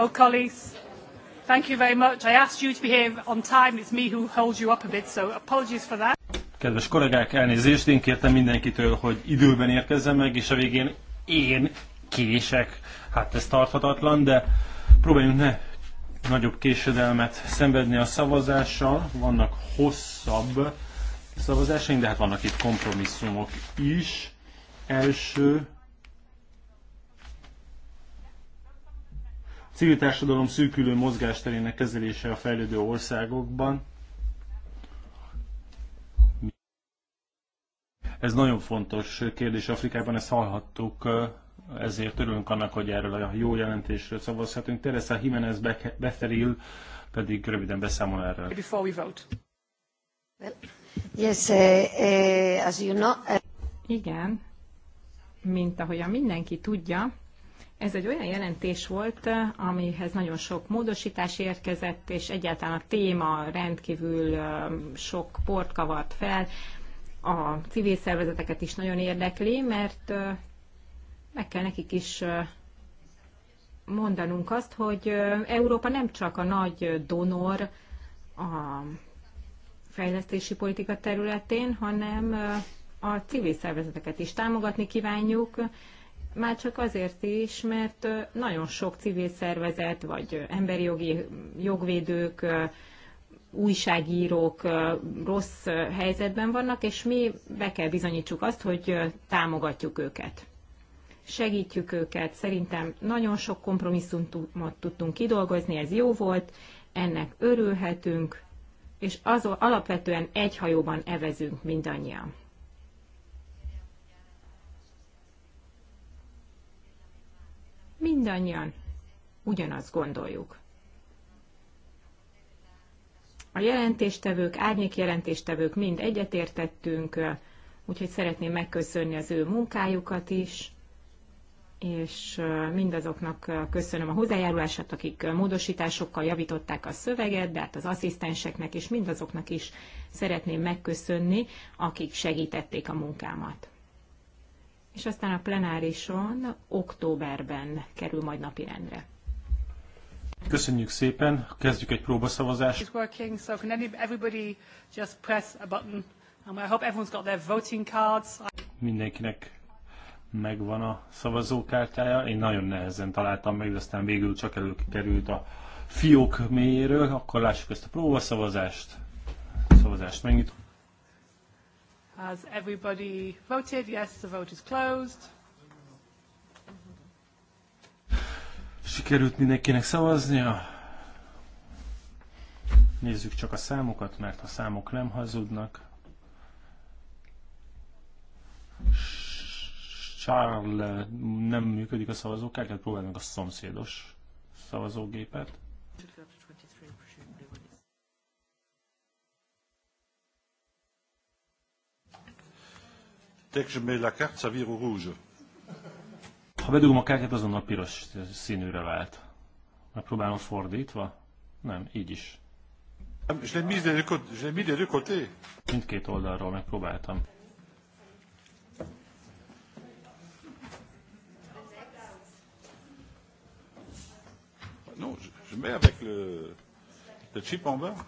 Oh, colleagues, thank you very much. I asked you to be here on time. It's me who holds you up a bit, so apologies for that. Kedves kollégák, elnézést, én kértem mindenkitől, hogy időben érkezzen meg, és a végén én kések. Hát ez tarthatatlan, de próbáljunk ne nagyobb késedelmet szenvedni a szavazással. Vannak hosszabb szavazásaink, de hát vannak itt kompromisszumok is. Első civil társadalom szűkülő mozgásterének kezelése a fejlődő országokban. Ez nagyon fontos kérdés Afrikában, ezt hallhattuk, ezért örülünk annak, hogy erről a jó jelentésről szavazhatunk. Teresa Jimenez Beferil pedig röviden beszámol erről. Before we vote. Well, yes, uh, uh, as you know, uh... Igen, mint ahogy mindenki tudja, ez egy olyan jelentés volt, amihez nagyon sok módosítás érkezett, és egyáltalán a téma rendkívül sok port kavart fel. A civil szervezeteket is nagyon érdekli, mert meg kell nekik is mondanunk azt, hogy Európa nem csak a nagy donor a fejlesztési politika területén, hanem a civil szervezeteket is támogatni kívánjuk, már csak azért is, mert nagyon sok civil szervezet, vagy emberi jogi jogvédők, újságírók rossz helyzetben vannak, és mi be kell bizonyítsuk azt, hogy támogatjuk őket. Segítjük őket. Szerintem nagyon sok kompromisszumot tudtunk kidolgozni, ez jó volt, ennek örülhetünk, és az alapvetően egy hajóban evezünk mindannyian. mindannyian ugyanazt gondoljuk. A jelentéstevők, árnyék jelentéstevők mind egyetértettünk, úgyhogy szeretném megköszönni az ő munkájukat is, és mindazoknak köszönöm a hozzájárulását, akik módosításokkal javították a szöveget, de hát az asszisztenseknek és mindazoknak is szeretném megköszönni, akik segítették a munkámat és aztán a plenárison októberben kerül majd napirendre. Köszönjük szépen, kezdjük egy próbaszavazást. It's working, so can everybody just press a button? Um, I hope everyone's got their voting cards. Mindenkinek megvan a szavazókártyája. Én nagyon nehezen találtam meg, de aztán végül csak előkerült a fiók mélyéről. Akkor lássuk ezt a próbaszavazást. A szavazást megnyitom. Has everybody voted? Yes, the vote is closed. Sikerült mindenkinek szavaznia? Nézzük csak a számokat, mert a számok nem hazudnak. Charles nem működik a szavazókártya, próbálj a szomszédos szavazógépet. Dès que je mets la carte, ça vire au rouge. Ha bedugom a kártyát, azonnal piros színűre vált. Megpróbálom fordítva? Nem, így is. Ah, je mis des deux côtés. Mindkét oldalról megpróbáltam. Non, je, je mets avec le, le chip en bas.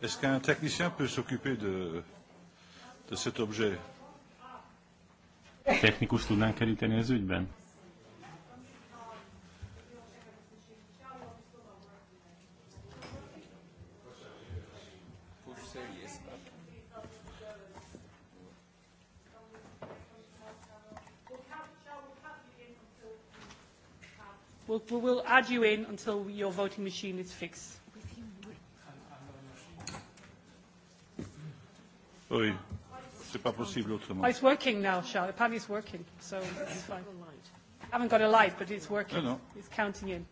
Est-ce qu'un technicien peut s'occuper de, de cet objet Technikus tudnánk keríteni az ügyben? We'll, we'll add you in until your voting machine is fixed. Oui. C'est pas possible autrement. Oh, it's working now, Charles. Apparently it's working, so it's fine. I haven't got a light, but it's working. Non, non. It's counting in.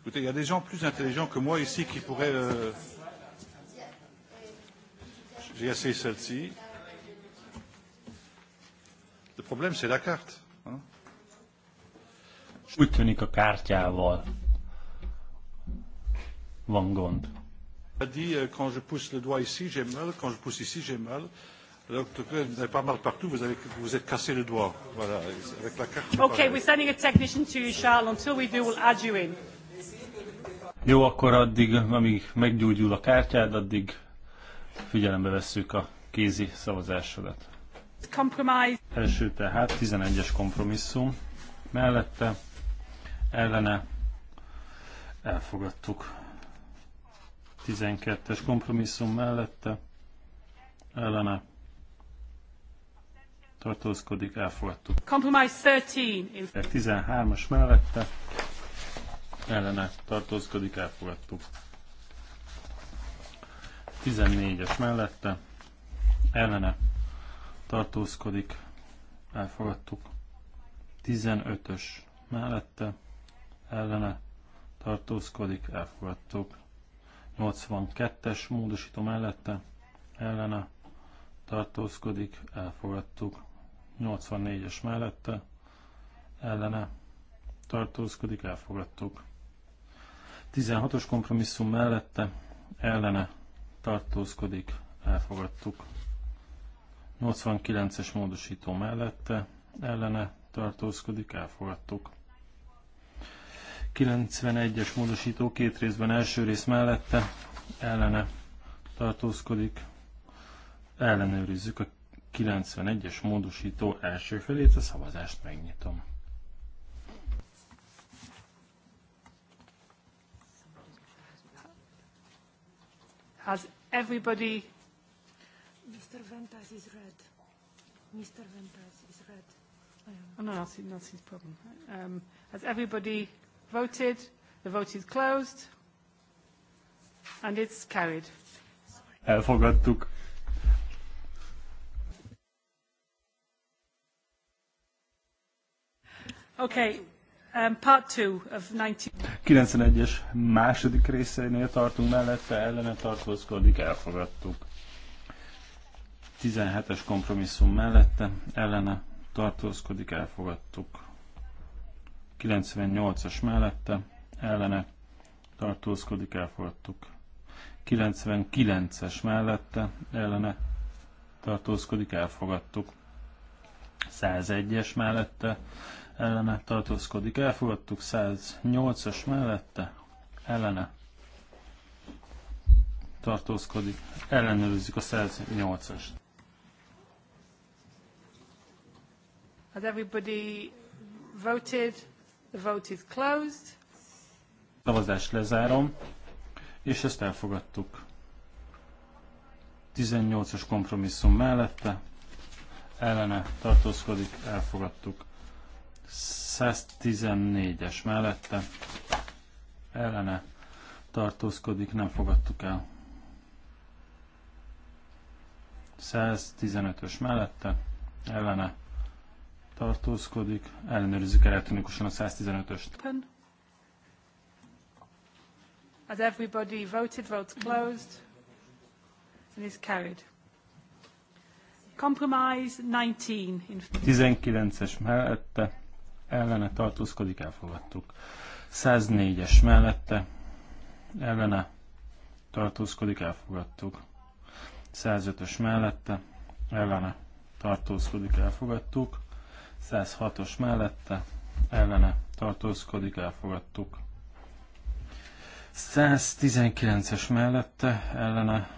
Écoutez, il y a des gens plus intelligents que moi ici qui pourraient. Euh... J'ai essayé celle-ci. Le problème, c'est la carte. Hein? Úgy tűnik a kártyával van gond dit euh, quand je pousse le doigt ici, j'ai mal, quand je pousse ici, j'ai mal. vous pas mal partout, vous avez vous êtes cassé le doigt. Voilà, avec la carte. we're sending a technician to you, Charles. Until we do, we'll add you in. Jó, akkor addig, amíg meggyógyul a kártyád, addig figyelembe vesszük a kézi szavazásodat. Compromise. Első tehát 11-es kompromisszum mellette, ellene elfogadtuk 12-es kompromisszum mellette ellene tartózkodik, elfogadtuk. Compromise 13. 13-as e mellette ellene tartózkodik, elfogadtuk. 14-es mellette ellene tartózkodik, elfogadtuk. 15-ös mellette ellene tartózkodik, elfogadtuk. 82-es módosító mellette ellene tartózkodik, elfogadtuk. 84-es mellette ellene tartózkodik, elfogadtuk. 16-os kompromisszum mellette ellene tartózkodik, elfogadtuk. 89-es módosító mellette ellene tartózkodik, elfogadtuk. 91-es módosító két részben első rész mellette ellene tartózkodik. Ellenőrizzük a 91-es módosító első felét, a szavazást megnyitom. Has everybody... Mr. Ventas is red. Mr. Ventas is red. Oh, no, that's, that's his problem. Um, has everybody voted. The vote is closed. And it's carried. Elfogadtuk. Okay. Um, part two of 19. 91-es második részeinél tartunk mellette, ellene tartózkodik, elfogadtuk. 17-es kompromisszum mellette, ellene tartózkodik, elfogadtuk. 98-as mellette ellene tartózkodik, elfogadtuk. 99-es mellette ellene tartózkodik, elfogadtuk. 101-es mellette ellene tartózkodik, elfogadtuk. 108-as mellette ellene tartózkodik, ellenőrizzük a 108-est. Has everybody voted? The vote is closed. Szavazást lezárom, és ezt elfogadtuk. 18-as kompromisszum mellette, ellene tartózkodik, elfogadtuk. 114-es mellette, ellene tartózkodik, nem fogadtuk el. 115-ös mellette, ellene tartózkodik, ellenőrizzük elektronikusan a 115-öst. As everybody voted? Votes closed. And is carried. Compromise 19. 19-es mellette ellene tartózkodik, elfogadtuk. 104-es mellette ellene tartózkodik, elfogadtuk. 105-ös mellette ellene tartózkodik, elfogadtuk. 106-os mellette ellene tartózkodik, elfogadtuk. 119-es mellette ellene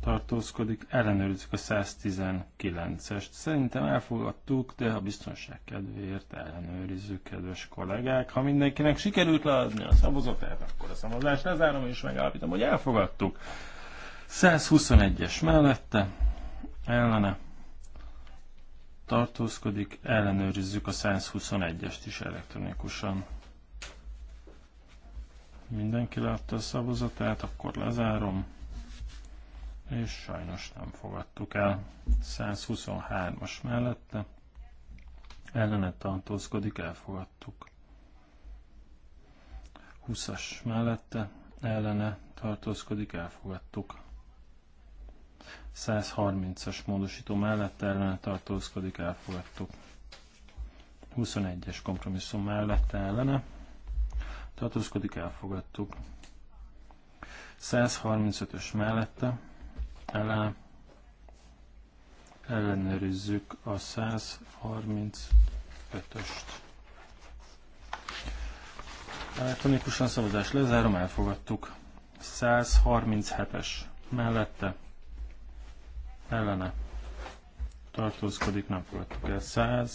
tartózkodik, ellenőrizzük a 119-est. Szerintem elfogadtuk, de a biztonság kedvéért ellenőrizzük, kedves kollégák. Ha mindenkinek sikerült leadni a szavazatát, akkor a szavazást lezárom és megállapítom, hogy elfogadtuk. 121-es mellette ellene tartózkodik, ellenőrizzük a 121-est is elektronikusan. Mindenki látta a szavazatát, akkor lezárom, és sajnos nem fogadtuk el. 123-as mellette ellene tartózkodik, elfogadtuk. 20-as mellette ellene tartózkodik, elfogadtuk. 130-as módosító mellett ellen tartózkodik, elfogadtuk. 21-es kompromisszum mellett ellene tartózkodik, elfogadtuk. 135-ös mellette ellen ellenőrizzük a 135-öst. Elektronikusan szavazás lezárom, elfogadtuk. 137-es mellette ellene tartózkodik, nem fogadtuk el.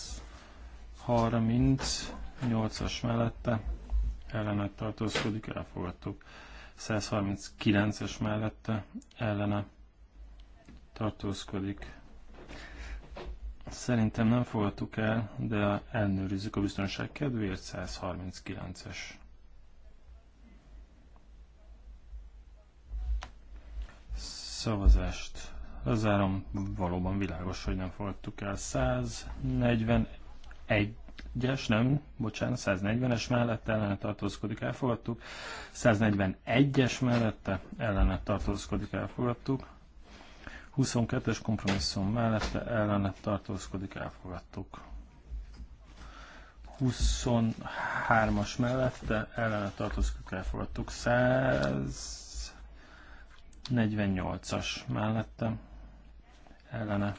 138-as mellette ellene tartózkodik, elfogadtuk. 139-es mellette ellene tartózkodik. Szerintem nem fogadtuk el, de ellenőrizzük a biztonság kedvéért 139-es. Szavazást Lezárom, valóban világos, hogy nem fogadtuk el. 141-es, nem, bocsánat, 140-es mellette ellene tartózkodik, elfogadtuk. 141-es mellette ellene tartózkodik, elfogadtuk. 22-es kompromisszum mellette ellene tartózkodik, elfogadtuk. 23-as mellette ellene tartózkodik, elfogadtuk. 148-as mellette ellene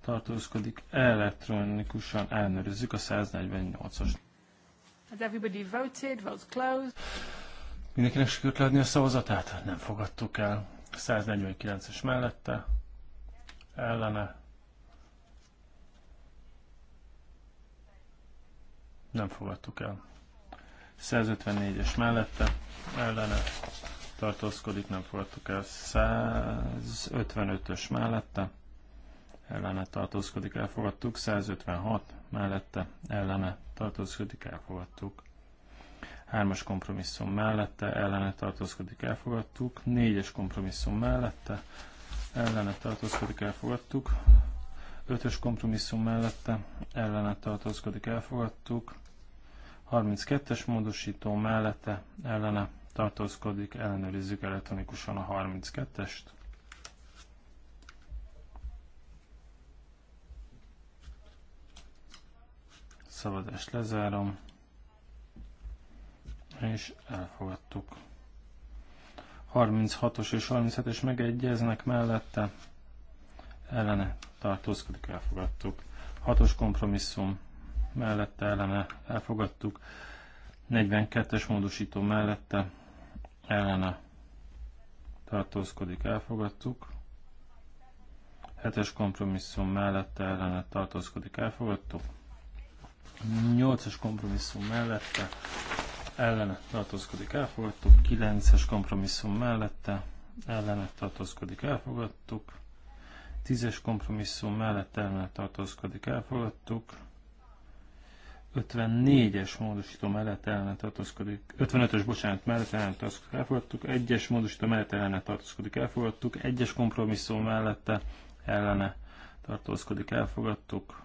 tartózkodik. Elektronikusan ellenőrizzük a 148-as. Has everybody voted? Votes closed. Mindenkinek sikerült leadni a szavazatát? Nem fogadtuk el. 149-es mellette, ellene. Nem fogadtuk el. 154-es mellette, ellene tartózkodik, nem fogadtuk el 155-ös mellette, ellene tartózkodik, elfogadtuk, 156 mellette, ellene tartózkodik, elfogadtuk. 3-as kompromisszum mellette, ellene tartózkodik, elfogadtuk, 4-es kompromisszum mellette, ellene tartózkodik, elfogadtuk, 5-ös kompromisszum mellette, ellene tartózkodik, elfogadtuk, 32-es módosító mellette, ellene tartózkodik, ellenőrizzük elektronikusan a 32-est. Szabadást lezárom, és elfogadtuk. 36-os és 37-es megegyeznek mellette, ellene tartózkodik, elfogadtuk. 6-os kompromisszum mellette, ellene elfogadtuk. 42-es módosító mellette, ellene tartózkodik, elfogadtuk. Hetes kompromisszum mellette ellene tartózkodik, elfogadtuk. Nyolcas kompromisszum mellette ellene tartózkodik, elfogadtuk. Kilences kompromisszum mellette ellene tartózkodik, elfogadtuk. Tízes kompromisszum mellett ellene tartózkodik, elfogadtuk. 54-es módosító mellett ellene tartózkodik, 55-ös bocsánat mellett ellene tartózkodik, elfogadtuk, 1-es módosító mellett ellene tartózkodik, elfogadtuk, 1-es kompromisszum mellette ellene tartózkodik, elfogadtuk,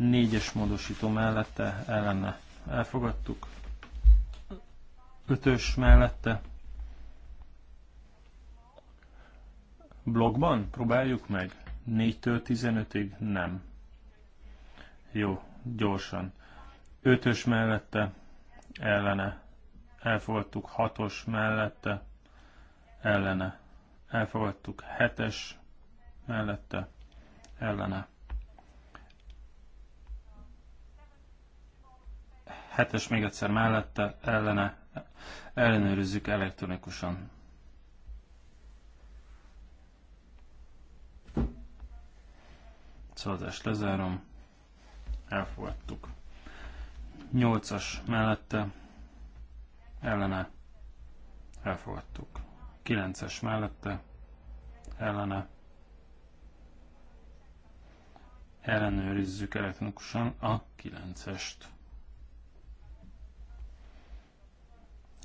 4-es módosító mellette ellene elfogadtuk, 5-ös mellette blogban próbáljuk meg, 4-től 15-ig nem. Jó, gyorsan. Ötös mellette, ellene, elfogadtuk. Hatos mellette, ellene, elfogadtuk. Hetes mellette, ellene. Hetes még egyszer mellette, ellene, ellenőrizzük elektronikusan. Szóval lezárom elfogadtuk. 8-as mellette ellene elfogadtuk. 9-es mellette ellene ellenőrizzük elektronikusan a 9-est.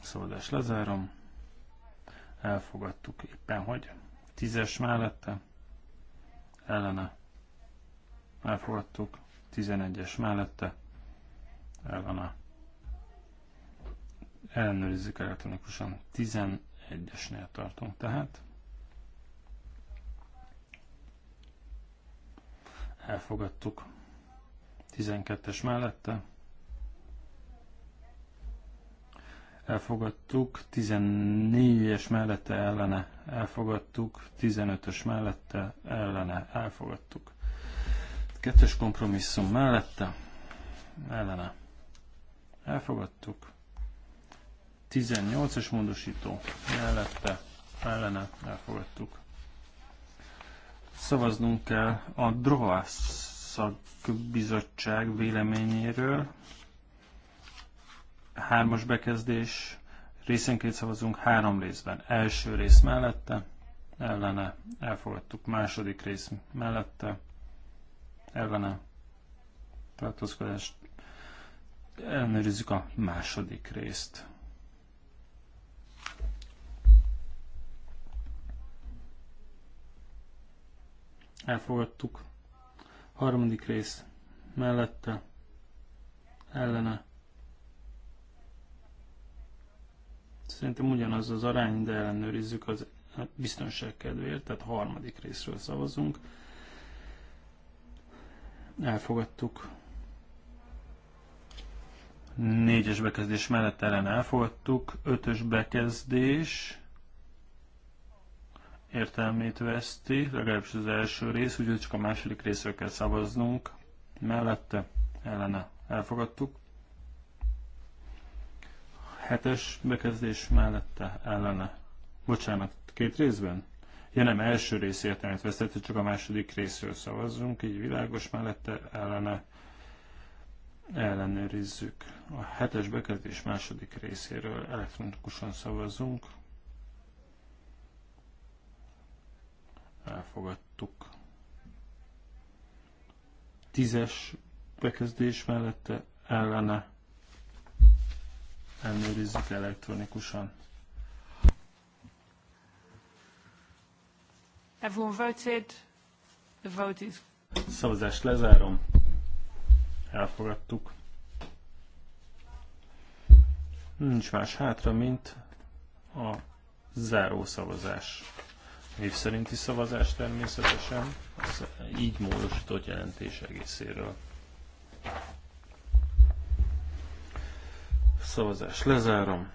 Szavazást lezárom. Elfogadtuk éppen, hogy 10-es mellette ellene elfogadtuk. 11-es mellette el van a ellenőrizzük elektronikusan. 11-esnél tartunk tehát. Elfogadtuk. 12-es mellette. Elfogadtuk. 14-es mellette ellene. Elfogadtuk. 15-ös mellette ellene. Elfogadtuk kettős kompromisszum mellette, ellene. Elfogadtuk. 18-as módosító mellette, ellene. Elfogadtuk. Szavaznunk kell a DROASZ szakbizottság véleményéről. Hármas bekezdés, részenként szavazunk három részben. Első rész mellette, ellene, elfogadtuk. Második rész mellette, ellene tartózkodást ellenőrizzük a második részt. Elfogadtuk. Harmadik rész mellette, ellene. Szerintem ugyanaz az arány, de ellenőrizzük az biztonság kedvéért, tehát harmadik részről szavazunk elfogadtuk. Négyes bekezdés mellett ellen elfogadtuk, ötös bekezdés értelmét veszti, legalábbis az első rész, úgyhogy csak a második részről kell szavaznunk. Mellette ellene elfogadtuk. Hetes bekezdés mellette ellene. Bocsánat, két részben? Ja nem, első rész értelmet hogy csak a második részről szavazzunk, így világos mellette ellene ellenőrizzük. A hetes bekezdés második részéről elektronikusan szavazzunk. Elfogadtuk. Tízes bekezdés mellette ellene ellenőrizzük elektronikusan. Everyone voted. The vote is... Szavazást lezárom. Elfogadtuk. Nincs más hátra, mint a záró szavazás. Év szerinti szavazás természetesen, az így módosított jelentés egészéről. Szavazás lezárom.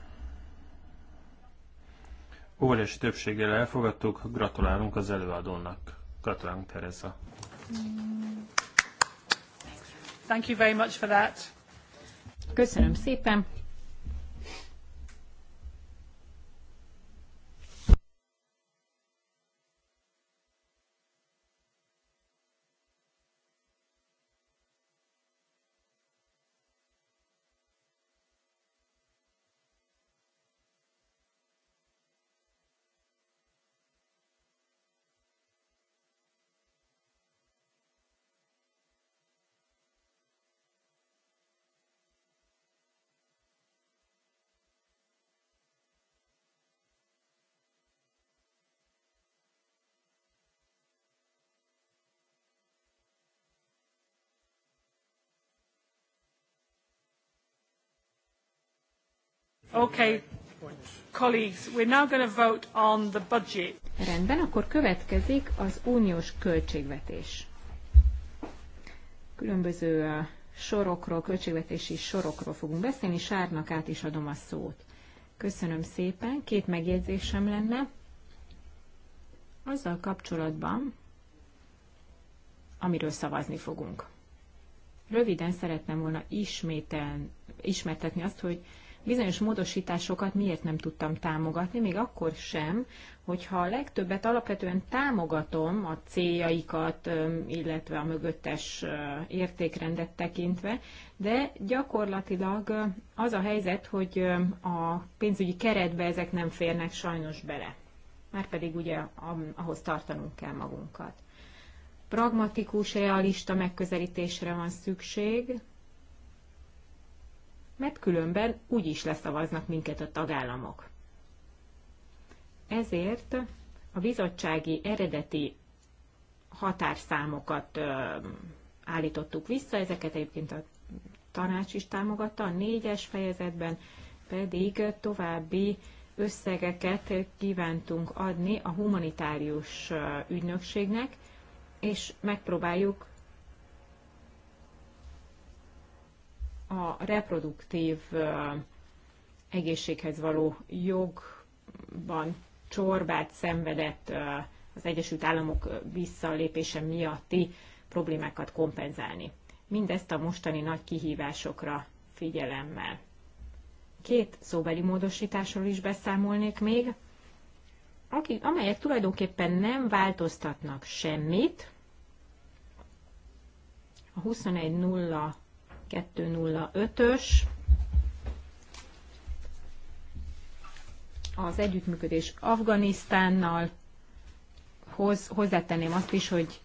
Óriási többséggel elfogadtuk, gratulálunk az előadónak. Gratulálunk, Teresa. Thank you very much for that. Köszönöm szépen. Okay. Colleagues, we're now going to vote on the budget. Rendben, akkor következik az uniós költségvetés. Különböző uh, sorokról, költségvetési sorokról fogunk beszélni. Sárnak át is adom a szót. Köszönöm szépen. Két megjegyzésem lenne. Azzal kapcsolatban, amiről szavazni fogunk. Röviden szeretném volna ismételni, ismertetni azt, hogy bizonyos módosításokat miért nem tudtam támogatni, még akkor sem, hogyha a legtöbbet alapvetően támogatom a céljaikat, illetve a mögöttes értékrendet tekintve, de gyakorlatilag az a helyzet, hogy a pénzügyi keretbe ezek nem férnek sajnos bele. Márpedig ugye ahhoz tartanunk kell magunkat pragmatikus, realista megközelítésre van szükség, mert különben úgy is leszavaznak minket a tagállamok. Ezért a bizottsági eredeti határszámokat állítottuk vissza, ezeket egyébként a tanács is támogatta, a négyes fejezetben pedig további összegeket kívántunk adni a humanitárius ügynökségnek, és megpróbáljuk a reproduktív egészséghez való jogban csorbát szenvedett az Egyesült Államok visszalépése miatti problémákat kompenzálni. Mindezt a mostani nagy kihívásokra figyelemmel. Két szóbeli módosításról is beszámolnék még, amelyek tulajdonképpen nem változtatnak semmit. A 205-ös, az együttműködés Afganisztánnal, hoz, hozzátenném azt is, hogy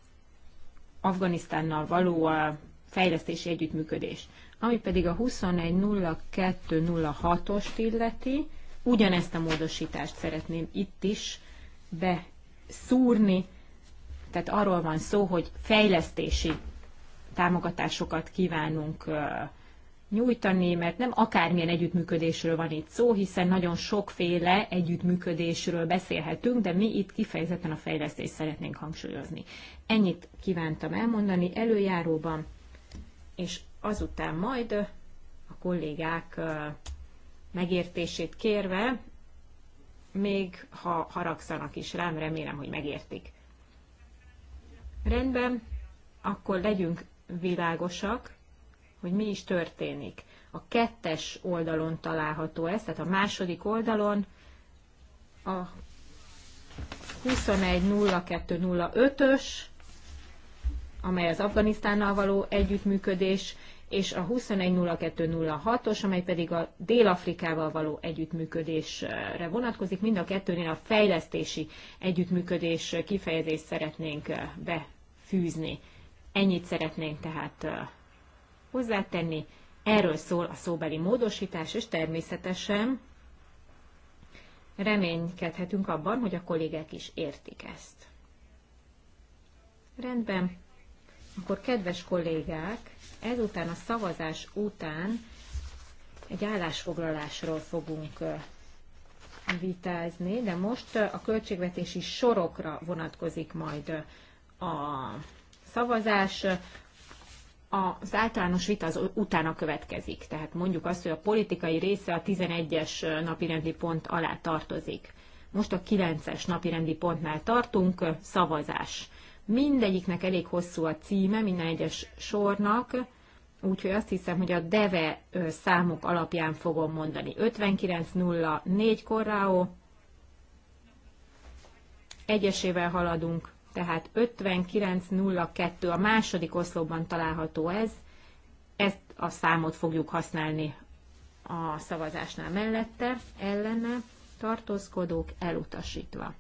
Afganisztánnal való a fejlesztési együttműködés. Ami pedig a 21.02.06-ost illeti, ugyanezt a módosítást szeretném itt is beszúrni, tehát arról van szó, hogy fejlesztési támogatásokat kívánunk nyújtani, mert nem akármilyen együttműködésről van itt szó, hiszen nagyon sokféle együttműködésről beszélhetünk, de mi itt kifejezetten a fejlesztést szeretnénk hangsúlyozni. Ennyit kívántam elmondani előjáróban, és azután majd a kollégák megértését kérve, még ha haragszanak is rám, remélem, hogy megértik. Rendben, akkor legyünk világosak, hogy mi is történik. A kettes oldalon található ez, tehát a második oldalon a 21.02.05-ös, amely az Afganisztánnal való együttműködés, és a 21.02.06-os, amely pedig a Dél-Afrikával való együttműködésre vonatkozik. Mind a kettőnél a fejlesztési együttműködés kifejezést szeretnénk befűzni. Ennyit szeretnénk tehát hozzátenni. Erről szól a szóbeli módosítás, és természetesen reménykedhetünk abban, hogy a kollégák is értik ezt. Rendben. Akkor kedves kollégák, ezután a szavazás után egy állásfoglalásról fogunk vitázni, de most a költségvetési sorokra vonatkozik majd a szavazás, az általános vita az utána következik. Tehát mondjuk azt, hogy a politikai része a 11-es napirendi pont alá tartozik. Most a 9-es napirendi pontnál tartunk, szavazás. Mindegyiknek elég hosszú a címe, minden egyes sornak, úgyhogy azt hiszem, hogy a DEVE számok alapján fogom mondani. 59.04 korráó, egyesével haladunk, tehát 5902 a második oszlopban található ez, ezt a számot fogjuk használni a szavazásnál mellette, ellene, tartózkodók elutasítva.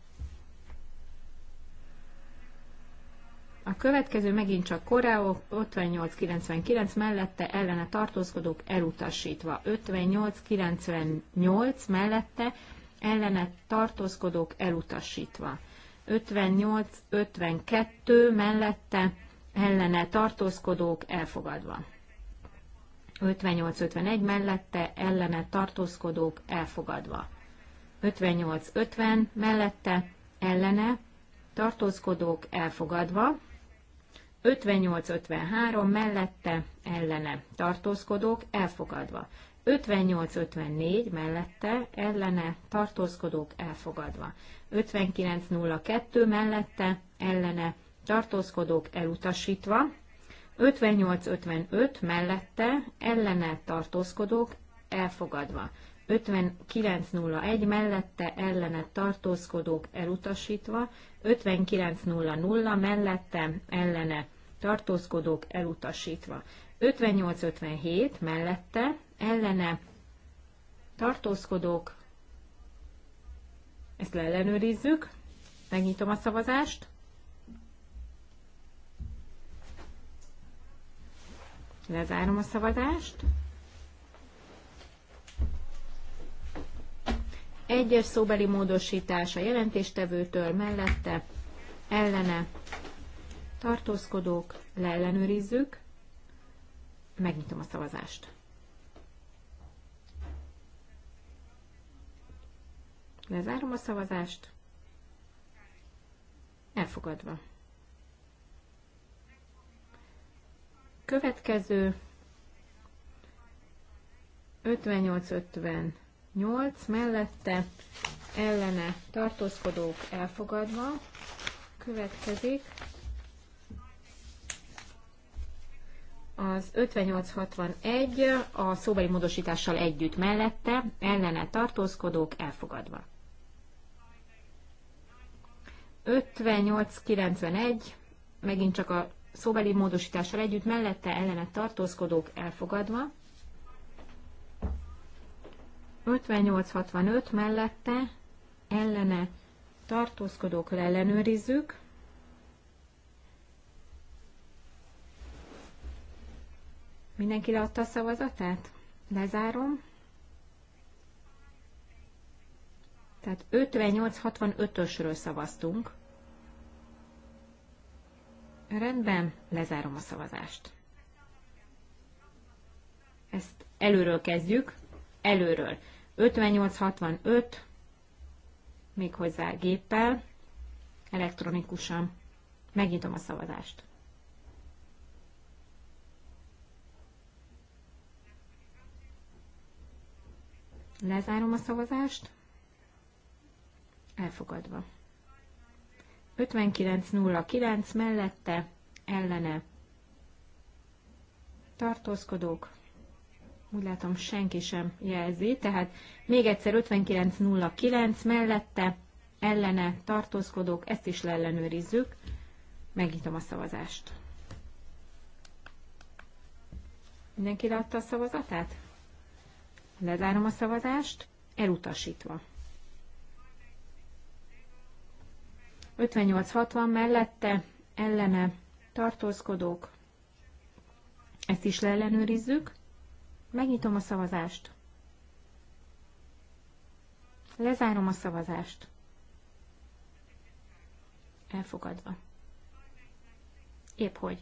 A következő megint csak Koreó, 58-99 mellette ellene tartózkodók elutasítva, 58-98 mellette ellene tartózkodók elutasítva. 58-52 mellette ellene tartózkodók elfogadva. 58-51 mellette ellene tartózkodók elfogadva. 58-50 mellette ellene tartózkodók elfogadva. 58-53 mellette ellene tartózkodók elfogadva. 58-54 mellette ellene tartózkodók elfogadva. 59-02 mellette ellene tartózkodók elutasítva. 58-55 mellette ellene tartózkodók elfogadva. 5901 mellette ellene tartózkodók elutasítva, 5900 mellette ellene tartózkodók elutasítva, 5857 mellette ellene tartózkodók, ezt leellenőrizzük, megnyitom a szavazást, lezárom a szavazást, egyes szóbeli módosítás a jelentéstevőtől mellette, ellene tartózkodók, leellenőrizzük, megnyitom a szavazást. Lezárom a szavazást. Elfogadva. Következő 58-58 mellette ellene tartózkodók elfogadva. Következik az 5861 a szóbeli módosítással együtt mellette ellene tartózkodók elfogadva. 58-91, megint csak a szóbeli módosítással együtt, mellette ellene tartózkodók elfogadva. 58-65 mellette ellene tartózkodók ellenőrizzük. Mindenki leadta a szavazatát? Lezárom. Tehát 58-65-ösről szavaztunk. Rendben, lezárom a szavazást. Ezt előről kezdjük. Előről. 58-65, méghozzá géppel, elektronikusan. Megnyitom a szavazást. Lezárom a szavazást. Elfogadva. 5909 mellette ellene tartózkodók. Úgy látom, senki sem jelzi. Tehát még egyszer 5909 mellette ellene tartózkodók, ezt is leellenőrizzük. Megnyitom a szavazást. Mindenki látta a szavazatát? Lezárom a szavazást, elutasítva. 58-60 mellette ellene tartózkodók. Ezt is leellenőrizzük. Megnyitom a szavazást. Lezárom a szavazást. Elfogadva. Épp hogy.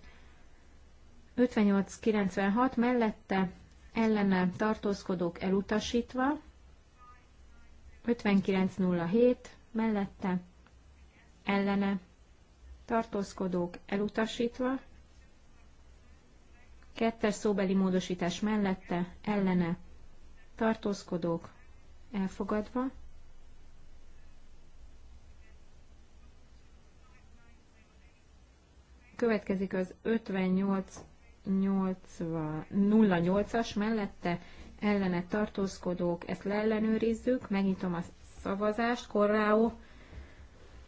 58-96 mellette ellene tartózkodók elutasítva. 59-07 mellette ellene tartózkodók elutasítva, kettes szóbeli módosítás mellette ellene tartózkodók elfogadva, következik az 58 08-as mellette ellene tartózkodók, ezt leellenőrizzük, megnyitom a szavazást, Korráó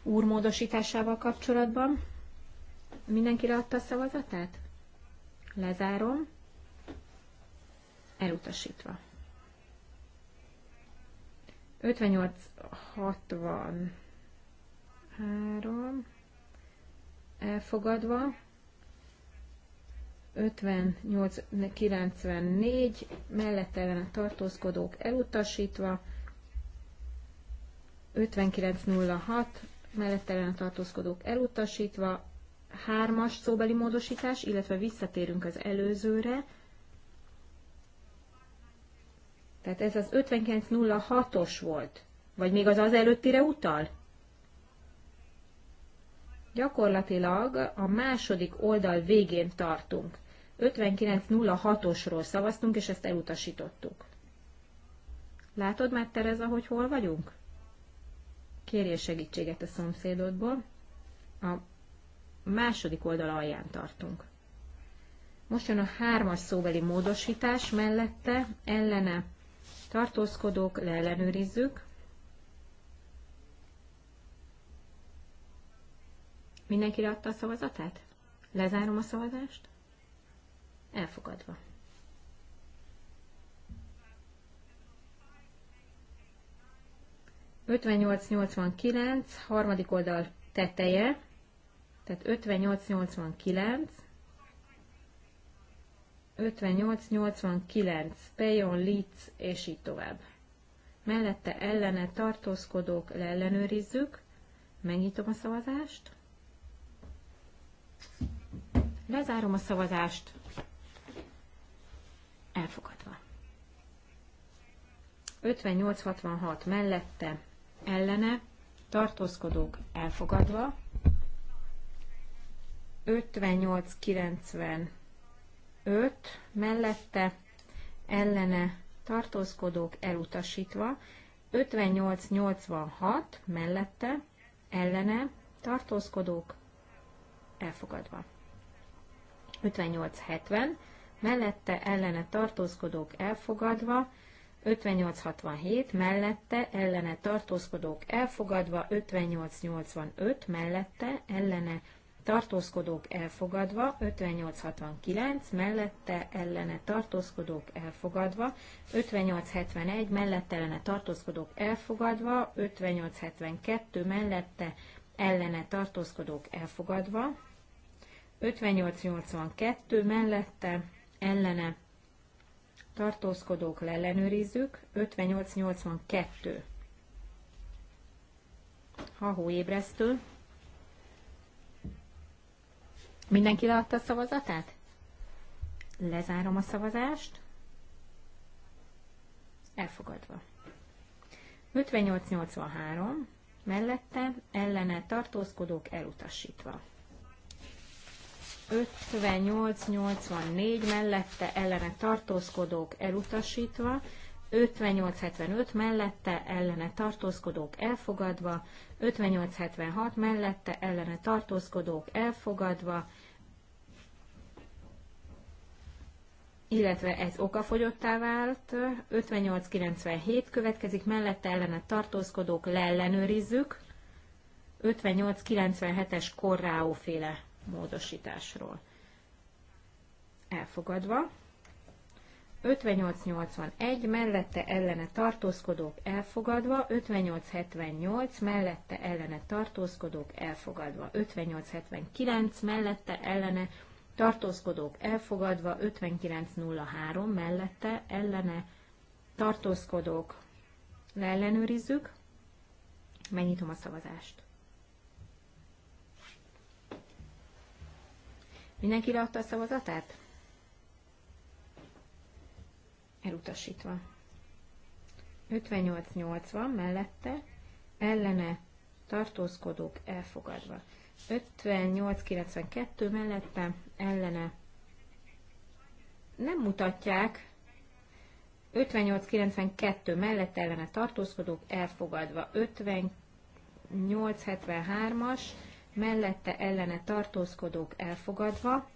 úrmódosításával kapcsolatban. Mindenki leadta a szavazatát? Lezárom. Elutasítva. 58 60 3 elfogadva 58-94 mellett ellen tartózkodók elutasítva 59-06 Mellettelen ellen tartózkodók elutasítva, hármas szóbeli módosítás, illetve visszatérünk az előzőre, tehát ez az 5906-os volt, vagy még az az előttire utal? Gyakorlatilag a második oldal végén tartunk. 5906-osról szavaztunk, és ezt elutasítottuk. Látod már, Tereza, hogy hol vagyunk? kérje segítséget a szomszédodból. A második oldal alján tartunk. Most jön a hármas szóbeli módosítás mellette, ellene tartózkodók, leellenőrizzük. Mindenki adta a szavazatát? Lezárom a szavazást? Elfogadva. 5889 harmadik oldal teteje, tehát 5889, 5889 58-89, Payon, Leeds, és így tovább. Mellette ellene tartózkodók leellenőrizzük. Megnyitom a szavazást. Lezárom a szavazást. Elfogadva. 5866 mellette ellene tartózkodók elfogadva, 58-95 mellette ellene tartózkodók elutasítva, 58-86 mellette ellene tartózkodók elfogadva. 58-70 mellette ellene tartózkodók elfogadva, 5867 mellette ellene tartózkodók elfogadva, 5885 mellette ellene tartózkodók elfogadva, 5869 mellette ellene tartózkodók elfogadva, 5871 mellette ellene tartózkodók elfogadva, 5872 mellette ellene tartózkodók elfogadva, 5882 mellette ellene tartózkodók leellenőrizzük, 58-82. Hahó ébresztő. Mindenki leadta a szavazatát? Lezárom a szavazást. Elfogadva. 58-83 mellette ellene tartózkodók elutasítva. 58-84 mellette ellene tartózkodók elutasítva, 58-75 mellette ellene tartózkodók elfogadva, 58-76 mellette ellene tartózkodók elfogadva, illetve ez okafogyottá vált, 58-97 következik, mellette ellene tartózkodók leellenőrizzük, 58-97-es korráóféle módosításról. Elfogadva. 5881 mellette ellene tartózkodók elfogadva, 5878 mellette ellene tartózkodók elfogadva, 5879 mellette ellene tartózkodók elfogadva, 5903 mellette ellene tartózkodók leellenőrizzük, megnyitom a szavazást. Mindenki leadta a szavazatát? Elutasítva. 58-80 mellette, ellene tartózkodók elfogadva. 58-92 mellette, ellene nem mutatják, 58-92 mellett ellene tartózkodók elfogadva, 58-73-as mellette ellene tartózkodók elfogadva,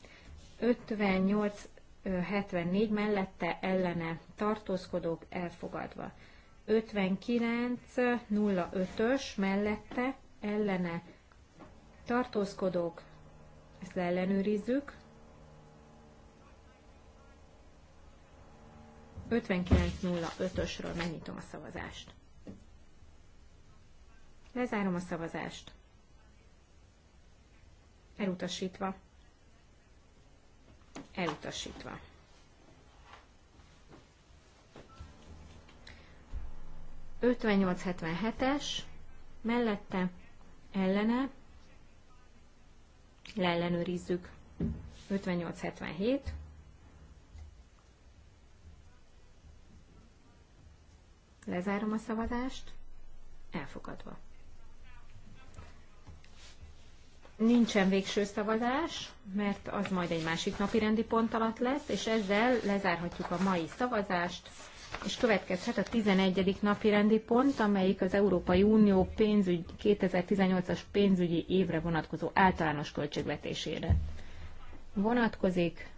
58-74 mellette ellene tartózkodók elfogadva, 59-05-ös mellette ellene tartózkodók, ezt ellenőrizzük, 59.05-ösről megnyitom a szavazást. Lezárom a szavazást elutasítva, elutasítva. es mellette, ellene, leellenőrizzük, 5877, lezárom a szavazást, elfogadva nincsen végső szavazás, mert az majd egy másik napi rendi pont alatt lesz, és ezzel lezárhatjuk a mai szavazást, és következhet a 11. napi rendi pont, amelyik az Európai Unió pénzügy 2018-as pénzügyi évre vonatkozó általános költségvetésére vonatkozik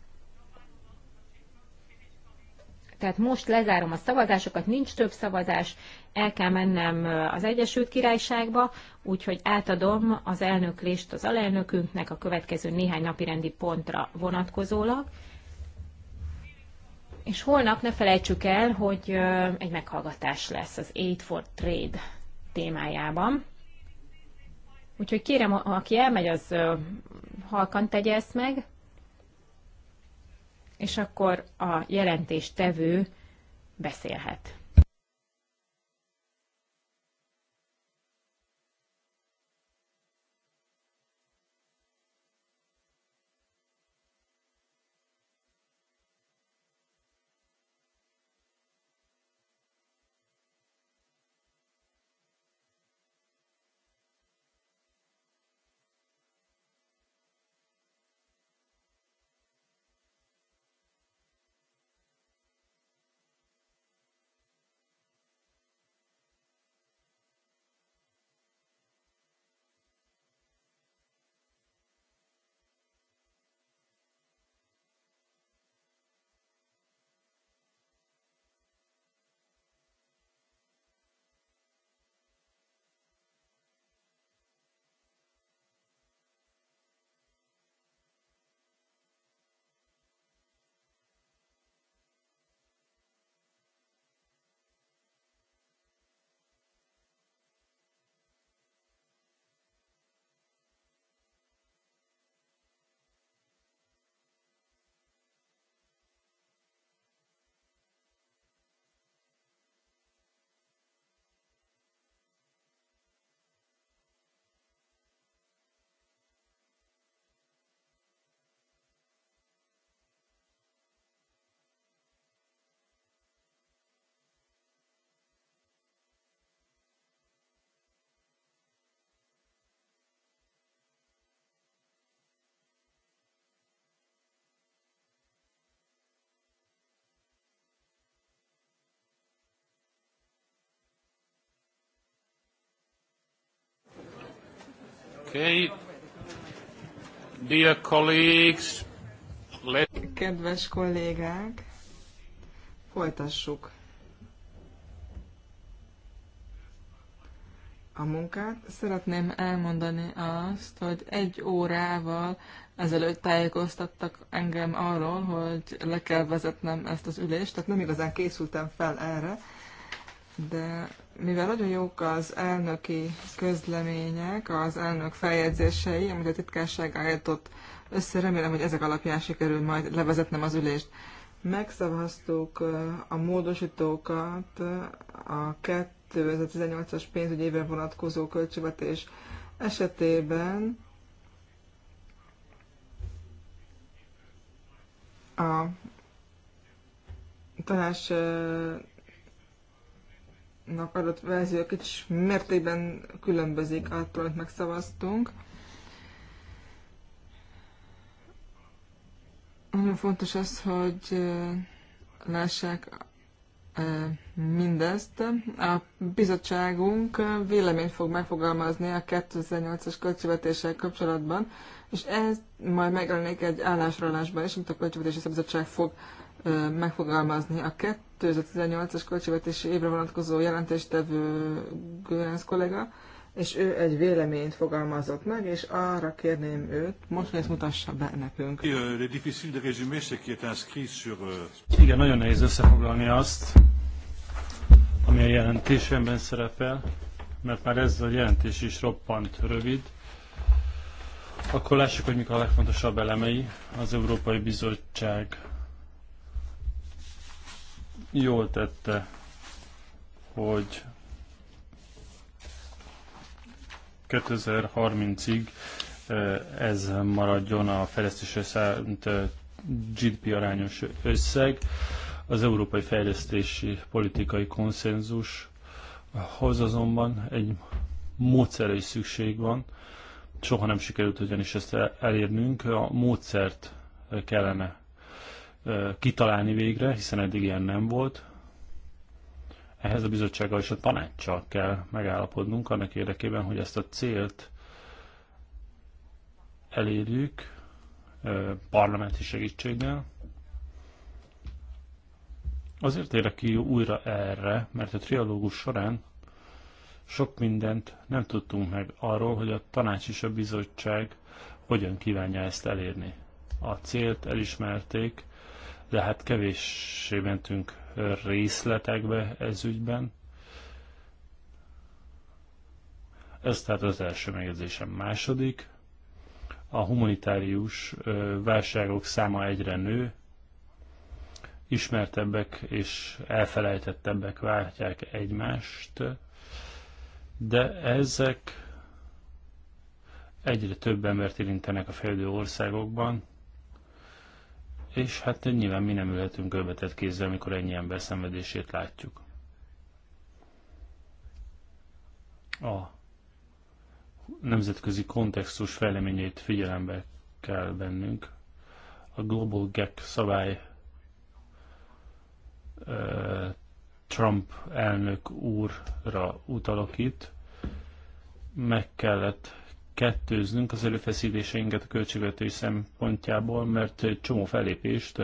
tehát most lezárom a szavazásokat, nincs több szavazás, el kell mennem az Egyesült Királyságba, úgyhogy átadom az elnöklést az alelnökünknek a következő néhány napi rendi pontra vonatkozólag. És holnap ne felejtsük el, hogy egy meghallgatás lesz az Aid for Trade témájában. Úgyhogy kérem, aki elmegy, az halkan tegye ezt meg és akkor a jelentéstevő beszélhet. Okay. Dear colleagues, let... Kedves kollégák, folytassuk a munkát. Szeretném elmondani azt, hogy egy órával ezelőtt tájékoztattak engem arról, hogy le kell vezetnem ezt az ülést, tehát nem igazán készültem fel erre de mivel nagyon jók az elnöki közlemények, az elnök feljegyzései, amit a titkárság állított össze, remélem, hogy ezek alapján sikerül majd levezetnem az ülést. Megszavaztuk a módosítókat a 2018-as pénzügyi vonatkozó költségvetés esetében a tanács nak adott verzió kicsi mértékben különbözik attól, amit megszavaztunk. Nagyon fontos az, hogy lássák mindezt. A bizottságunk véleményt fog megfogalmazni a 2008-as költségvetéssel kapcsolatban, és ez majd megjelenik egy állásrólásban is, amit a Költségvetési Bizottság fog megfogalmazni. A 2018-as költségvetési évre vonatkozó jelentéstevő Gőrenc kollega, és ő egy véleményt fogalmazott meg, és arra kérném őt, most hogy ezt mutassa be nekünk. Euh, euh, Igen, nagyon nehéz összefoglalni azt, ami a jelentésemben szerepel, mert már ez a jelentés is roppant rövid. Akkor lássuk, hogy mik a legfontosabb elemei az Európai Bizottság jól tette, hogy 2030-ig eh, ez maradjon a fejlesztésre szánt eh, GDP arányos összeg. Az európai fejlesztési politikai konszenzushoz azonban egy módszerre is szükség van. Soha nem sikerült ugyanis ezt elérnünk, a módszert kellene kitalálni végre, hiszen eddig ilyen nem volt. Ehhez a bizottsággal és a tanácssal kell megállapodnunk annak érdekében, hogy ezt a célt elérjük parlamenti segítséggel. Azért érek ki újra erre, mert a trialógus során sok mindent nem tudtunk meg arról, hogy a tanács és a bizottság hogyan kívánja ezt elérni. A célt elismerték, de hát kevéssé mentünk részletekbe ez ügyben. Ez tehát az első megjegyzésem. Második, a humanitárius válságok száma egyre nő, ismertebbek és elfelejtettebbek váltják egymást, de ezek egyre több embert érintenek a fejlődő országokban, és hát nyilván mi nem ülhetünk öbetett kézzel, amikor ennyi ember szenvedését látjuk. A nemzetközi kontextus fejleményeit figyelembe kell bennünk. A Global Gag szabály Trump elnök úrra utalok itt, meg kellett kettőznünk az előfeszítéseinket a költségvetés szempontjából, mert csomó felépést,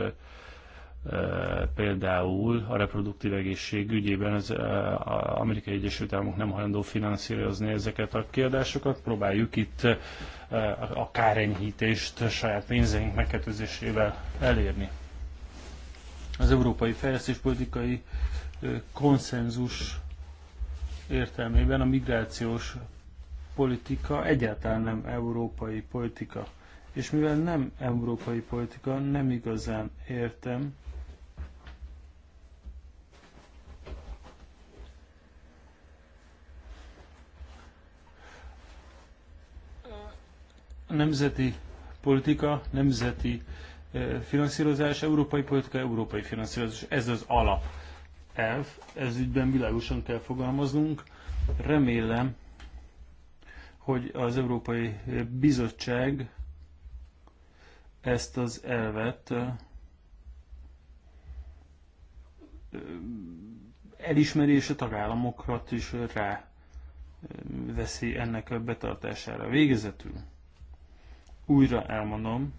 például a reproduktív egészség ügyében az Amerikai Egyesült Államok nem hajlandó finanszírozni ezeket a kiadásokat. Próbáljuk itt a kárenyhítést saját pénzeink megkötözésével elérni. Az európai fejlesztéspolitikai konszenzus értelmében a migrációs politika egyáltalán nem európai politika. És mivel nem európai politika, nem igazán értem, nemzeti politika, nemzeti e, finanszírozás, európai politika, európai finanszírozás. Ez az alap elv, ez ügyben világosan kell fogalmaznunk. Remélem, hogy az Európai Bizottság ezt az elvet elismeri, és a tagállamokat is rá veszi ennek a betartására. Végezetül újra elmondom,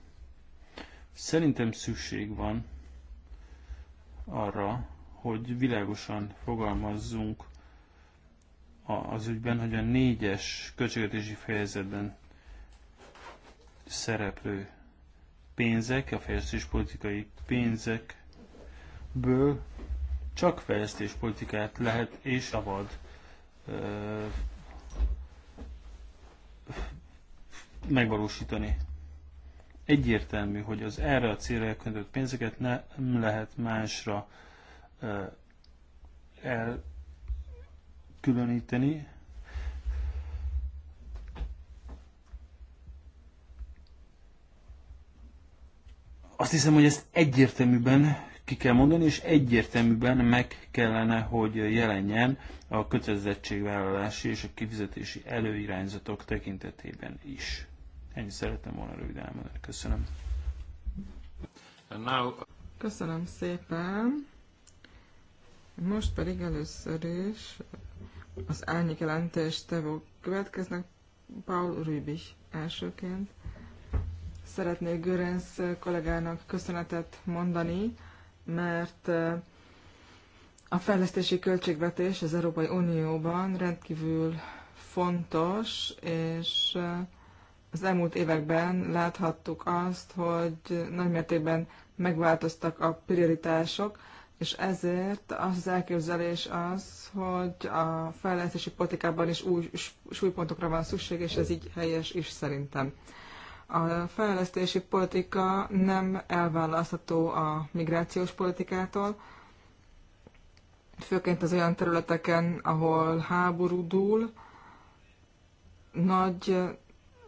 szerintem szükség van arra, hogy világosan fogalmazzunk az ügyben, hogy a négyes költségvetési fejezetben szereplő pénzek, a fejlesztéspolitikai pénzekből csak fejlesztéspolitikát lehet és szabad megvalósítani. Egyértelmű, hogy az erre a célra elköntött pénzeket nem lehet másra el különíteni. Azt hiszem, hogy ezt egyértelműben ki kell mondani, és egyértelműben meg kellene, hogy jelenjen a kötelezettségvállalási és a kifizetési előirányzatok tekintetében is. Ennyi szerettem volna röviden elmondani. Köszönöm. Now... Köszönöm szépen. Most pedig először is az árnyék tevő következnek. Paul Rübich elsőként. Szeretnék Görenc kollégának köszönetet mondani, mert a fejlesztési költségvetés az Európai Unióban rendkívül fontos, és az elmúlt években láthattuk azt, hogy nagymértékben megváltoztak a prioritások, és ezért az, elképzelés az, hogy a fejlesztési politikában is új súlypontokra van szükség, és ez így helyes is szerintem. A fejlesztési politika nem elválasztható a migrációs politikától, főként az olyan területeken, ahol háború dúl, nagy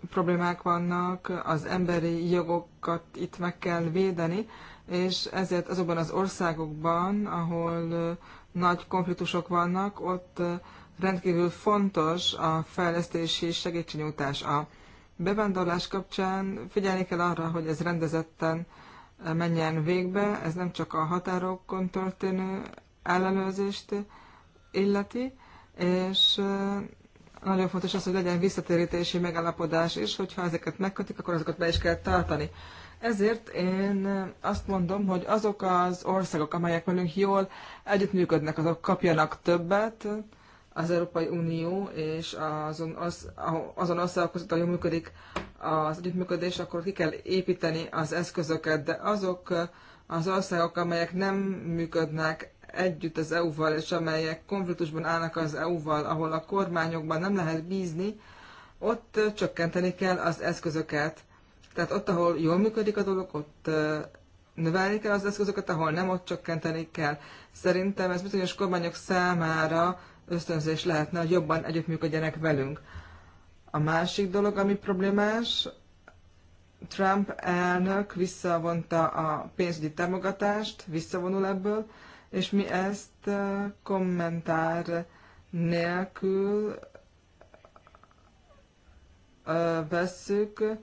problémák vannak, az emberi jogokat itt meg kell védeni, és ezért azokban az országokban, ahol nagy konfliktusok vannak, ott rendkívül fontos a fejlesztési segítségnyújtás. A bevándorlás kapcsán figyelni kell arra, hogy ez rendezetten menjen végbe, ez nem csak a határokon történő ellenőrzést illeti, és nagyon fontos az, hogy legyen visszatérítési megállapodás is, hogyha ezeket megkötik, akkor azokat be is kell tartani. Ezért én azt mondom, hogy azok az országok, amelyek velünk jól együttműködnek, azok kapjanak többet, az Európai Unió és azon, az, azon országok között, ahol működik az együttműködés, akkor ki kell építeni az eszközöket, de azok az országok, amelyek nem működnek együtt az EU-val, és amelyek konfliktusban állnak az EU-val, ahol a kormányokban nem lehet bízni, ott csökkenteni kell az eszközöket. Tehát ott, ahol jól működik a dolog, ott növelni kell az eszközöket, ahol nem, ott csökkenteni kell. Szerintem ez bizonyos kormányok számára ösztönzés lehetne, hogy jobban együttműködjenek velünk. A másik dolog, ami problémás, Trump elnök visszavonta a pénzügyi támogatást, visszavonul ebből, és mi ezt kommentár nélkül vesszük,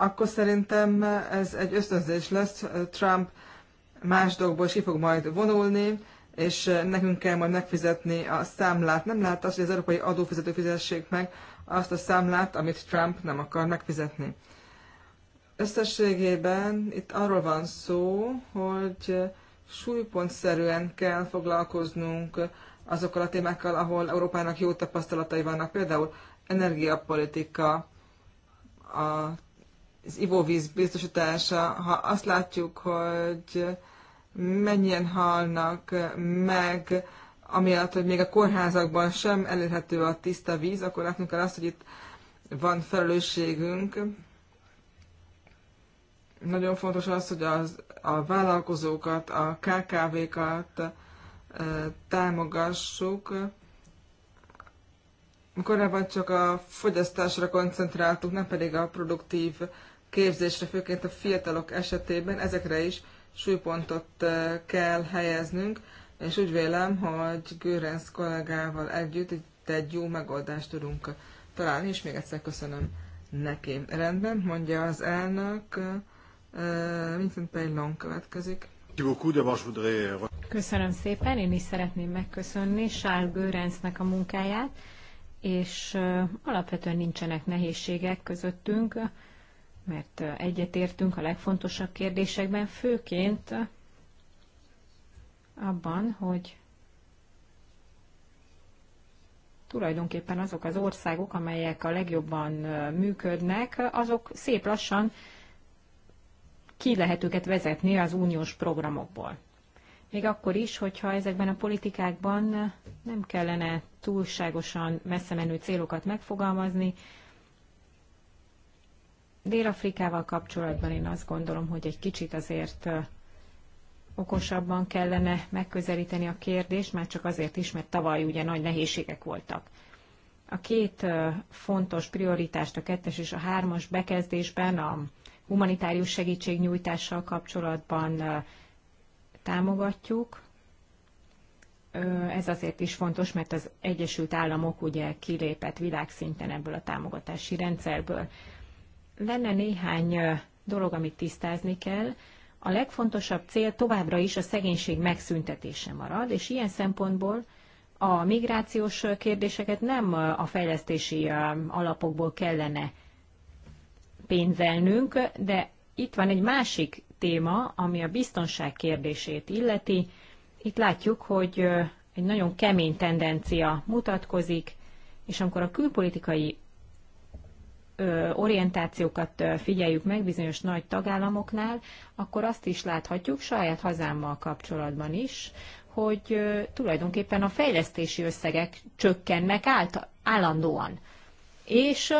akkor szerintem ez egy ösztönzés lesz. Trump más dolgokból is ki fog majd vonulni, és nekünk kell majd megfizetni a számlát. Nem lehet az, hogy az európai adófizető fizessék meg azt a számlát, amit Trump nem akar megfizetni. Összességében itt arról van szó, hogy súlypontszerűen kell foglalkoznunk azokkal a témákkal, ahol Európának jó tapasztalatai vannak, például energiapolitika, a az ivóvíz biztosítása, ha azt látjuk, hogy mennyien halnak meg, amiatt, hogy még a kórházakban sem elérhető a tiszta víz, akkor látnunk kell azt, hogy itt van felelősségünk. Nagyon fontos az, hogy az, a vállalkozókat, a KKV-kat e, támogassuk. Korábban csak a fogyasztásra koncentráltuk, nem pedig a produktív képzésre, főként a fiatalok esetében, ezekre is súlypontot kell helyeznünk, és úgy vélem, hogy Görenc kollégával együtt itt egy jó megoldást tudunk találni, és még egyszer köszönöm neki. Rendben, mondja az elnök, Vincent Pejlon következik. Köszönöm szépen, én is szeretném megköszönni Charles Görencnek a munkáját, és alapvetően nincsenek nehézségek közöttünk mert egyetértünk a legfontosabb kérdésekben, főként abban, hogy tulajdonképpen azok az országok, amelyek a legjobban működnek, azok szép lassan ki lehet őket vezetni az uniós programokból. Még akkor is, hogyha ezekben a politikákban nem kellene túlságosan messze menő célokat megfogalmazni, Dél-Afrikával kapcsolatban én azt gondolom, hogy egy kicsit azért okosabban kellene megközelíteni a kérdést, már csak azért is, mert tavaly ugye nagy nehézségek voltak. A két fontos prioritást a kettes és a hármas bekezdésben a humanitárius segítségnyújtással kapcsolatban támogatjuk. Ez azért is fontos, mert az Egyesült Államok ugye kilépett világszinten ebből a támogatási rendszerből. Lenne néhány dolog, amit tisztázni kell. A legfontosabb cél továbbra is a szegénység megszüntetése marad, és ilyen szempontból a migrációs kérdéseket nem a fejlesztési alapokból kellene pénzelnünk, de itt van egy másik téma, ami a biztonság kérdését illeti. Itt látjuk, hogy egy nagyon kemény tendencia mutatkozik, és amikor a külpolitikai orientációkat figyeljük meg bizonyos nagy tagállamoknál, akkor azt is láthatjuk saját hazámmal kapcsolatban is, hogy tulajdonképpen a fejlesztési összegek csökkennek állandóan. És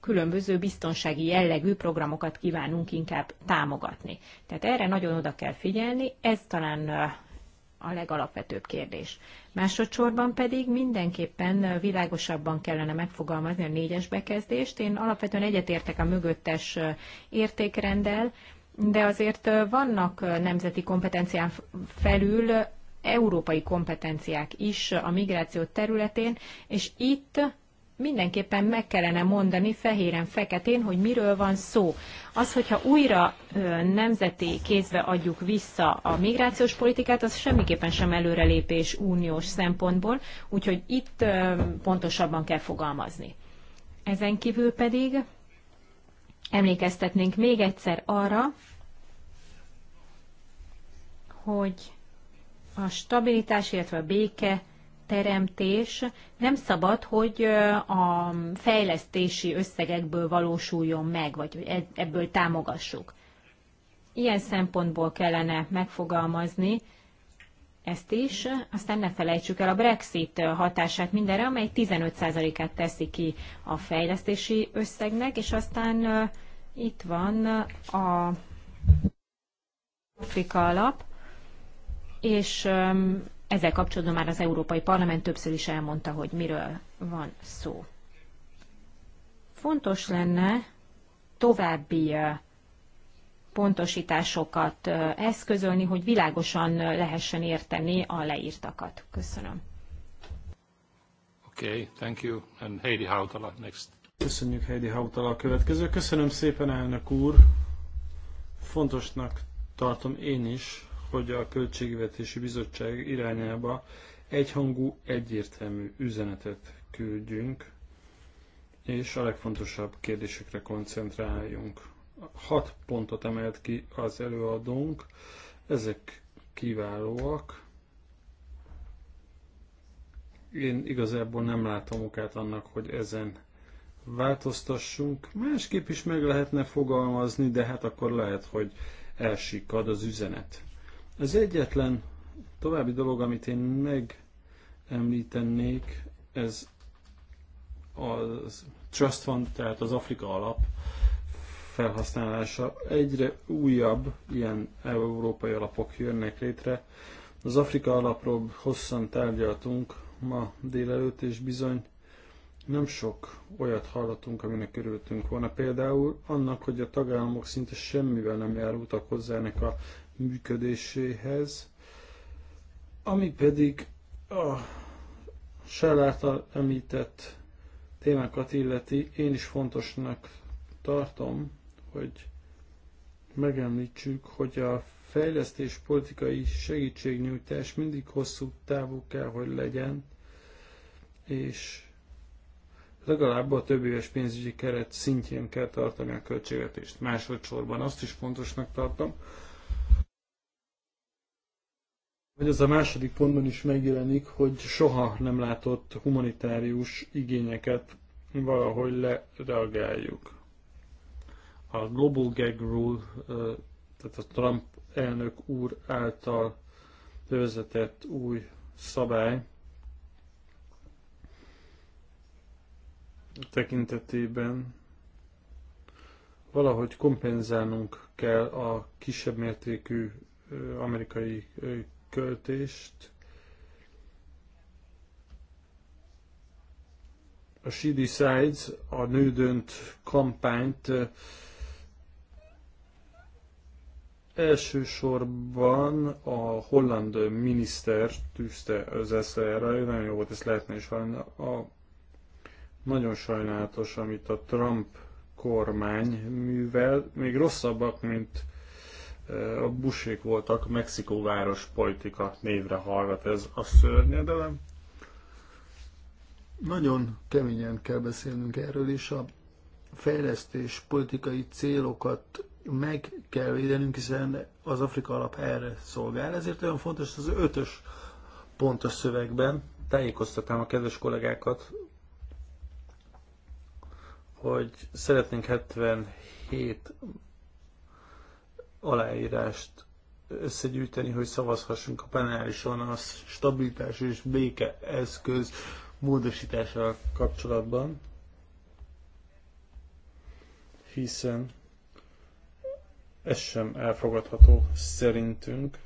különböző biztonsági jellegű programokat kívánunk inkább támogatni. Tehát erre nagyon oda kell figyelni, ez talán a legalapvetőbb kérdés. Másodszorban pedig mindenképpen világosabban kellene megfogalmazni a négyes bekezdést. Én alapvetően egyetértek a mögöttes értékrendel, de azért vannak nemzeti kompetencián felül európai kompetenciák is a migráció területén, és itt mindenképpen meg kellene mondani fehéren, feketén, hogy miről van szó. Az, hogyha újra nemzeti kézbe adjuk vissza a migrációs politikát, az semmiképpen sem előrelépés uniós szempontból, úgyhogy itt pontosabban kell fogalmazni. Ezen kívül pedig emlékeztetnénk még egyszer arra, hogy a stabilitás, illetve a béke teremtés nem szabad, hogy a fejlesztési összegekből valósuljon meg, vagy hogy e-, ebből támogassuk. Ilyen szempontból kellene megfogalmazni ezt is, aztán ne felejtsük el a Brexit hatását mindenre, amely 15%-át teszi ki a fejlesztési összegnek, és aztán itt van a Afrika alap, és ezzel kapcsolatban már az Európai Parlament többször is elmondta, hogy miről van szó. Fontos lenne további pontosításokat eszközölni, hogy világosan lehessen érteni a leírtakat. Köszönöm. Okay, thank you. And Heidi Hautala next. Köszönjük Heidi Hautala a következő. Köszönöm szépen, elnök úr. Fontosnak tartom én is, hogy a Költségvetési Bizottság irányába egyhangú, egyértelmű üzenetet küldjünk, és a legfontosabb kérdésekre koncentráljunk. Hat pontot emelt ki az előadónk, ezek kiválóak. Én igazából nem látom okát annak, hogy ezen változtassunk. Másképp is meg lehetne fogalmazni, de hát akkor lehet, hogy elsikad az üzenet. Az egyetlen további dolog, amit én megemlítenék, ez az Trust Fund, tehát az Afrika alap felhasználása. Egyre újabb ilyen európai alapok jönnek létre. Az Afrika alapról hosszan tárgyaltunk ma délelőtt, és bizony nem sok olyat hallottunk, aminek örültünk volna. Például annak, hogy a tagállamok szinte semmivel nem járultak hozzá ennek a működéséhez, ami pedig a Shell említett témákat illeti, én is fontosnak tartom, hogy megemlítsük, hogy a fejlesztés politikai segítségnyújtás mindig hosszú távú kell, hogy legyen, és legalább a több éves pénzügyi keret szintjén kell tartani a költségvetést. Másodszorban azt is fontosnak tartom, hogy ez a második pontban is megjelenik, hogy soha nem látott humanitárius igényeket valahogy lereagáljuk. A Global Gag Rule, tehát a Trump elnök úr által bevezetett új szabály tekintetében valahogy kompenzálnunk kell a kisebb mértékű amerikai költést. A She Decides, a nődönt kampányt elsősorban a holland miniszter tűzte az eszére, nagyon jó volt, ezt lehetne is hallani. A, nagyon sajnálatos, amit a Trump kormány művel, még rosszabbak, mint a busék voltak, Mexikó politika névre hallgat ez a szörnyedelem. Nagyon keményen kell beszélnünk erről is, a fejlesztés politikai célokat meg kell védenünk, hiszen az Afrika alap erre szolgál. Ezért olyan fontos az ötös pontos szövegben, tájékoztatám a kedves kollégákat, hogy szeretnénk 77 aláírást összegyűjteni, hogy szavazhassunk a penálisan a stabilitás és béke eszköz módosítással kapcsolatban, hiszen ez sem elfogadható szerintünk.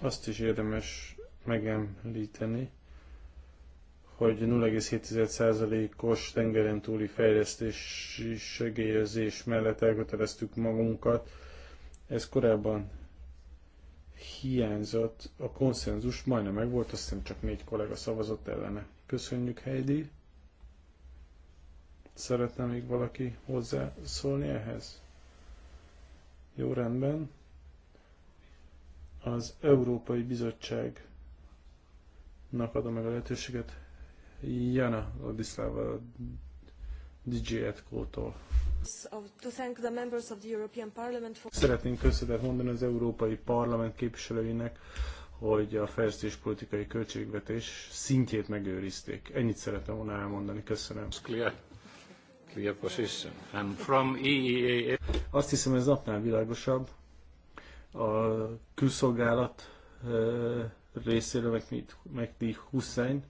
Azt is érdemes megemlíteni, hogy 0,7%-os tengeren túli fejlesztési segélyezés mellett elköteleztük magunkat. Ez korábban hiányzott, a konszenzus majdnem megvolt, azt hiszem csak négy kollega szavazott ellene. Köszönjük Heidi! Szeretne még valaki hozzászólni ehhez? Jó rendben. Az Európai bizottság adom meg a lehetőséget. Jana Ladislava DJ Etkótól. Szeretnénk köszönetet mondani az Európai Parlament képviselőinek, hogy a fejlesztés politikai költségvetés szintjét megőrizték. Ennyit szeretem volna elmondani. Köszönöm. Clear. Clear position. from EEA... Azt hiszem ez napnál világosabb. A külszolgálat eh, részéről meg, meg Hussein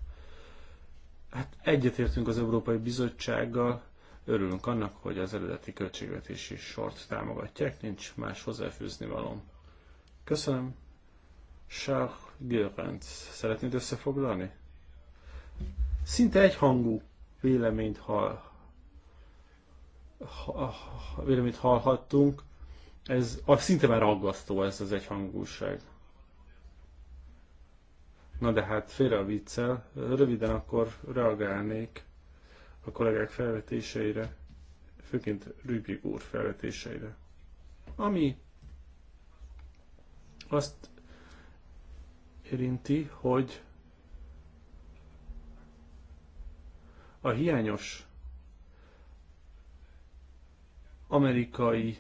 Hát egyetértünk az Európai Bizottsággal, örülünk annak, hogy az eredeti költségvetési sort támogatják, nincs más hozzáfűzni valom. Köszönöm. Charles Görenc, szeretnéd összefoglalni? Szinte egyhangú véleményt hall, ha, ha, véleményt hallhattunk. Ez a, szinte már aggasztó ez az egyhangúság. Na de hát félre a viccel, röviden akkor reagálnék a kollégák felvetéseire, főként Rübig úr felvetéseire. Ami azt érinti, hogy a hiányos amerikai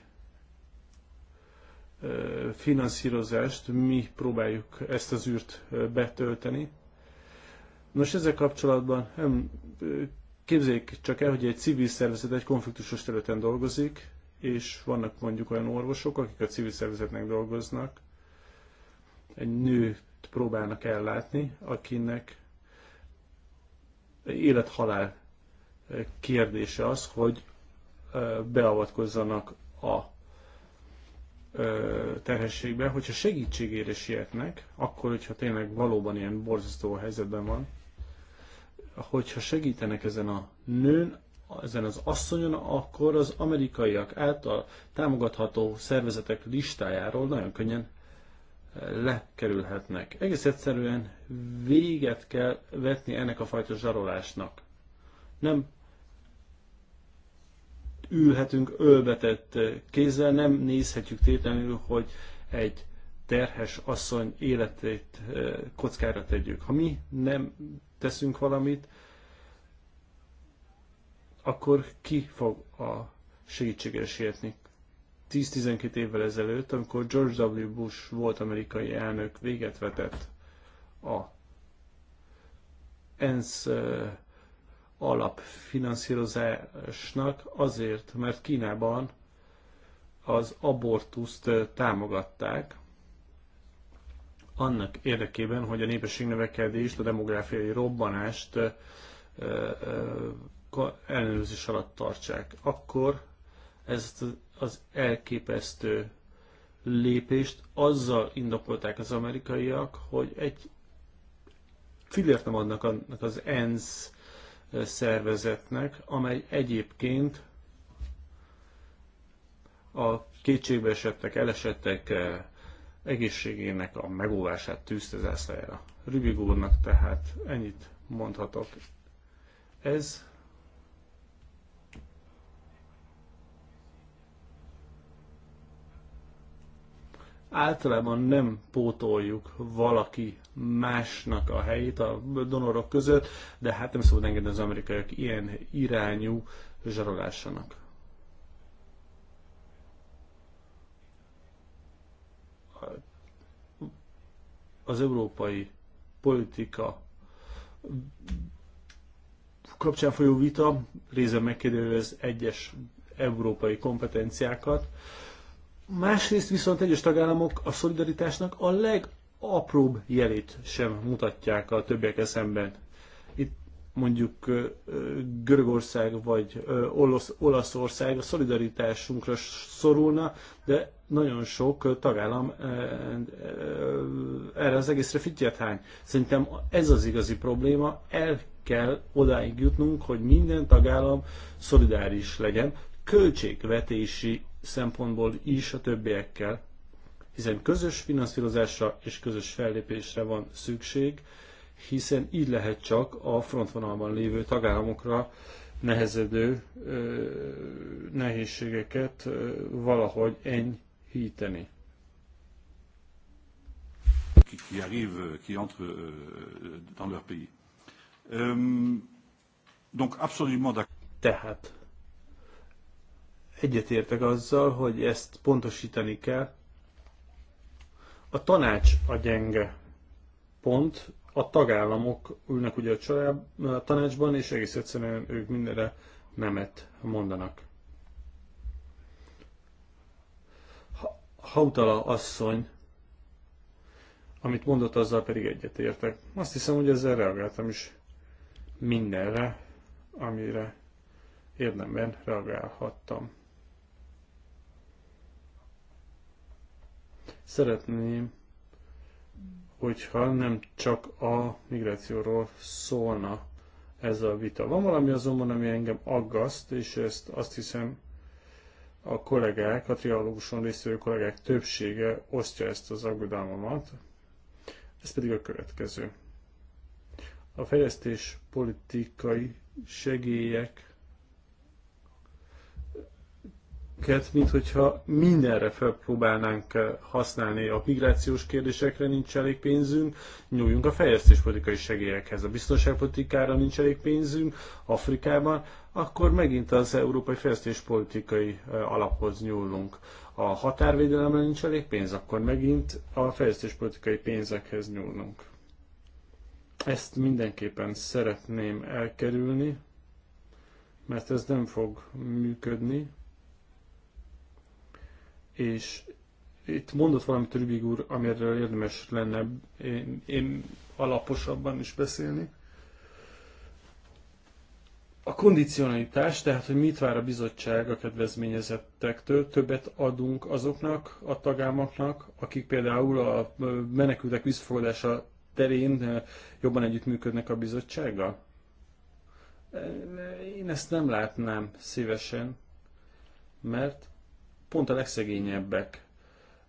finanszírozást, mi próbáljuk ezt az űrt betölteni. Nos, ezzel kapcsolatban nem, képzeljék csak el, hogy egy civil szervezet egy konfliktusos területen dolgozik, és vannak mondjuk olyan orvosok, akik a civil szervezetnek dolgoznak, egy nőt próbálnak ellátni, akinek élet-halál kérdése az, hogy beavatkozzanak a terhességbe, hogyha segítségére sietnek, akkor, hogyha tényleg valóban ilyen borzasztó helyzetben van, hogyha segítenek ezen a nőn, ezen az asszonyon, akkor az amerikaiak által támogatható szervezetek listájáról nagyon könnyen lekerülhetnek. Egész egyszerűen véget kell vetni ennek a fajta zsarolásnak. Nem ülhetünk ölbetett kézzel, nem nézhetjük tétlenül, hogy egy terhes asszony életét eh, kockára tegyük. Ha mi nem teszünk valamit, akkor ki fog a segítségre sietni? 10-12 évvel ezelőtt, amikor George W. Bush volt amerikai elnök, véget vetett a ENSZ eh, alapfinanszírozásnak azért, mert Kínában az abortuszt támogatták annak érdekében, hogy a növekedést, a demográfiai robbanást ellenőrzés alatt tartsák. Akkor ezt az elképesztő lépést azzal indokolták az amerikaiak, hogy egy fillért nem adnak annak az ENSZ szervezetnek, amely egyébként a kétségbeesettek, elesettek eh, egészségének a megóvását tűzte zászlajára. Rübig úrnak tehát ennyit mondhatok. Ez általában nem pótoljuk valaki másnak a helyét a donorok között, de hát nem szabad engedni az amerikaiak ilyen irányú zsarolásának. Az európai politika kapcsán folyó vita részben megkérdőjelez egyes európai kompetenciákat, Másrészt viszont egyes tagállamok a szolidaritásnak a legapróbb jelét sem mutatják a többiek szemben. Itt mondjuk Görögország vagy Olasz, Olaszország a szolidaritásunkra szorulna, de nagyon sok tagállam erre az egészre fittyet hány. Szerintem ez az igazi probléma, el kell odáig jutnunk, hogy minden tagállam szolidáris legyen, költségvetési szempontból is a többiekkel, hiszen közös finanszírozásra és közös fellépésre van szükség, hiszen így lehet csak a frontvonalban lévő tagállamokra nehezedő ö, nehézségeket ö, valahogy enyhíteni. Qui, qui arrive, qui entre euh, dans leur pays. Euh, donc absolument d'accord. Tehát egyetértek azzal, hogy ezt pontosítani kell. A tanács a gyenge pont, a tagállamok ülnek ugye a, család, a tanácsban, és egész egyszerűen ők mindenre nemet mondanak. Hautala asszony, amit mondott, azzal pedig egyetértek. Azt hiszem, hogy ezzel reagáltam is mindenre, amire érdemben reagálhattam. Szeretném, hogyha nem csak a migrációról szólna ez a vita. Van valami azonban, ami engem aggaszt, és ezt azt hiszem a kollégák, a trialóguson résztvevő kollégák többsége osztja ezt az aggodalmamat. Ez pedig a következő. A fejlesztés politikai segélyek mint hogyha mindenre felpróbálnánk eh, használni a migrációs kérdésekre nincs elég pénzünk, nyúljunk a fejlesztéspolitikai segélyekhez, a biztonságpolitikára nincs elég pénzünk Afrikában, akkor megint az európai fejlesztéspolitikai eh, alaphoz nyúlunk. A határvédelemre nincs elég pénz, akkor megint a fejlesztéspolitikai pénzekhez nyúlunk. Ezt mindenképpen szeretném elkerülni, mert ez nem fog működni, és itt mondott valamit Rübig úr, amiről érdemes lenne én, én alaposabban is beszélni. A kondicionalitás, tehát hogy mit vár a bizottság a kedvezményezettektől, többet adunk azoknak a tagállamoknak, akik például a menekültek visszafogadása terén jobban együttműködnek a bizottsággal? Én ezt nem látnám szívesen, mert pont a legszegényebbek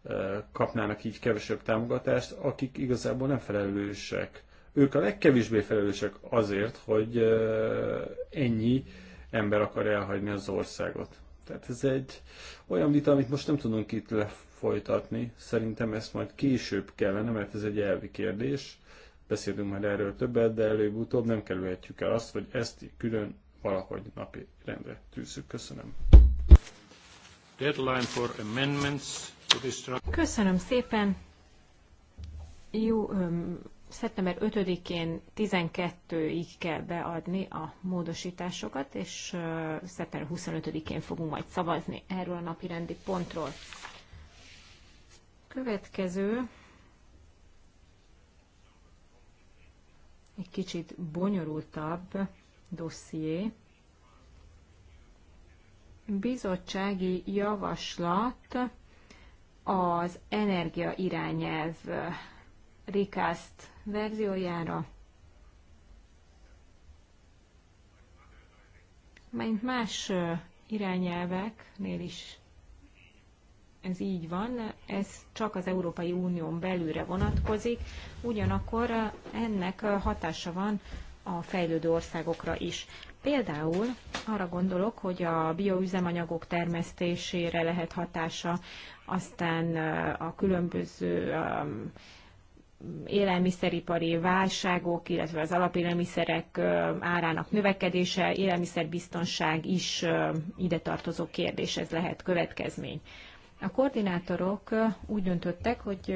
eh, kapnának így kevesebb támogatást, akik igazából nem felelősek. Ők a legkevésbé felelősek azért, hogy eh, ennyi ember akar elhagyni az országot. Tehát ez egy olyan vita, amit most nem tudunk itt lefolytatni. Szerintem ezt majd később kellene, mert ez egy elvi kérdés. Beszélünk már erről többet, de előbb-utóbb nem kerülhetjük el azt, hogy ezt külön valahogy napi rendre tűzzük. Köszönöm. Deadline for amendments to this Köszönöm szépen. Jó, um, szeptember 5-én 12-ig kell beadni a módosításokat, és uh, szeptember 25-én fogunk majd szavazni erről a napi rendi pontról. Következő egy kicsit bonyolultabb dosszié bizottsági javaslat az energia irányelv Rikászt verziójára, mint más irányelveknél is ez így van, ez csak az Európai Unión belülre vonatkozik, ugyanakkor ennek hatása van a fejlődő országokra is. Például arra gondolok, hogy a bioüzemanyagok termesztésére lehet hatása, aztán a különböző élelmiszeripari válságok, illetve az alapélelmiszerek árának növekedése, élelmiszerbiztonság is ide tartozó kérdés, ez lehet következmény. A koordinátorok úgy döntöttek, hogy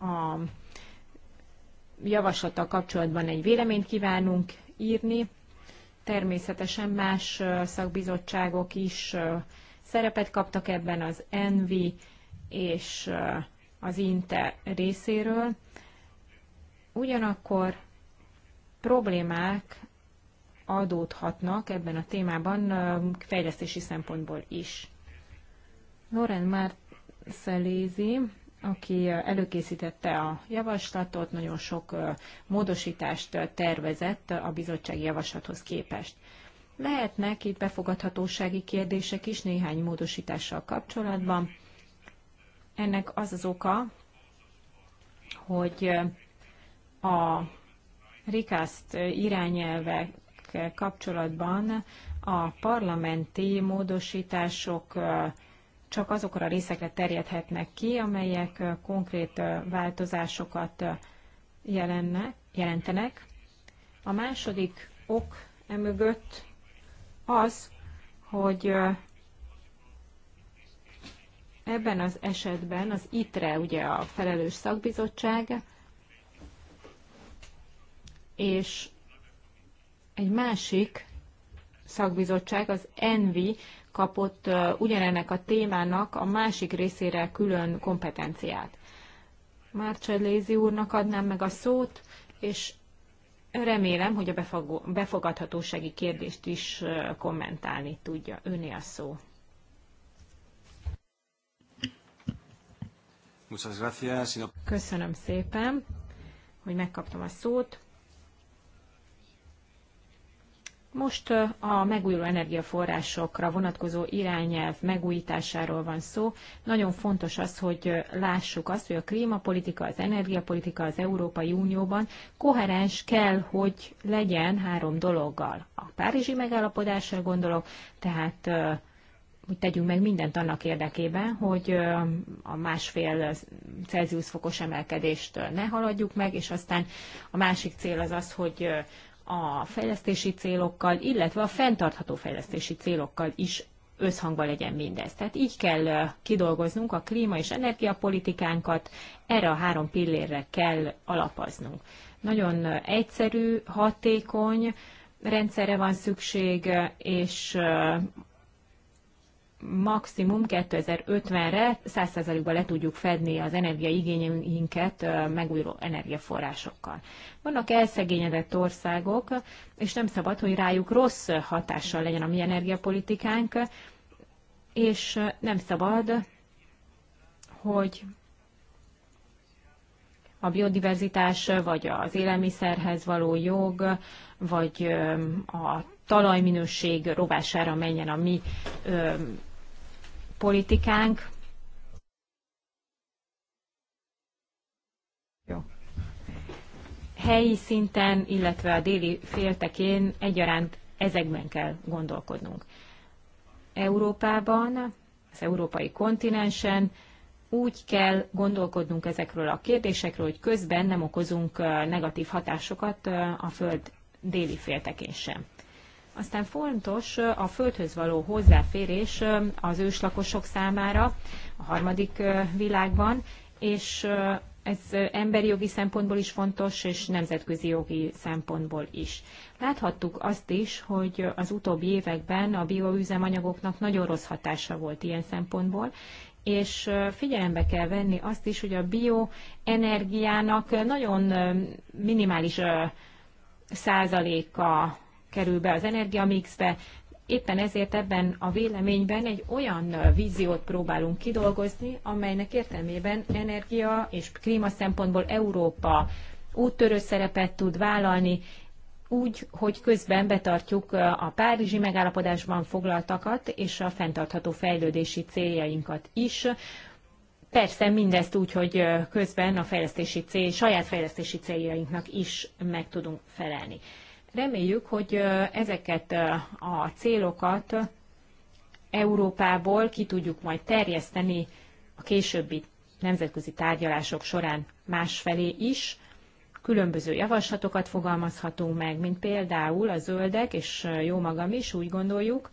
a javaslattal kapcsolatban egy véleményt kívánunk írni, Természetesen más szakbizottságok is szerepet kaptak ebben az ENVI és az INTE részéről. Ugyanakkor problémák adódhatnak ebben a témában fejlesztési szempontból is. Loren Marcellézi aki előkészítette a javaslatot, nagyon sok módosítást tervezett a bizottsági javaslathoz képest. Lehetnek itt befogadhatósági kérdések is néhány módosítással kapcsolatban. Ennek az az oka, hogy a Rikászt irányelvek kapcsolatban a parlamenti módosítások csak azokra a részekre terjedhetnek ki, amelyek konkrét változásokat jelenne, jelentenek. A második ok emögött az, hogy ebben az esetben az ITRE, ugye a felelős szakbizottság, és egy másik szakbizottság, az ENVI kapott ugyanennek a témának a másik részére külön kompetenciát. Lézi úrnak adnám meg a szót, és remélem, hogy a befogadhatósági kérdést is kommentálni tudja. Öné a szó. Köszönöm szépen, hogy megkaptam a szót. Most a megújuló energiaforrásokra vonatkozó irányelv megújításáról van szó. Nagyon fontos az, hogy lássuk azt, hogy a klímapolitika, az energiapolitika az Európai Unióban koherens kell, hogy legyen három dologgal. A párizsi megállapodásra gondolok, tehát hogy tegyünk meg mindent annak érdekében, hogy a másfél Celsius fokos emelkedést ne haladjuk meg, és aztán a másik cél az az, hogy a fejlesztési célokkal, illetve a fenntartható fejlesztési célokkal is összhangba legyen mindez. Tehát így kell kidolgoznunk a klíma és energiapolitikánkat, erre a három pillérre kell alapoznunk. Nagyon egyszerű, hatékony rendszerre van szükség, és maximum 2050-re 100%-ban le tudjuk fedni az energiaigényeinket megújuló energiaforrásokkal. Vannak elszegényedett országok, és nem szabad, hogy rájuk rossz hatással legyen a mi energiapolitikánk, és nem szabad, hogy a biodiverzitás, vagy az élelmiszerhez való jog, vagy a talajminőség rovására menjen a mi politikánk. Jó. Helyi szinten, illetve a déli féltekén egyaránt ezekben kell gondolkodnunk. Európában, az európai kontinensen úgy kell gondolkodnunk ezekről a kérdésekről, hogy közben nem okozunk negatív hatásokat a Föld déli féltekén sem. Aztán fontos a földhöz való hozzáférés az őslakosok számára a harmadik világban, és ez emberi jogi szempontból is fontos, és nemzetközi jogi szempontból is. Láthattuk azt is, hogy az utóbbi években a bioüzemanyagoknak nagyon rossz hatása volt ilyen szempontból, és figyelembe kell venni azt is, hogy a bioenergiának nagyon minimális százaléka kerül be az energiamixbe, Éppen ezért ebben a véleményben egy olyan víziót próbálunk kidolgozni, amelynek értelmében energia és klíma szempontból Európa úttörő szerepet tud vállalni, úgy, hogy közben betartjuk a Párizsi megállapodásban foglaltakat és a fenntartható fejlődési céljainkat is. Persze mindezt úgy, hogy közben a fejlesztési cél, saját fejlesztési céljainknak is meg tudunk felelni. Reméljük, hogy ezeket a célokat Európából ki tudjuk majd terjeszteni a későbbi nemzetközi tárgyalások során másfelé is. Különböző javaslatokat fogalmazhatunk meg, mint például a zöldek, és jó magam is úgy gondoljuk,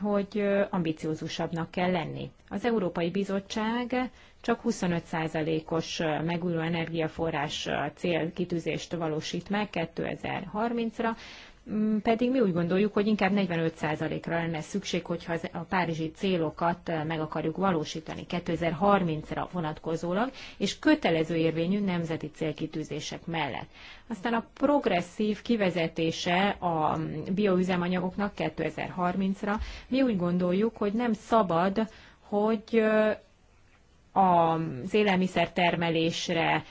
hogy ambiciózusabbnak kell lenni. Az Európai Bizottság csak 25%-os megújuló energiaforrás célkitűzést valósít meg 2030-ra, pedig mi úgy gondoljuk, hogy inkább 45%-ra lenne szükség, hogyha a párizsi célokat meg akarjuk valósítani 2030-ra vonatkozólag, és kötelező érvényű nemzeti célkitűzések mellett. Aztán a progresszív kivezetése a bioüzemanyagoknak 2030-ra, mi úgy gondoljuk, hogy nem szabad, hogy az élelmiszertermelésre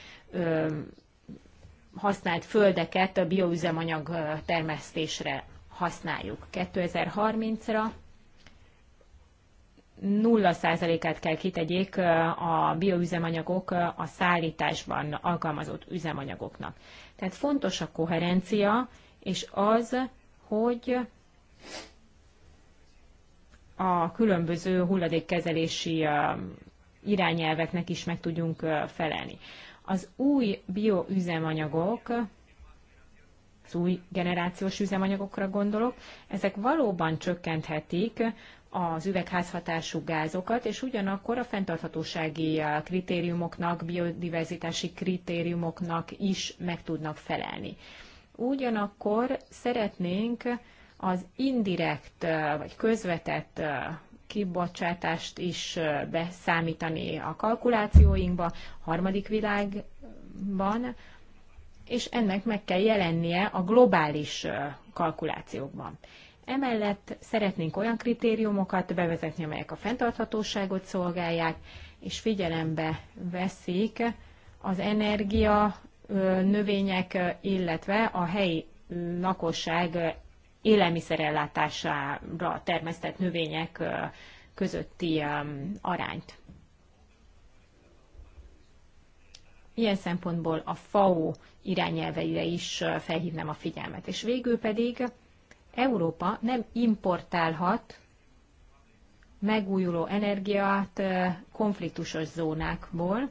használt földeket a bioüzemanyag termesztésre használjuk. 2030-ra 0%-át kell kitegyék a bioüzemanyagok a szállításban alkalmazott üzemanyagoknak. Tehát fontos a koherencia, és az, hogy a különböző hulladékkezelési irányelveknek is meg tudjunk felelni. Az új bioüzemanyagok, az új generációs üzemanyagokra gondolok, ezek valóban csökkenthetik az üvegházhatású gázokat, és ugyanakkor a fenntarthatósági kritériumoknak, biodiverzitási kritériumoknak is meg tudnak felelni. Ugyanakkor szeretnénk az indirekt vagy közvetett kibocsátást is beszámítani a kalkulációinkba, harmadik világban, és ennek meg kell jelennie a globális kalkulációkban. Emellett szeretnénk olyan kritériumokat bevezetni, amelyek a fenntarthatóságot szolgálják, és figyelembe veszik az energia, növények, illetve a helyi lakosság élelmiszerellátásra termesztett növények közötti arányt. Ilyen szempontból a FAO irányelveire is felhívnám a figyelmet. És végül pedig Európa nem importálhat megújuló energiát konfliktusos zónákból,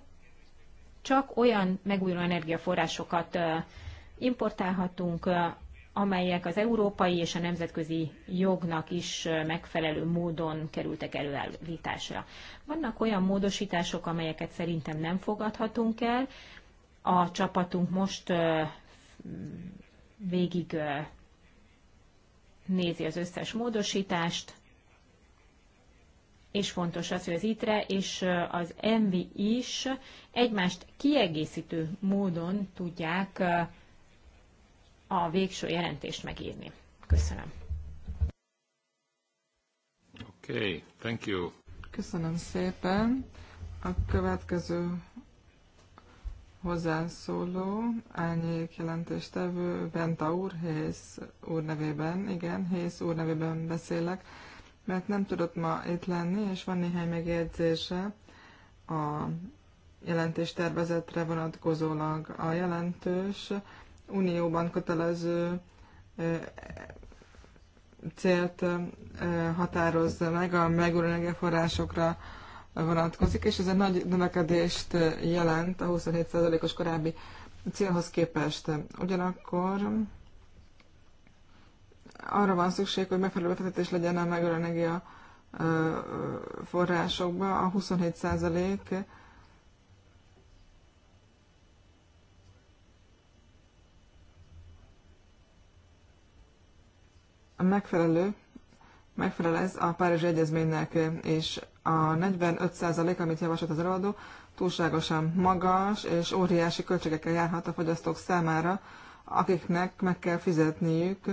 csak olyan megújuló energiaforrásokat importálhatunk, amelyek az európai és a nemzetközi jognak is megfelelő módon kerültek előállításra. Vannak olyan módosítások, amelyeket szerintem nem fogadhatunk el. A csapatunk most végig nézi az összes módosítást, és fontos az, hogy az ITRE és az ENVI is egymást kiegészítő módon tudják a végső jelentést megírni. Köszönöm. Okay, thank you. Köszönöm szépen. A következő hozzászóló, árnyék jelentéstevő, Venta úr, Hész úr nevében, igen, Hész úr nevében beszélek, mert nem tudott ma itt lenni, és van néhány megjegyzése a jelentéstervezetre vonatkozólag. A jelentős Unióban kötelező célt határozza meg, a megújuló forrásokra vonatkozik, és ez egy nagy növekedést jelent a 27%-os korábbi célhoz képest. Ugyanakkor arra van szükség, hogy megfelelő befektetés legyen a megújuló energia forrásokba. A 27% megfelelő, megfelel ez a Párizsi Egyezménynek, és a 45% amit javasolt az előadó, túlságosan magas és óriási költségekkel járhat a fogyasztók számára, akiknek meg kell fizetniük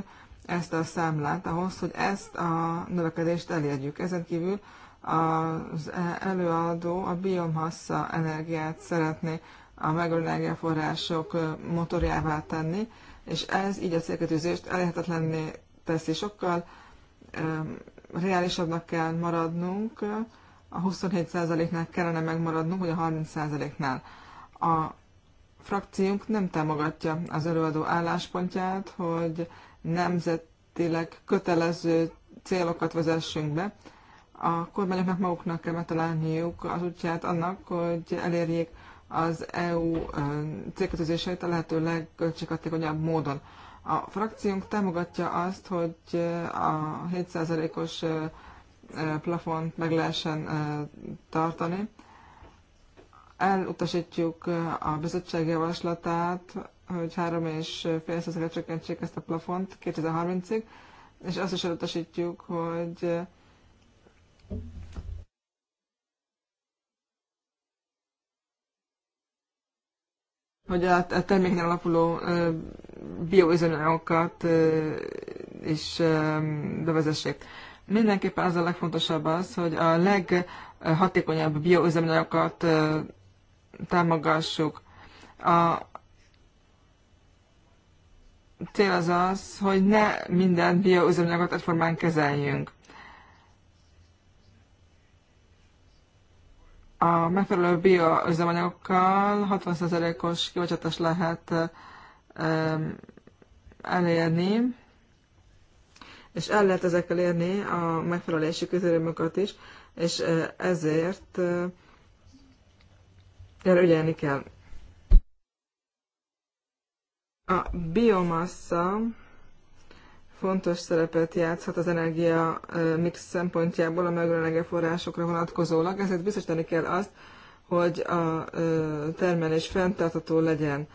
ezt a számlát ahhoz, hogy ezt a növekedést elérjük. Ezen kívül az előadó a biomassa energiát szeretné a megújuló források motorjává tenni, és ez így a célkötőzést elérhetetlenné és Sokkal reálisabbnak kell maradnunk, a 27%-nál kellene megmaradnunk, vagy a 30%-nál. A frakciónk nem támogatja az előadó álláspontját, hogy nemzetileg kötelező célokat vezessünk be. A kormányoknak maguknak kell megtalálniuk az útját annak, hogy elérjék az EU célkötözéseit a lehető legköltséghatékonyabb módon. A frakciónk támogatja azt, hogy a 7%-os plafont meg lehessen tartani. Elutasítjuk a bizottság javaslatát, hogy 3,5%-ra csökkentsék ezt a plafont 2030-ig, és azt is elutasítjuk, hogy hogy a, a terméken alapuló bioüzemanyagokat is bevezessék. Mindenképpen az a legfontosabb az, hogy a leghatékonyabb bioüzemanyagokat támogassuk. A cél az az, hogy ne minden bioüzemanyagot egyformán kezeljünk. a megfelelő bioüzemanyagokkal 60%-os kibocsátás lehet elérni, és el lehet ezekkel érni a megfelelési közérőmöket is, és e, ezért e, erre ügyelni kell. A biomassa fontos szerepet játszhat az energia mix szempontjából a megújuló energiaforrásokra vonatkozólag, ezért biztosítani kell azt, hogy a termelés fenntartható legyen.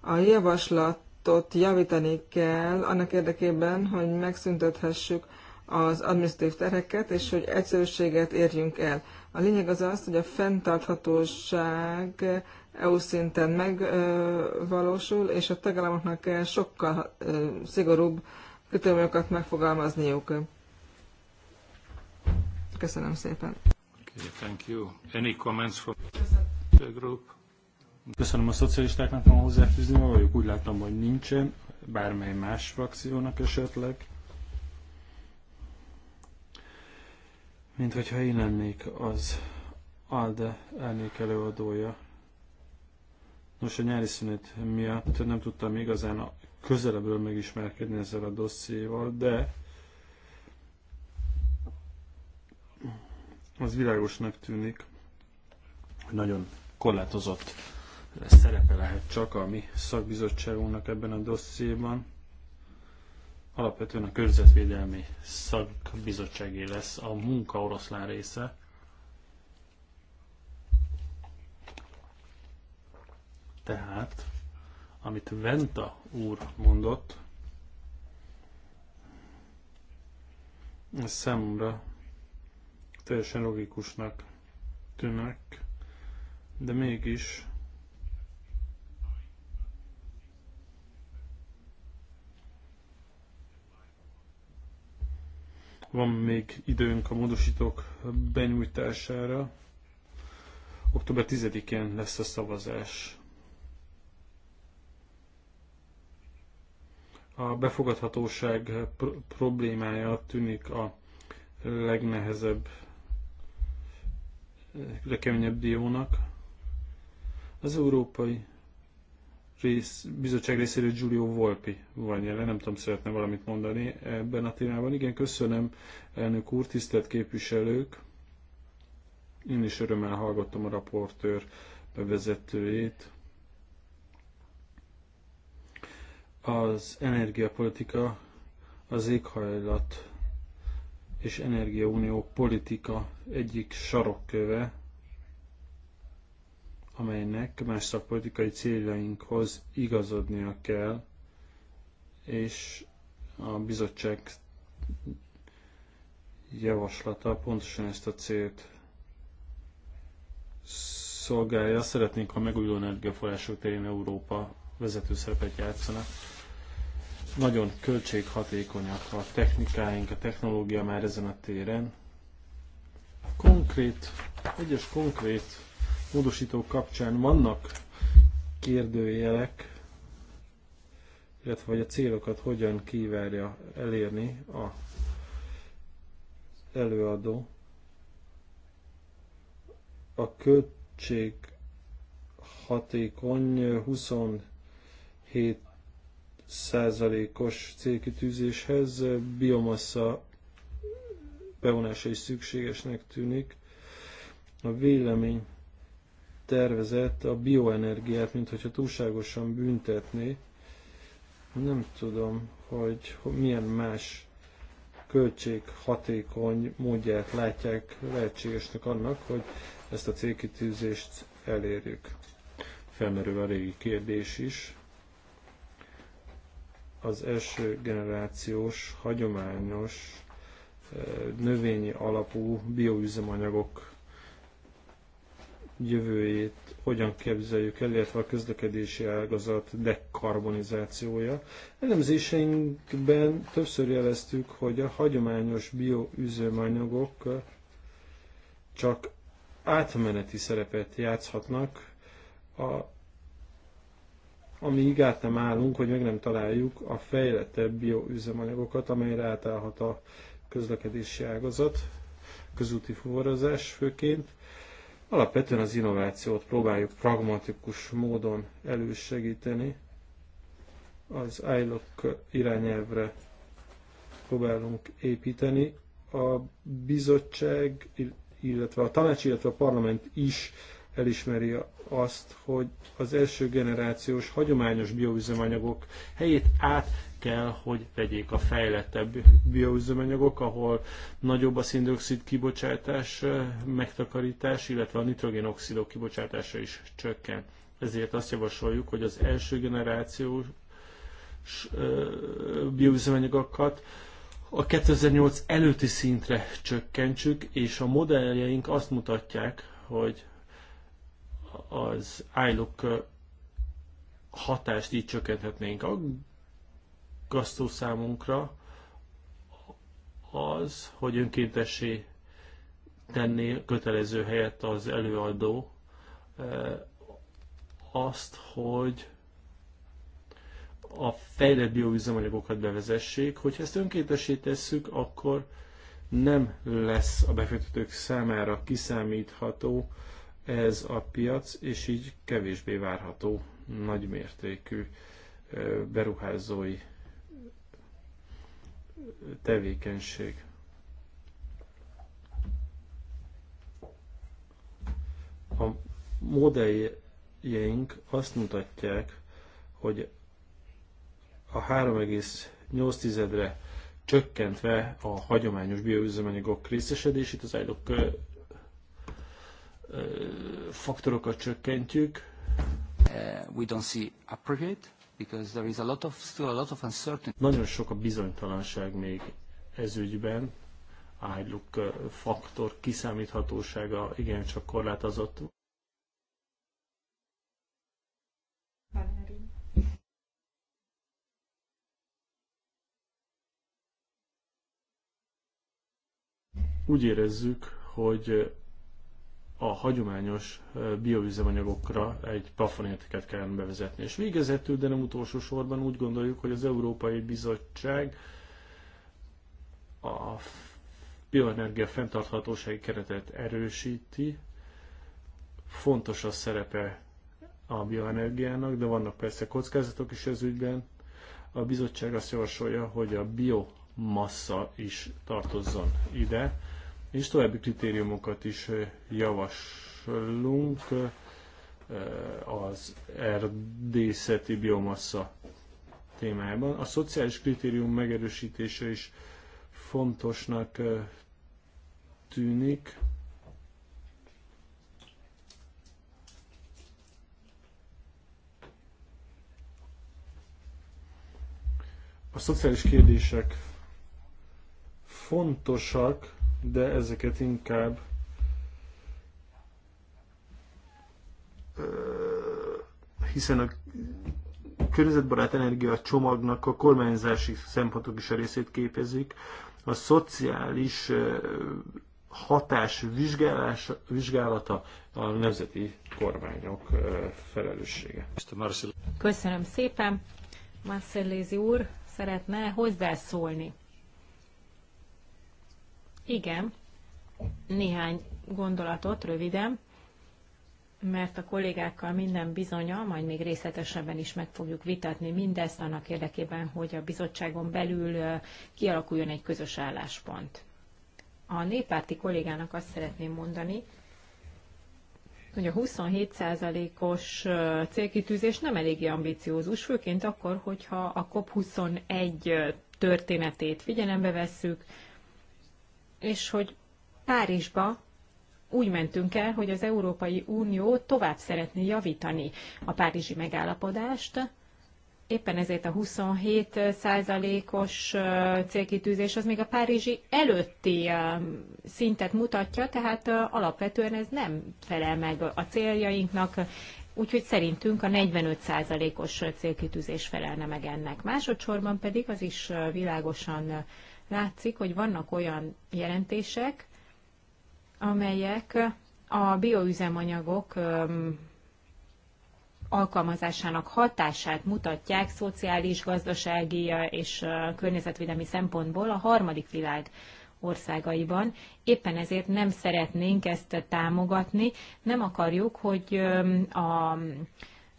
A javaslatot javítani kell annak érdekében, hogy megszüntethessük az administratív terheket, és hogy egyszerűséget érjünk el. A lényeg az az, hogy a fenntarthatóság EU szinten megvalósul, és a tagállamoknak kell sokkal szigorúbb kritériumokat megfogalmazniuk. Köszönöm szépen. Okay, thank you. Any comments from the group? Köszönöm a szocialistáknak, van hozzáfűzni valójuk. Úgy látom, hogy nincsen, bármely más frakciónak esetleg. Mint hogyha én lennék az ALDE elnék előadója. Nos, a nyári szünet miatt nem tudtam igazán közelebbről megismerkedni ezzel a dossziéval, de az világosnak tűnik, hogy nagyon korlátozott szerepe lehet csak a mi szakbizottságunknak ebben a dossziéban. Alapvetően a körzetvédelmi szakbizottságé lesz a munka oroszlán része. Tehát amit Venta úr mondott, ez számomra teljesen logikusnak tűnnek, de mégis van még időnk a módosítók benyújtására. Október 10-én lesz a szavazás A befogadhatóság pr- problémája tűnik a legnehezebb, legkeményebb diónak. Az Európai rész, Bizottság részéről Giulio Volpi van jelen, nem tudom, szeretne valamit mondani ebben a témában. Igen, köszönöm, elnök úr, tisztelt képviselők. Én is örömmel hallgattam a raportőr bevezetőjét. az energiapolitika, az éghajlat és energiaunió politika egyik sarokköve, amelynek más szakpolitikai céljainkhoz igazodnia kell, és a bizottság javaslata pontosan ezt a célt szolgálja. Szeretnénk, ha megújuló energiaforrások terén Európa vezető szerepet játszanak. Nagyon költséghatékonyak a technikáink, a technológia már ezen a téren. Konkrét, egyes konkrét módosítók kapcsán vannak kérdőjelek, illetve hogy a célokat hogyan kívánja elérni a előadó. A költség hatékony 27 százalékos célkitűzéshez. Biomassa bevonása is szükségesnek tűnik. A vélemény tervezet a bioenergiát, mint hogyha túlságosan büntetné. Nem tudom, hogy milyen más költséghatékony módját látják lehetségesnek annak, hogy ezt a célkitűzést elérjük. Felmerül a régi kérdés is, az első generációs, hagyományos, növényi alapú bioüzemanyagok jövőjét hogyan képzeljük el, illetve a közlekedési ágazat dekarbonizációja. Elemzéseinkben többször jeleztük, hogy a hagyományos bioüzemanyagok csak átmeneti szerepet játszhatnak a ami át nem állunk, hogy meg nem találjuk a fejlettebb bioüzemanyagokat, amelyre átállhat a közlekedési ágazat, közúti fuvarozás főként. Alapvetően az innovációt próbáljuk pragmatikus módon elősegíteni. Az ILOC irányelvre próbálunk építeni. A bizottság, illetve a tanács, illetve a parlament is elismeri azt, hogy az első generációs hagyományos bioüzemanyagok helyét át kell, hogy vegyék a fejlettebb bioüzemanyagok, ahol nagyobb a szindioxid kibocsátás, eh, megtakarítás, illetve a nitrogénoxidok kibocsátása is csökken. Ezért azt javasoljuk, hogy az első generációs eh, bioüzemanyagokat a 2008 előtti szintre csökkentsük, és a modelljeink azt mutatják, hogy az ILOC hatást így csökkenthetnénk. a számunkra az, hogy önkéntessé tenni kötelező helyett az előadó azt, hogy a fejlett bioüzemanyagokat bevezessék, hogy ezt önkéntesé tesszük, akkor nem lesz a befektetők számára kiszámítható ez a piac, és így kevésbé várható nagymértékű beruházói tevékenység. A modelljeink azt mutatják, hogy a 3,8-re csökkentve a hagyományos bioüzemanyagok részesedését az ágyok faktorokat csökkentjük. Uh, we don't see appropriate because there is a lot of, still a lot of uncertainty. Nagyon sok a bizonytalanság még ezügyben. A look uh, faktor kiszámíthatósága igencsak korlátozott. Úgy érezzük, hogy a hagyományos bioüzemanyagokra egy plafonértéket kellene bevezetni. És végezetül, de nem utolsó sorban úgy gondoljuk, hogy az Európai Bizottság a bioenergia fenntarthatósági keretet erősíti. Fontos a szerepe a bioenergiának, de vannak persze kockázatok is ez ügyben. A bizottság azt javasolja, hogy a biomassa is tartozzon ide és további kritériumokat is javaslunk az erdészeti biomassa témájában. A szociális kritérium megerősítése is fontosnak tűnik. A szociális kérdések fontosak, de ezeket inkább hiszen a környezetbarát energia csomagnak a kormányzási szempontok is a részét képezik. A szociális hatás vizsgálása, vizsgálata a nemzeti kormányok felelőssége. Köszönöm szépen. Marcellézi úr szeretne hozzászólni. Igen, néhány gondolatot röviden, mert a kollégákkal minden bizonya, majd még részletesebben is meg fogjuk vitatni mindezt annak érdekében, hogy a bizottságon belül kialakuljon egy közös álláspont. A néppárti kollégának azt szeretném mondani, hogy a 27%-os célkitűzés nem eléggé ambiciózus, főként akkor, hogyha a COP21 történetét figyelembe vesszük, és hogy Párizsba úgy mentünk el, hogy az Európai Unió tovább szeretné javítani a párizsi megállapodást, éppen ezért a 27 százalékos célkitűzés az még a párizsi előtti szintet mutatja, tehát alapvetően ez nem felel meg a céljainknak, úgyhogy szerintünk a 45 százalékos célkitűzés felelne meg ennek. Másodszorban pedig az is világosan látszik, hogy vannak olyan jelentések, amelyek a bioüzemanyagok alkalmazásának hatását mutatják szociális, gazdasági és környezetvédelmi szempontból a harmadik világ országaiban. Éppen ezért nem szeretnénk ezt támogatni, nem akarjuk, hogy a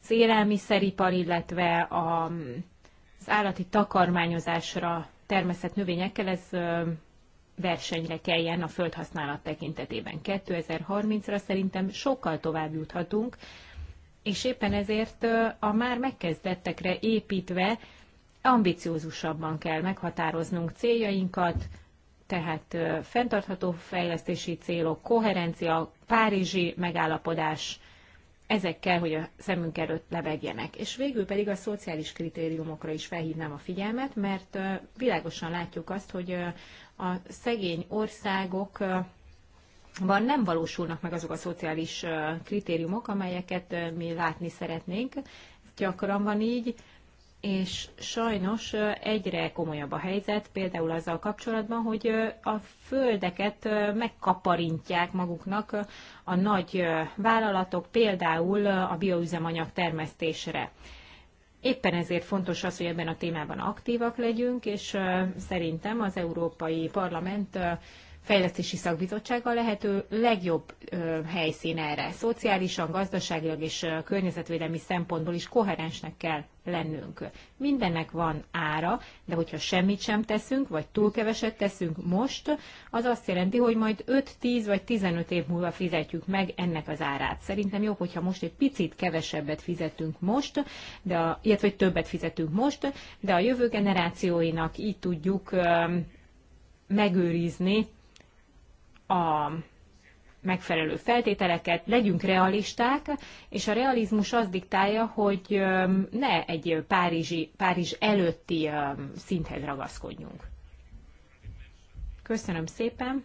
az élelmiszeripar, illetve az állati takarmányozásra termesztett növényekkel ez versenyre kelljen a földhasználat tekintetében. 2030-ra szerintem sokkal tovább juthatunk, és éppen ezért a már megkezdettekre építve ambiciózusabban kell meghatároznunk céljainkat, tehát fenntartható fejlesztési célok, koherencia, párizsi megállapodás, ezek kell, hogy a szemünk előtt lebegjenek. És végül pedig a szociális kritériumokra is felhívnám a figyelmet, mert világosan látjuk azt, hogy a szegény országok van nem valósulnak meg azok a szociális kritériumok, amelyeket mi látni szeretnénk. Gyakran van így, és sajnos egyre komolyabb a helyzet, például azzal kapcsolatban, hogy a földeket megkaparintják maguknak a nagy vállalatok, például a bioüzemanyag termesztésre. Éppen ezért fontos az, hogy ebben a témában aktívak legyünk, és szerintem az Európai Parlament fejlesztési szakbizottsága lehető legjobb helyszín erre. Szociálisan, gazdaságilag és környezetvédelmi szempontból is koherensnek kell lennünk. Mindennek van ára, de hogyha semmit sem teszünk, vagy túl keveset teszünk most, az azt jelenti, hogy majd 5-10 vagy 15 év múlva fizetjük meg ennek az árát. Szerintem jobb, hogyha most egy picit kevesebbet fizetünk most, de a, illetve hogy többet fizetünk most, de a jövő generációinak így tudjuk megőrizni a megfelelő feltételeket, legyünk realisták, és a realizmus az diktálja, hogy ne egy Párizsi, Párizs előtti szinthez ragaszkodjunk. Köszönöm szépen!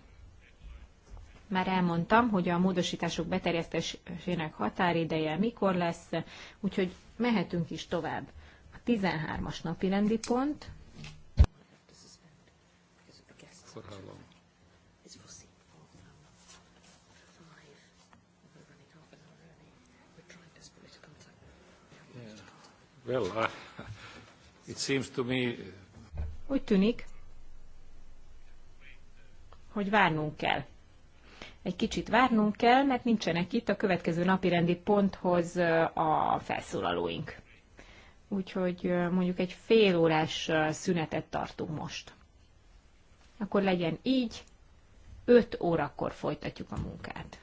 Már elmondtam, hogy a módosítások beterjesztésének határideje mikor lesz, úgyhogy mehetünk is tovább. A 13-as napi rendi pont. For how long? Úgy tűnik, hogy várnunk kell. Egy kicsit várnunk kell, mert nincsenek itt a következő napi rendi ponthoz a felszólalóink. Úgyhogy mondjuk egy fél órás szünetet tartunk most. Akkor legyen így, 5 órakor folytatjuk a munkát.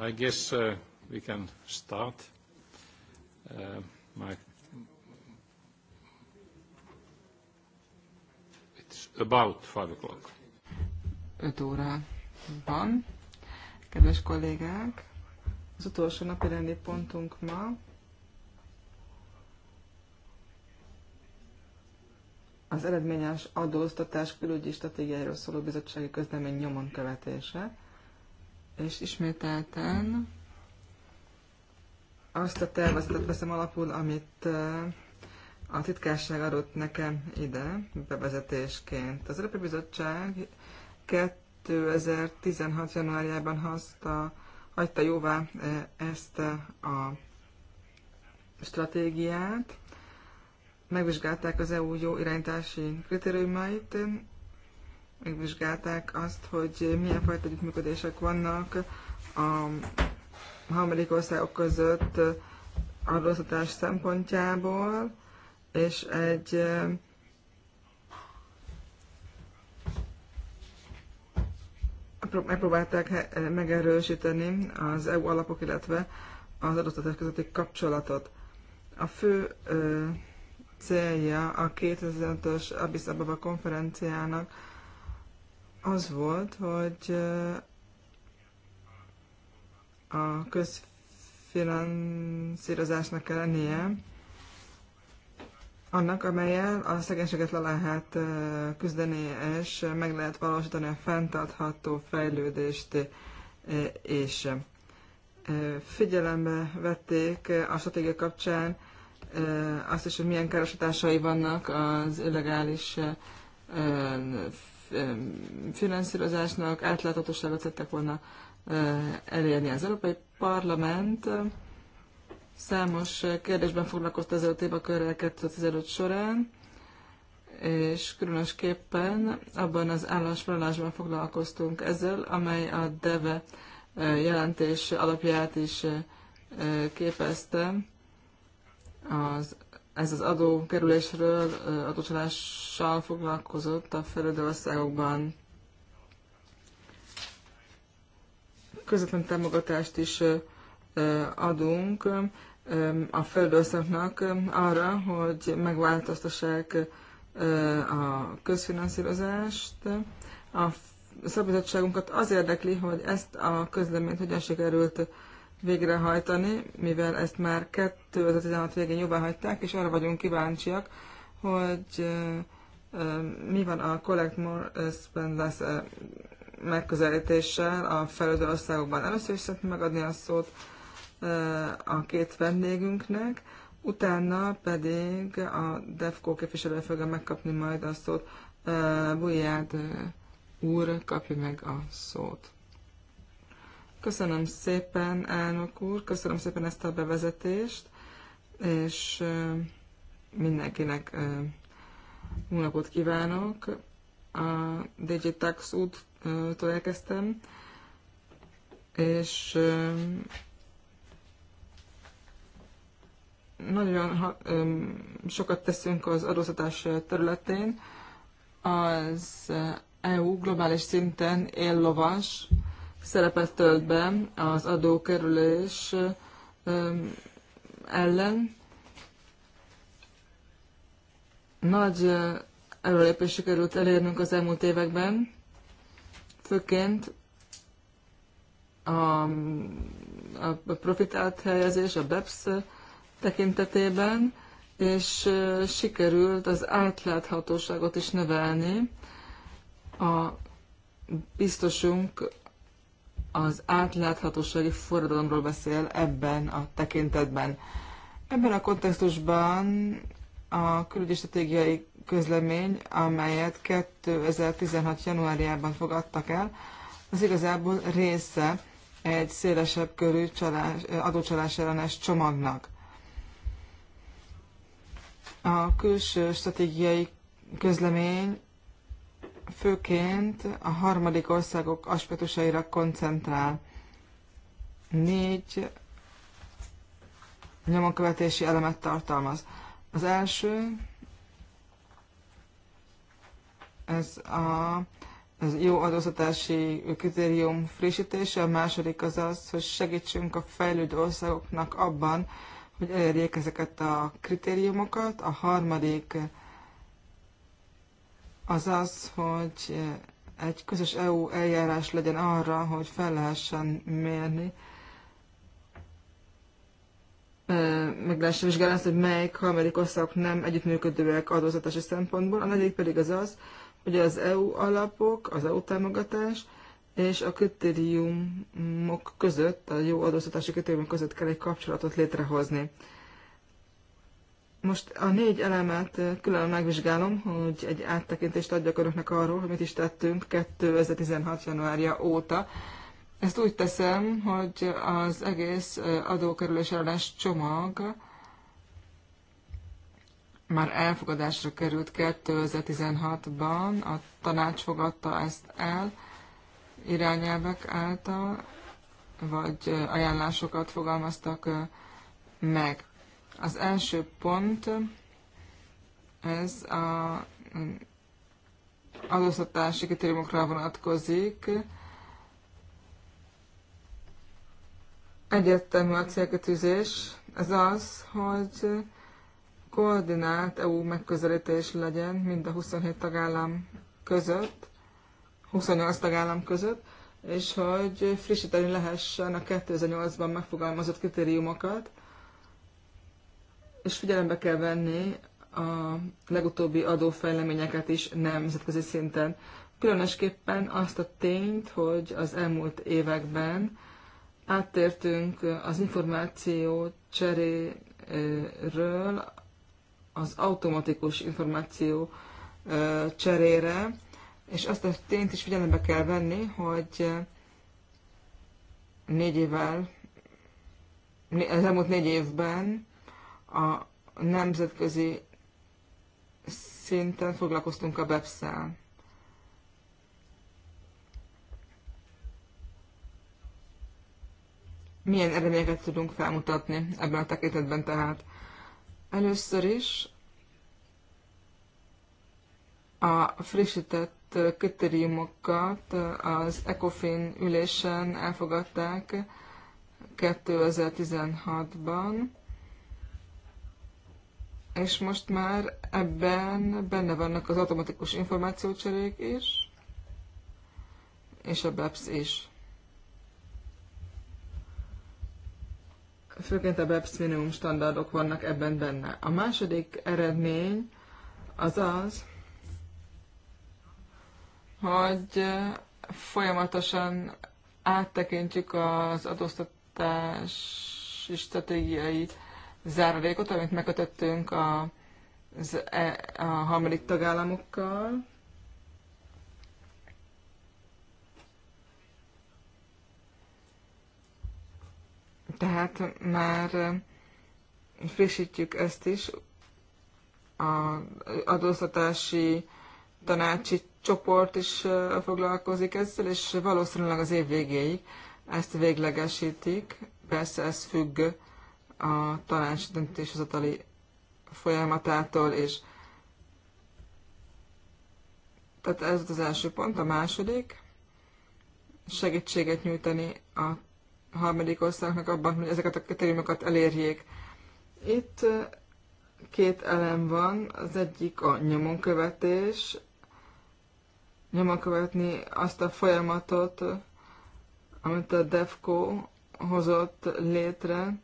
I guess uh, we can start. Uh, my It's about five o'clock. 5 óra van. Kedves kollégák, az utolsó napi rendi pontunk ma az eredményes adóztatás külügyi stratégiáról szóló bizottsági közlemény nyomon követése és ismételten azt a tervezetet veszem alapul, amit a titkárság adott nekem ide bevezetésként. Az Európai Bizottság 2016. januárjában hazta, hagyta jóvá ezt a stratégiát, megvizsgálták az EU jó irányítási kritériumait, megvizsgálták azt, hogy milyen fajta együttműködések vannak a harmadik országok között adóztatás szempontjából, és egy eh, megpróbálták megerősíteni az EU alapok, illetve az adóztatás közötti kapcsolatot. A fő ö, eh, célja a 2005-ös Abisababa konferenciának az volt, hogy a közfinanszírozásnak kell lennie annak, amelyel a szegénységet le lehet küzdeni, és meg lehet valósítani a fenntartható fejlődést és figyelembe vették a stratégia kapcsán azt is, hogy milyen károsításai vannak az illegális finanszírozásnak átláthatóságot tettek volna elérni. Az Európai Parlament számos kérdésben foglalkozta az előtt évakörrel 2015 során, és különösképpen abban az állásfoglalásban foglalkoztunk ezzel, amely a DEVE jelentés alapját is képezte az ez az adókerülésről, adócsalással foglalkozott a fejlődő országokban. Közvetlen támogatást is adunk a földországnak arra, hogy megváltoztassák a közfinanszírozást. A szabadságunkat az érdekli, hogy ezt a közleményt hogyan sikerült végrehajtani, mivel ezt már 2016 végén jobban hagyták, és arra vagyunk kíváncsiak, hogy mi van a Collect More Spend Less megközelítéssel a felődő országokban. Először is szeretném megadni a szót a két vendégünknek, utána pedig a DEFCO képviselő fogja megkapni majd a szót. Bujját úr kapja meg a szót. Köszönöm szépen, elnök úr, köszönöm szépen ezt a bevezetést, és mindenkinek jó kívánok. A DJ Tax úttól elkezdtem, és nagyon sokat teszünk az adóztatás területén. Az EU globális szinten él lovas, szerepet tölt be az adókerülés ellen. Nagy előlépés sikerült elérnünk az elmúlt években, főként a, a profit áthelyezés, a BEPS tekintetében, és sikerült az átláthatóságot is növelni. A biztosunk az átláthatósági forradalomról beszél ebben a tekintetben. Ebben a kontextusban a külügyi stratégiai közlemény, amelyet 2016. januárjában fogadtak el, az igazából része egy szélesebb körű csalás, adócsalás ellenes csomagnak. A külső stratégiai közlemény főként a harmadik országok aspektusaira koncentrál. Négy nyomonkövetési elemet tartalmaz. Az első, ez a az jó adózatási kritérium frissítése, a második az az, hogy segítsünk a fejlődő országoknak abban, hogy elérjék ezeket a kritériumokat, a harmadik az az, hogy eh, egy közös EU eljárás legyen arra, hogy fel lehessen mérni, eh, meg lehessen vizsgálni azt, hogy melyik harmadik országok nem együttműködőek adózatási szempontból. A negyedik pedig az az, hogy az EU alapok, az EU támogatás és a kritériumok között, a jó adóztatási kritériumok között kell egy kapcsolatot létrehozni. Most a négy elemet külön megvizsgálom, hogy egy áttekintést adjak önöknek arról, hogy mit is tettünk 2016. januárja óta. Ezt úgy teszem, hogy az egész adókerülés ellenes csomag már elfogadásra került 2016-ban, a tanács fogadta ezt el irányelvek által, vagy ajánlásokat fogalmaztak meg. Az első pont, ez a mm, adóztatási kritériumokra vonatkozik. Egyértelmű a célkötűzés, ez az, hogy koordinált EU megközelítés legyen mind a 27 tagállam között, 28 tagállam között, és hogy frissíteni lehessen a 2008-ban megfogalmazott kritériumokat, és figyelembe kell venni a legutóbbi adófejleményeket is nemzetközi szinten. Különösképpen azt a tényt, hogy az elmúlt években áttértünk az információ cseréről az automatikus információ cserére, és azt a tényt is figyelembe kell venni, hogy négy évvel, az elmúlt négy évben a nemzetközi szinten foglalkoztunk a BEPS-szel. Milyen eredményeket tudunk felmutatni ebben a tekintetben tehát? Először is a frissített kritériumokat az ECOFIN ülésen elfogadták 2016-ban és most már ebben benne vannak az automatikus információcserék is, és a BEPS is. Főként a BEPS minimum standardok vannak ebben benne. A második eredmény az az, hogy folyamatosan áttekintjük az adóztatási stratégiai záradékot, amit megkötöttünk a, e, a harmadik tagállamokkal. Tehát már frissítjük ezt is, a adóztatási tanácsi csoport is foglalkozik ezzel, és valószínűleg az év végéig ezt véglegesítik. Persze ez függ a tanács döntéshozatali folyamatától, és tehát ez az első pont, a második, segítséget nyújtani a harmadik országnak abban, hogy ezeket a kritériumokat elérjék. Itt két elem van, az egyik a nyomonkövetés, nyomon követni azt a folyamatot, amit a DEFCO hozott létre,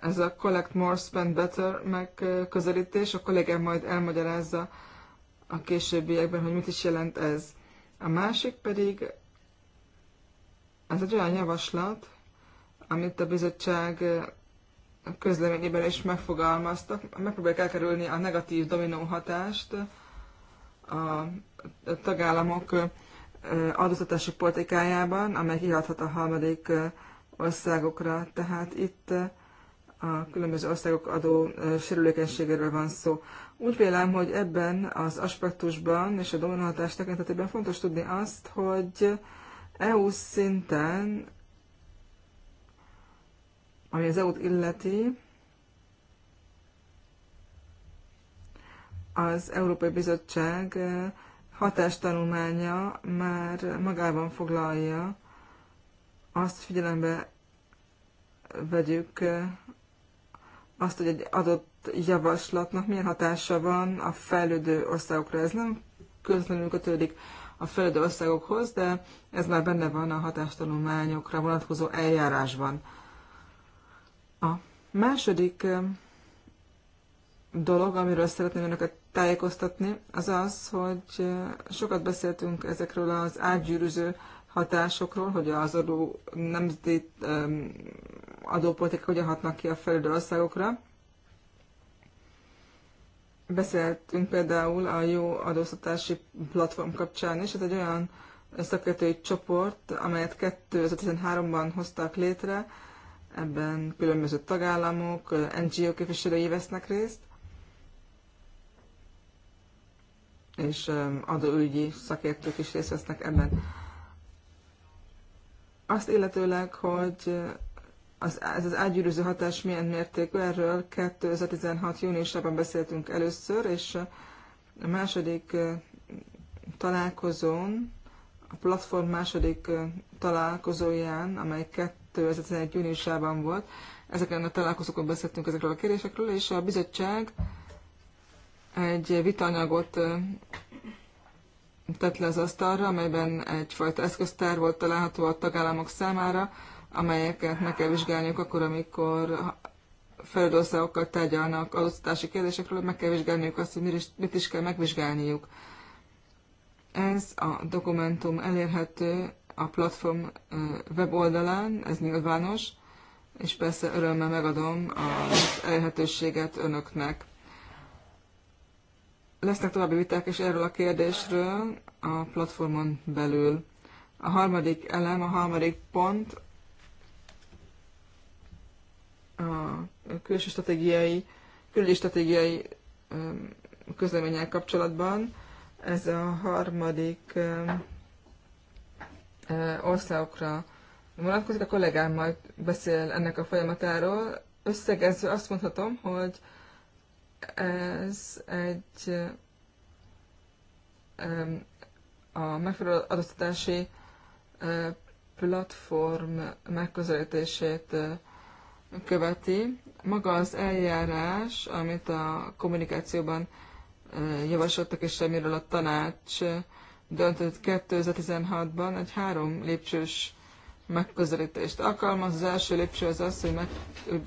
ez a Collect More, Spend Better megközelítés. A kollégám majd elmagyarázza a későbbiekben, hogy mit is jelent ez. A másik pedig, ez egy olyan javaslat, amit a bizottság közleményében is megfogalmaztak. Megpróbálják elkerülni a negatív dominó hatást a tagállamok adóztatási politikájában, amely kihathat a harmadik országokra. Tehát itt a különböző országok adó sérülékenységéről van szó. Úgy vélem, hogy ebben az aspektusban és a dominóhatás tekintetében fontos tudni azt, hogy EU szinten, ami az EU-t illeti, az Európai Bizottság hatástanulmánya már magában foglalja azt figyelembe vegyük azt, hogy egy adott javaslatnak milyen hatása van a fejlődő országokra. Ez nem közvetlenül kötődik a fejlődő országokhoz, de ez már benne van a hatástanulmányokra vonatkozó eljárásban. A második dolog, amiről szeretném önöket tájékoztatni, az az, hogy sokat beszéltünk ezekről az átgyűrűző hatásokról, hogy az adó nemzeti adópolitikák hogyan hatnak ki a fejlődő országokra. Beszéltünk például a jó adóztatási platform kapcsán is, ez egy olyan szakértői csoport, amelyet 2013-ban hoztak létre, ebben különböző tagállamok, NGO képviselői vesznek részt, és adóügyi szakértők is részt vesznek ebben. Azt illetőleg, hogy az, ez az ágyűrűző hatás milyen mértékű, erről 2016. júniusában beszéltünk először, és a második találkozón, a platform második találkozóján, amely 2011. júniusában volt, ezeken a találkozókon beszéltünk ezekről a kérdésekről, és a bizottság egy vitanyagot tett le az asztalra, amelyben egyfajta eszköztár volt található a tagállamok számára, amelyeket meg kell vizsgálniuk akkor, amikor fejlődő országokkal tárgyalnak adóztatási kérdésekről, meg kell vizsgálniuk azt, hogy mit is, mit is kell megvizsgálniuk. Ez a dokumentum elérhető a platform weboldalán, ez nyilvános, és persze örömmel megadom az elérhetőséget önöknek lesznek további viták is erről a kérdésről a platformon belül. A harmadik elem, a harmadik pont a külső stratégiai, külügyi stratégiai közleménnyel kapcsolatban. Ez a harmadik országokra vonatkozik. A kollégám majd beszél ennek a folyamatáról. Összegezve azt mondhatom, hogy ez egy a megfelelő adóztatási platform megközelítését követi. Maga az eljárás, amit a kommunikációban javasoltak, és semmiről a tanács döntött 2016-ban, egy három lépcsős megközelítést alkalmaz. Az első lépcső az az, hogy, meg,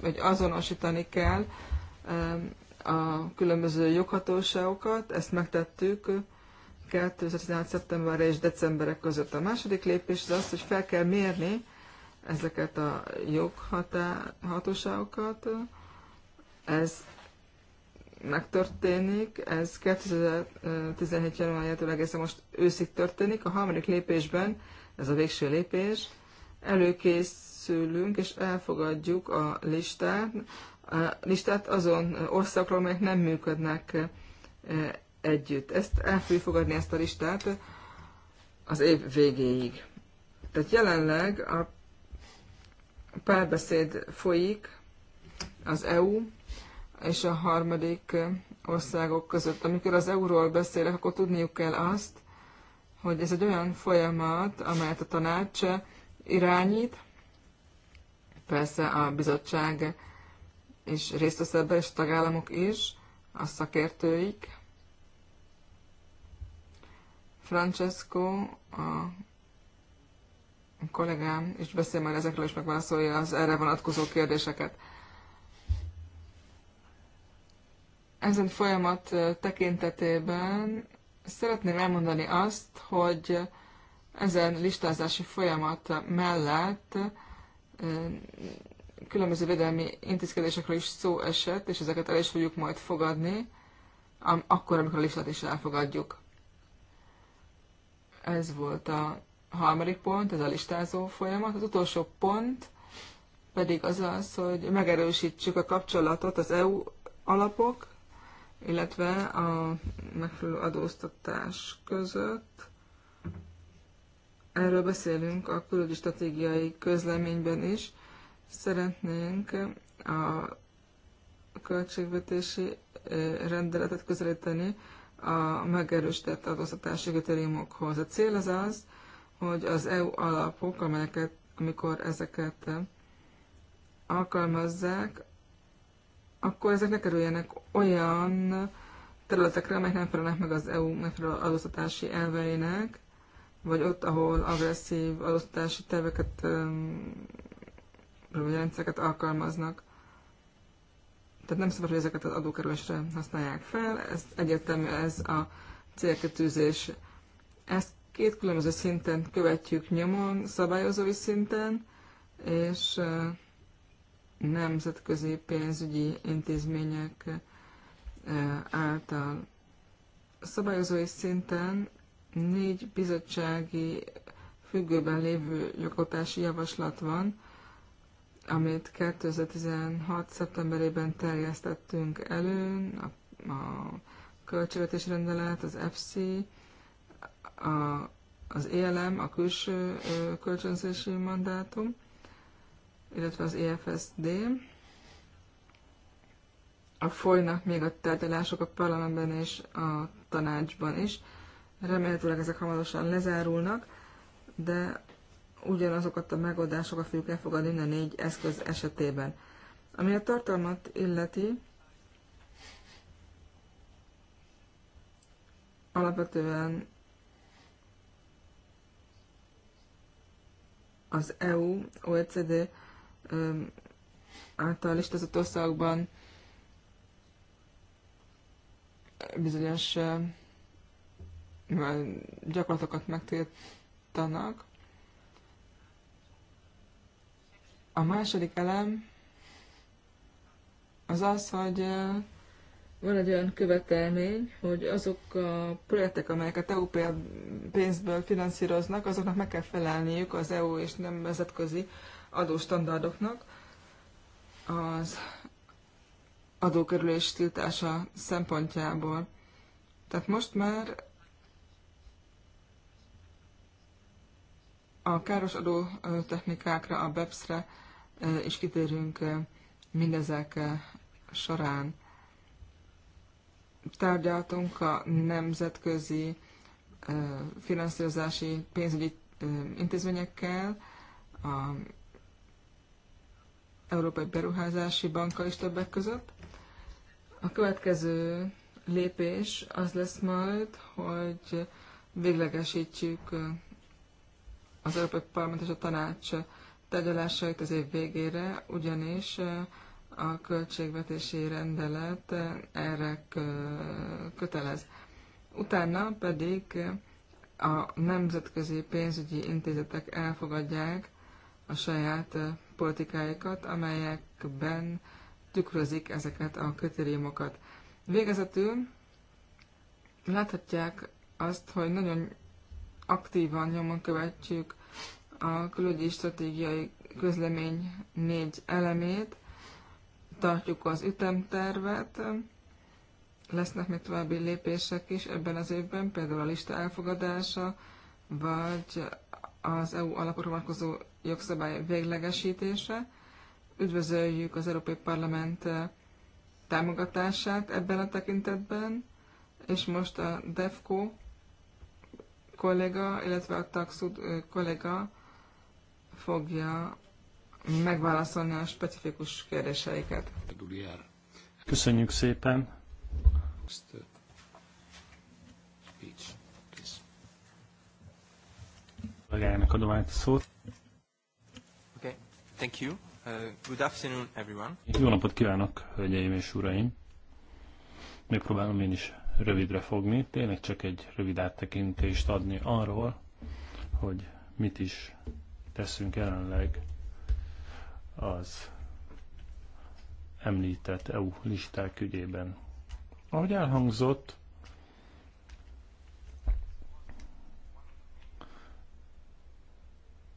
hogy azonosítani kell a különböző joghatóságokat, ezt megtettük 2016. szeptember és decemberek között. A második lépés az az, hogy fel kell mérni ezeket a joghatóságokat. Ez megtörténik, ez 2017. januárjától egészen most őszig történik. A harmadik lépésben, ez a végső lépés, előkészülünk és elfogadjuk a listát, listát azon országokról, amelyek nem működnek e, együtt. Ezt el fogjuk fogadni ezt a listát az év végéig. Tehát jelenleg a párbeszéd folyik az EU és a harmadik országok között. Amikor az EU-ról beszélek, akkor tudniuk kell azt, hogy ez egy olyan folyamat, amelyet a tanács irányít, persze a bizottság és részt vesz ebben, és a tagállamok is, a szakértőik. Francesco, a kollégám és beszél majd ezekről, és megválaszolja az erre vonatkozó kérdéseket. Ezen folyamat tekintetében szeretném elmondani azt, hogy ezen listázási folyamat mellett különböző védelmi intézkedésekről is szó esett, és ezeket el is fogjuk majd fogadni, am akkor, amikor a listát is elfogadjuk. Ez volt a harmadik pont, ez a listázó folyamat. Az utolsó pont pedig az az, hogy megerősítsük a kapcsolatot az EU alapok, illetve a megfelelő adóztatás között. Erről beszélünk a külügyi stratégiai közleményben is, Szeretnénk a költségvetési rendeletet közelíteni a megerősített adóztatási kritériumokhoz. A cél az az, hogy az EU alapok, amelyeket, amikor ezeket alkalmazzák, akkor ezek ne kerüljenek olyan területekre, amelyek nem felelnek meg az EU megfelelő adóztatási elveinek, vagy ott, ahol agresszív adóztatási terveket rendszereket alkalmaznak. Tehát nem szabad, hogy ezeket az adókerülésre használják fel, ez egyértelmű ez a célkitűzés. Ezt két különböző szinten követjük nyomon, szabályozói szinten, és nemzetközi pénzügyi intézmények által. Szabályozói szinten négy bizottsági függőben lévő jogotási javaslat van, amit 2016. szeptemberében terjesztettünk elő, a, a költségvetés rendelet, az FC, a, az ELM, a külső kölcsönzési mandátum, illetve az EFSD. A folynak még a tárgyalások a parlamentben és a tanácsban is. Remélhetőleg ezek hamarosan lezárulnak, de ugyanazokat a megoldásokat fogjuk elfogadni minden négy eszköz esetében. Ami a tartalmat illeti, alapvetően az EU, OECD által listázott országokban bizonyos gyakorlatokat megtiltanak, A második elem az az, hogy van egy olyan követelmény, hogy azok a projektek, amelyeket EU pénzből finanszíroznak, azoknak meg kell felelniük az EU és nem vezetközi adóstandardoknak. Az adókerülés tiltása szempontjából. Tehát most már a káros adótechnikákra, a BEPS-re és kitérünk mindezek során. Tárgyaltunk a nemzetközi finanszírozási pénzügyi intézményekkel, a Európai Beruházási Banka is többek között. A következő lépés az lesz majd, hogy véglegesítjük az Európai Parlament és a Tanács tegyelásait az év végére, ugyanis eh, a költségvetési rendelet eh, erre kötelez. Utána pedig eh, a nemzetközi pénzügyi intézetek elfogadják a saját politikáikat, amelyekben tükrözik ezeket a kritériumokat. Végezetül láthatják azt, hogy nagyon aktívan nyomon követjük a külügyi stratégiai közlemény négy elemét, tartjuk az ütemtervet, lesznek még további lépések is ebben az évben, például a lista elfogadása, vagy az EU alapokra vonatkozó jogszabály véglegesítése. Üdvözöljük az Európai Parlament támogatását ebben a tekintetben, és most a DEFCO kollega, illetve a TAXUD kollega fogja megválaszolni a specifikus kérdéseiket. Köszönjük szépen! Kollégájának adom át a szót. Okay. Thank you. Uh, good afternoon, everyone. Jó napot kívánok, hölgyeim és uraim! Megpróbálom én is rövidre fogni, tényleg csak egy rövid áttekintést adni arról, hogy mit is teszünk jelenleg az említett EU listák ügyében. Ahogy elhangzott,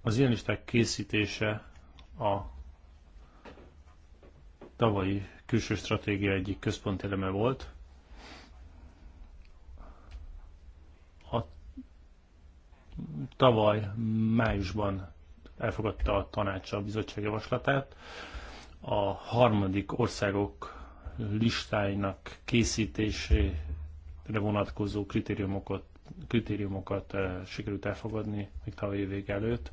az ilyen listák készítése a tavalyi külső stratégia egyik központi eleme volt. A tavaly májusban elfogadta a tanács a bizottság javaslatát. A harmadik országok listáinak készítésére vonatkozó kritériumokat, kritériumokat eh, sikerült elfogadni még tavalyi vég előtt.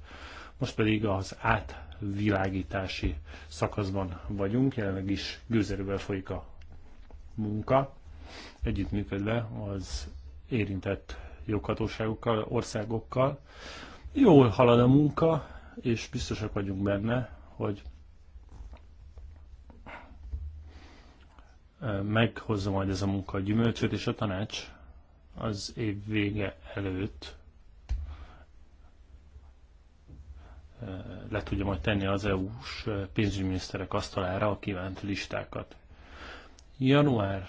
Most pedig az átvilágítási szakaszban vagyunk, jelenleg is gőzerővel folyik a munka, együttműködve az érintett joghatóságokkal, országokkal. Jól halad a munka, és biztosak vagyunk benne, hogy eh, meghozza majd ez a munka a gyümölcsöt, és a tanács az év vége előtt eh, le tudja majd tenni az EU-s eh, pénzügyminiszterek asztalára a kívánt listákat. Januárban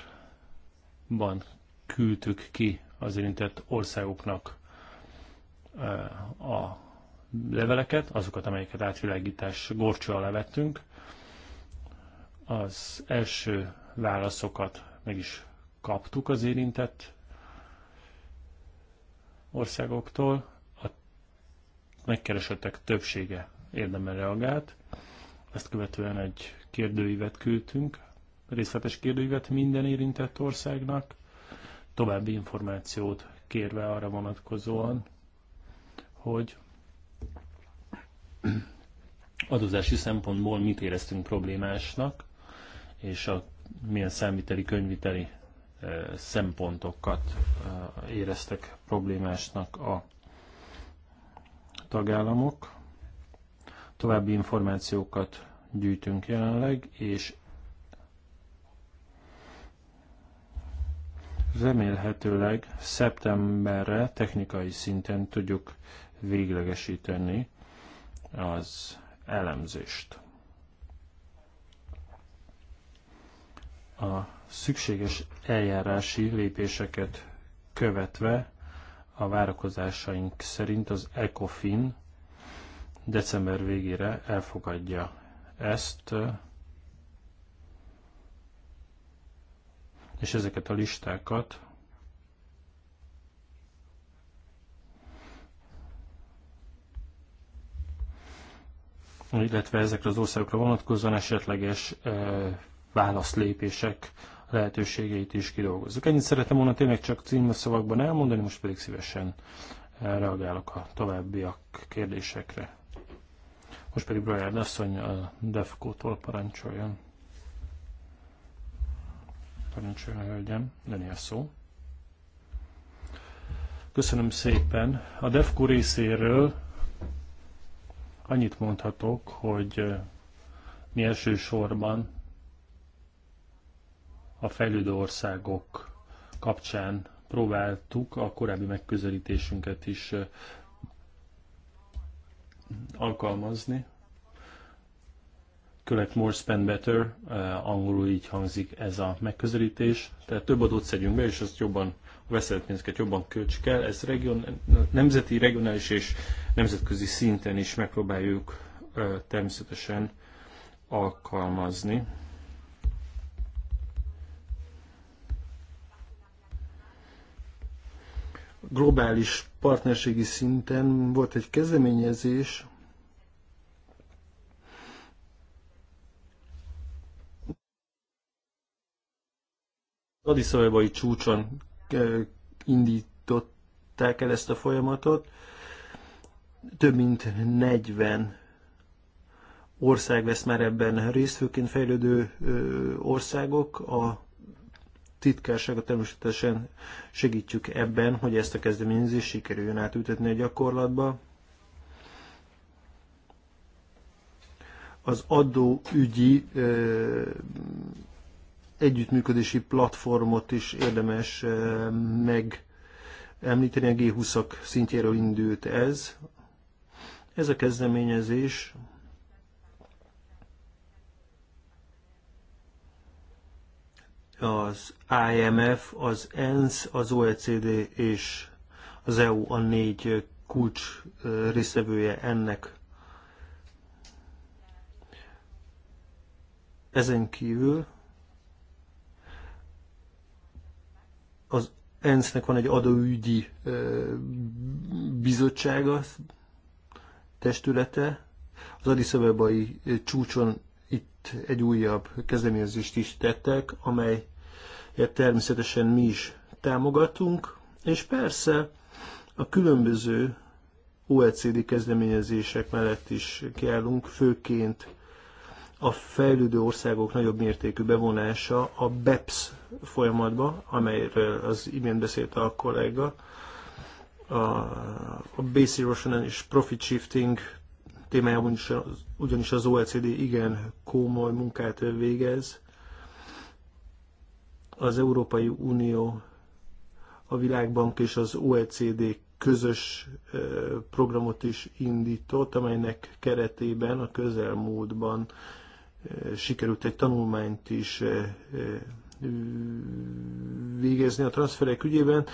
küldtük ki az érintett országoknak a leveleket, azokat, amelyeket átvilágítás gorcső alá vettünk. Az első válaszokat meg is kaptuk az érintett országoktól. A megkeresettek többsége érdemben reagált. Ezt követően egy kérdőívet küldtünk, részletes kérdőívet minden érintett országnak, további információt kérve arra vonatkozóan, hogy adózási szempontból mit éreztünk problémásnak, és a milyen számviteli, könyviteli szempontokat éreztek problémásnak a tagállamok. További információkat gyűjtünk jelenleg, és remélhetőleg szeptemberre technikai szinten tudjuk véglegesíteni az elemzést. A szükséges eljárási lépéseket követve a várakozásaink szerint az ECOFIN december végére elfogadja ezt, és ezeket a listákat illetve ezekre az országokra vonatkozóan esetleges válaszlépések lehetőségeit is kidolgozzuk. Ennyit szeretem volna tényleg csak címes szavakban elmondani, most pedig szívesen reagálok a továbbiak kérdésekre. Most pedig Brajárd asszony a DEFCO-tól parancsoljon. Parancsoljon, hölgyem, a szó. Köszönöm szépen. A DEFCO részéről Annyit mondhatok, hogy mi elsősorban a fejlődő országok kapcsán próbáltuk a korábbi megközelítésünket is alkalmazni. Collect more, spend better, angolul így hangzik ez a megközelítés. Tehát több adót szedjünk be, és azt jobban veszett pénzeket jobban költs kell. Ez region, nemzeti, regionális és nemzetközi szinten is megpróbáljuk természetesen alkalmazni. Globális partnerségi szinten volt egy kezdeményezés, Adiszabebai csúcson indították el ezt a folyamatot. Több mint 40 ország vesz már ebben részt, főként fejlődő országok. A titkárságot természetesen segítjük ebben, hogy ezt a kezdeményezést sikerüljön átültetni a gyakorlatba. Az adóügyi ö, együttműködési platformot is érdemes eh, meg említeni, a G20-ak szintjéről indult ez. Ez a kezdeményezés az IMF, az ENSZ, az OECD és az EU a négy kulcs eh, részevője ennek. Ezen kívül Az ENSZ-nek van egy adóügyi bizottsága, testülete. Az Addis csúcson itt egy újabb kezdeményezést is tettek, amelyet természetesen mi is támogatunk, és persze a különböző OECD kezdeményezések mellett is kiállunk, főként a fejlődő országok nagyobb mértékű bevonása a BEPS folyamatba, amelyről az imént beszélt a kollega, a, a BC Erosion és Profit Shifting témájában is, ugyanis az OECD igen komoly munkát végez. Az Európai Unió, a Világbank és az OECD közös programot is indított, amelynek keretében a közelmúltban sikerült egy tanulmányt is végezni a transferek ügyében,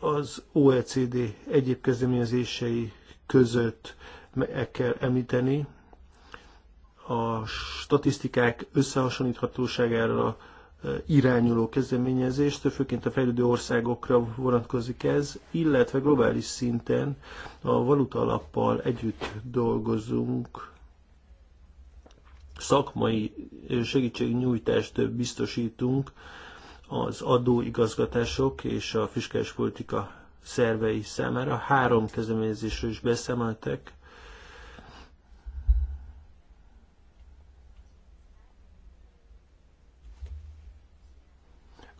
az OECD egyéb kezdeményezései között meg kell említeni a statisztikák összehasonlíthatóságára e, irányuló kezdeményezést, főként a fejlődő országokra vonatkozik ez, illetve globális szinten a valuta alappal együtt dolgozunk szakmai segítségnyújtást biztosítunk az adóigazgatások és a fiskális politika szervei számára. Három kezdeményezésről is beszámoltak.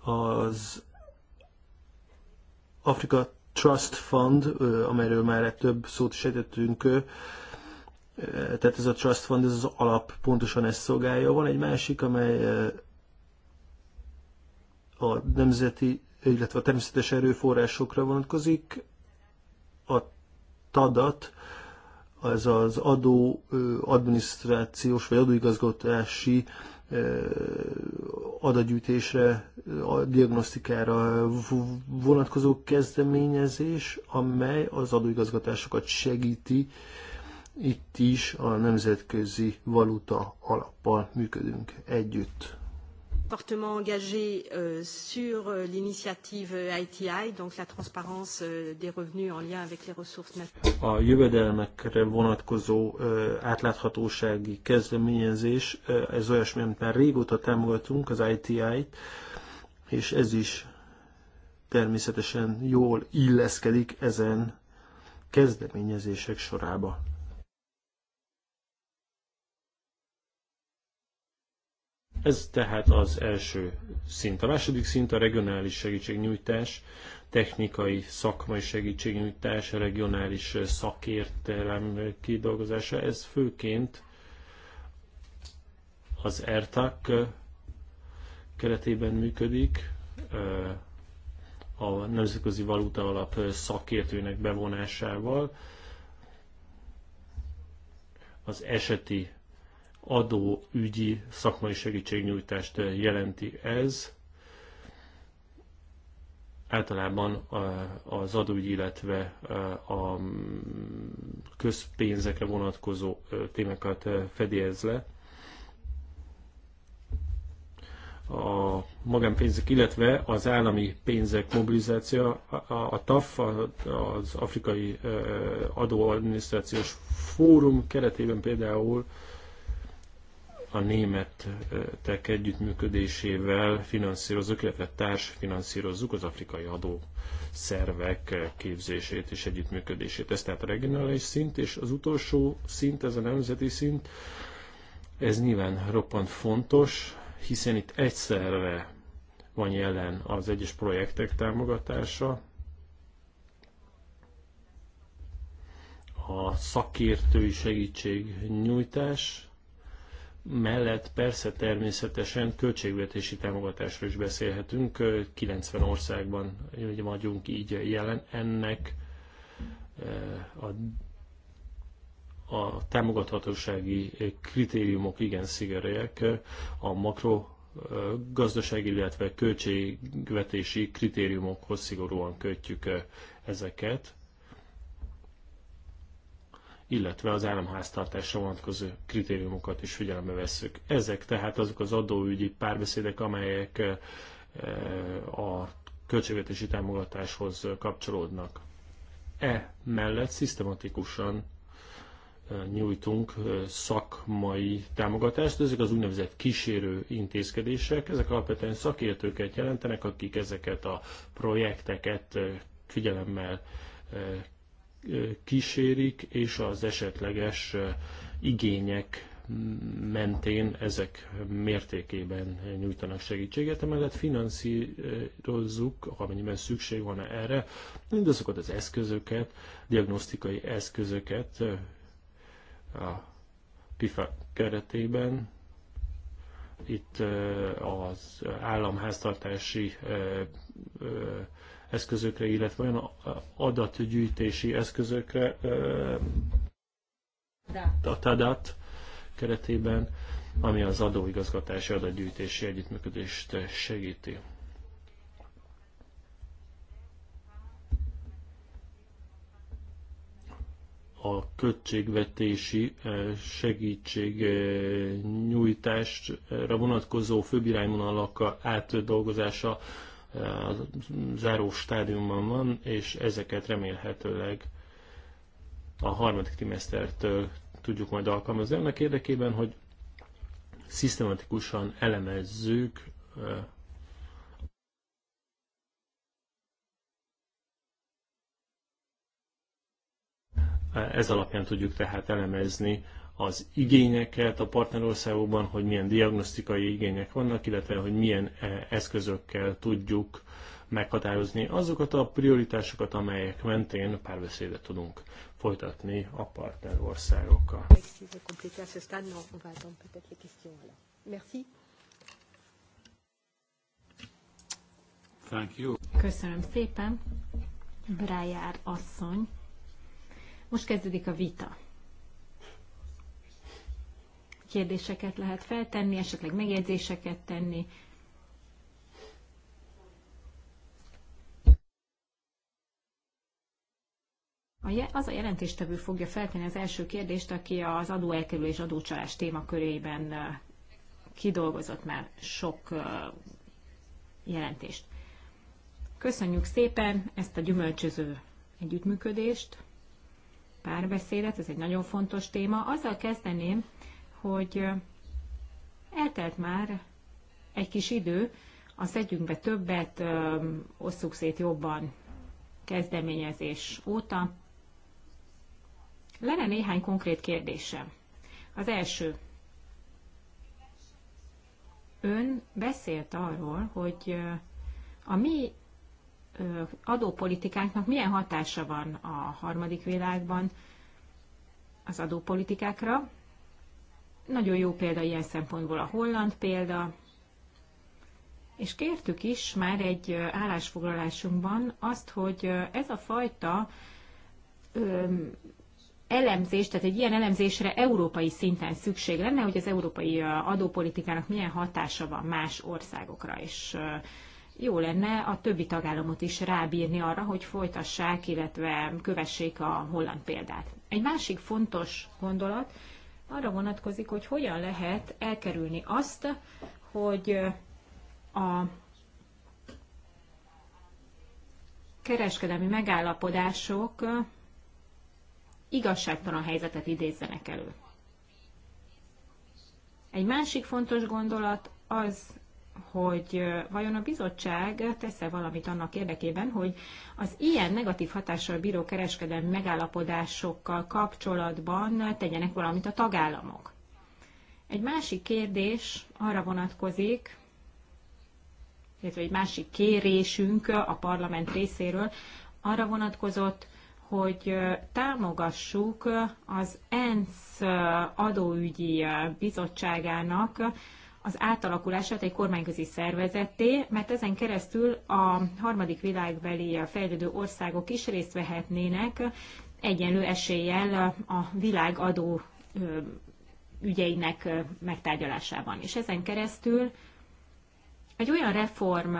Az Afrika Trust Fund, amelyről már több szót is ejtettünk, tehát ez a Trust Fund, ez az alap pontosan ezt szolgálja. Van egy másik, amely eh, a nemzeti, illetve a természetes erőforrásokra vonatkozik. A TADAT, az az adó adminisztrációs vagy adóigazgatási adagyűjtésre, a diagnosztikára vonatkozó kezdeményezés, amely az adóigazgatásokat segíti itt is a nemzetközi valuta alappal működünk együtt. Fortement engagé euh, sur euh, l'initiative ITI, euh, donc la transparence des revenus en lien avec les ressources naturelles. A jövedelmekre vonatkozó átláthatósági kezdeményezés, ez olyasmi, amit már régóta támogatunk, az ITI-t, és ez is természetesen jól illeszkedik ezen kezdeményezések sorába. Ez tehát az első szint. A második szint a regionális segítségnyújtás, technikai szakmai segítségnyújtás, a regionális szakértelem kidolgozása. Ez főként az ERTAK keretében működik, a Nemzetközi Valuta Alap szakértőnek bevonásával, az eseti adóügyi szakmai segítségnyújtást jelenti ez. Általában az adóügy, illetve e, a közpénzekre vonatkozó e, témákat e, fedélyez le. a magánpénzek, illetve az állami pénzek mobilizáció, a, a TAF, az Afrikai Adóadminisztrációs Fórum keretében például a németek együttműködésével finanszírozzuk, illetve társfinanszírozzuk az afrikai adó szervek képzését és együttműködését. Ez tehát a regionális szint, és az utolsó szint, ez a nemzeti szint, ez nyilván roppant fontos, hiszen itt egyszerre van jelen az egyes projektek támogatása, a szakértői segítség nyújtás mellett persze természetesen költségvetési támogatásról is beszélhetünk. 90 országban vagyunk így jelen. Ennek a, a támogathatósági kritériumok igen szigorúak, a makro gazdasági, illetve költségvetési kritériumokhoz szigorúan kötjük ezeket illetve az államháztartásra vonatkozó kritériumokat is figyelembe vesszük. Ezek tehát azok az adóügyi párbeszédek, amelyek eh, eh, a költségvetési támogatáshoz kapcsolódnak. E mellett szisztematikusan eh, nyújtunk szakmai támogatást, ezek az úgynevezett kísérő intézkedések, ezek alapvetően szakértőket jelentenek, akik ezeket a projekteket figyelemmel kísérik, és az esetleges igények mentén ezek mértékében nyújtanak segítséget, emellett finanszírozzuk, amennyiben szükség van erre, mindazokat az eszközöket, diagnosztikai eszközöket a PIFA keretében, itt az államháztartási eszközökre, illetve olyan adatgyűjtési eszközökre, TADAT keretében, ami az adóigazgatási adatgyűjtési együttműködést segíti. a költségvetési segítségnyújtásra vonatkozó főbirányvonalak átdolgozása a záró stádiumban van, és ezeket remélhetőleg a harmadik trimestertől tudjuk majd alkalmazni. Annak érdekében, hogy szisztematikusan elemezzük ez alapján tudjuk tehát elemezni az igényeket a partnerországokban, hogy milyen diagnosztikai igények vannak, illetve hogy milyen e, eszközökkel tudjuk meghatározni azokat a prioritásokat, amelyek mentén párbeszédet tudunk folytatni a partnerországokkal. Köszönöm szépen, Brájár asszony. Most kezdődik a vita kérdéseket lehet feltenni, esetleg megjegyzéseket tenni. Az a jelentéstevő fogja feltenni az első kérdést, aki az adóelkerülés adócsalás témakörében kidolgozott már sok jelentést. Köszönjük szépen ezt a gyümölcsöző együttműködést, párbeszédet, ez egy nagyon fontos téma. Azzal kezdeném, hogy eltelt már egy kis idő, a együnkbe többet, osszuk szét jobban kezdeményezés óta. Lenne néhány konkrét kérdésem. Az első. Ön beszélt arról, hogy a mi adópolitikánknak milyen hatása van a harmadik világban az adópolitikákra, nagyon jó példa ilyen szempontból a holland példa, és kértük is már egy állásfoglalásunkban azt, hogy ez a fajta elemzés, tehát egy ilyen elemzésre európai szinten szükség lenne, hogy az európai adópolitikának milyen hatása van más országokra, és jó lenne a többi tagállamot is rábírni arra, hogy folytassák, illetve kövessék a holland példát. Egy másik fontos gondolat, arra vonatkozik, hogy hogyan lehet elkerülni azt, hogy a kereskedelmi megállapodások igazságtalan helyzetet idézzenek elő. Egy másik fontos gondolat az hogy vajon a bizottság tesz-e valamit annak érdekében, hogy az ilyen negatív hatással bíró kereskedelmi megállapodásokkal kapcsolatban tegyenek valamit a tagállamok. Egy másik kérdés arra vonatkozik, illetve egy másik kérésünk a parlament részéről arra vonatkozott, hogy támogassuk az ENSZ adóügyi bizottságának az átalakulását egy kormányközi szervezetté, mert ezen keresztül a harmadik világbeli fejlődő országok is részt vehetnének egyenlő eséllyel a világadó ügyeinek megtárgyalásában. És ezen keresztül egy olyan reform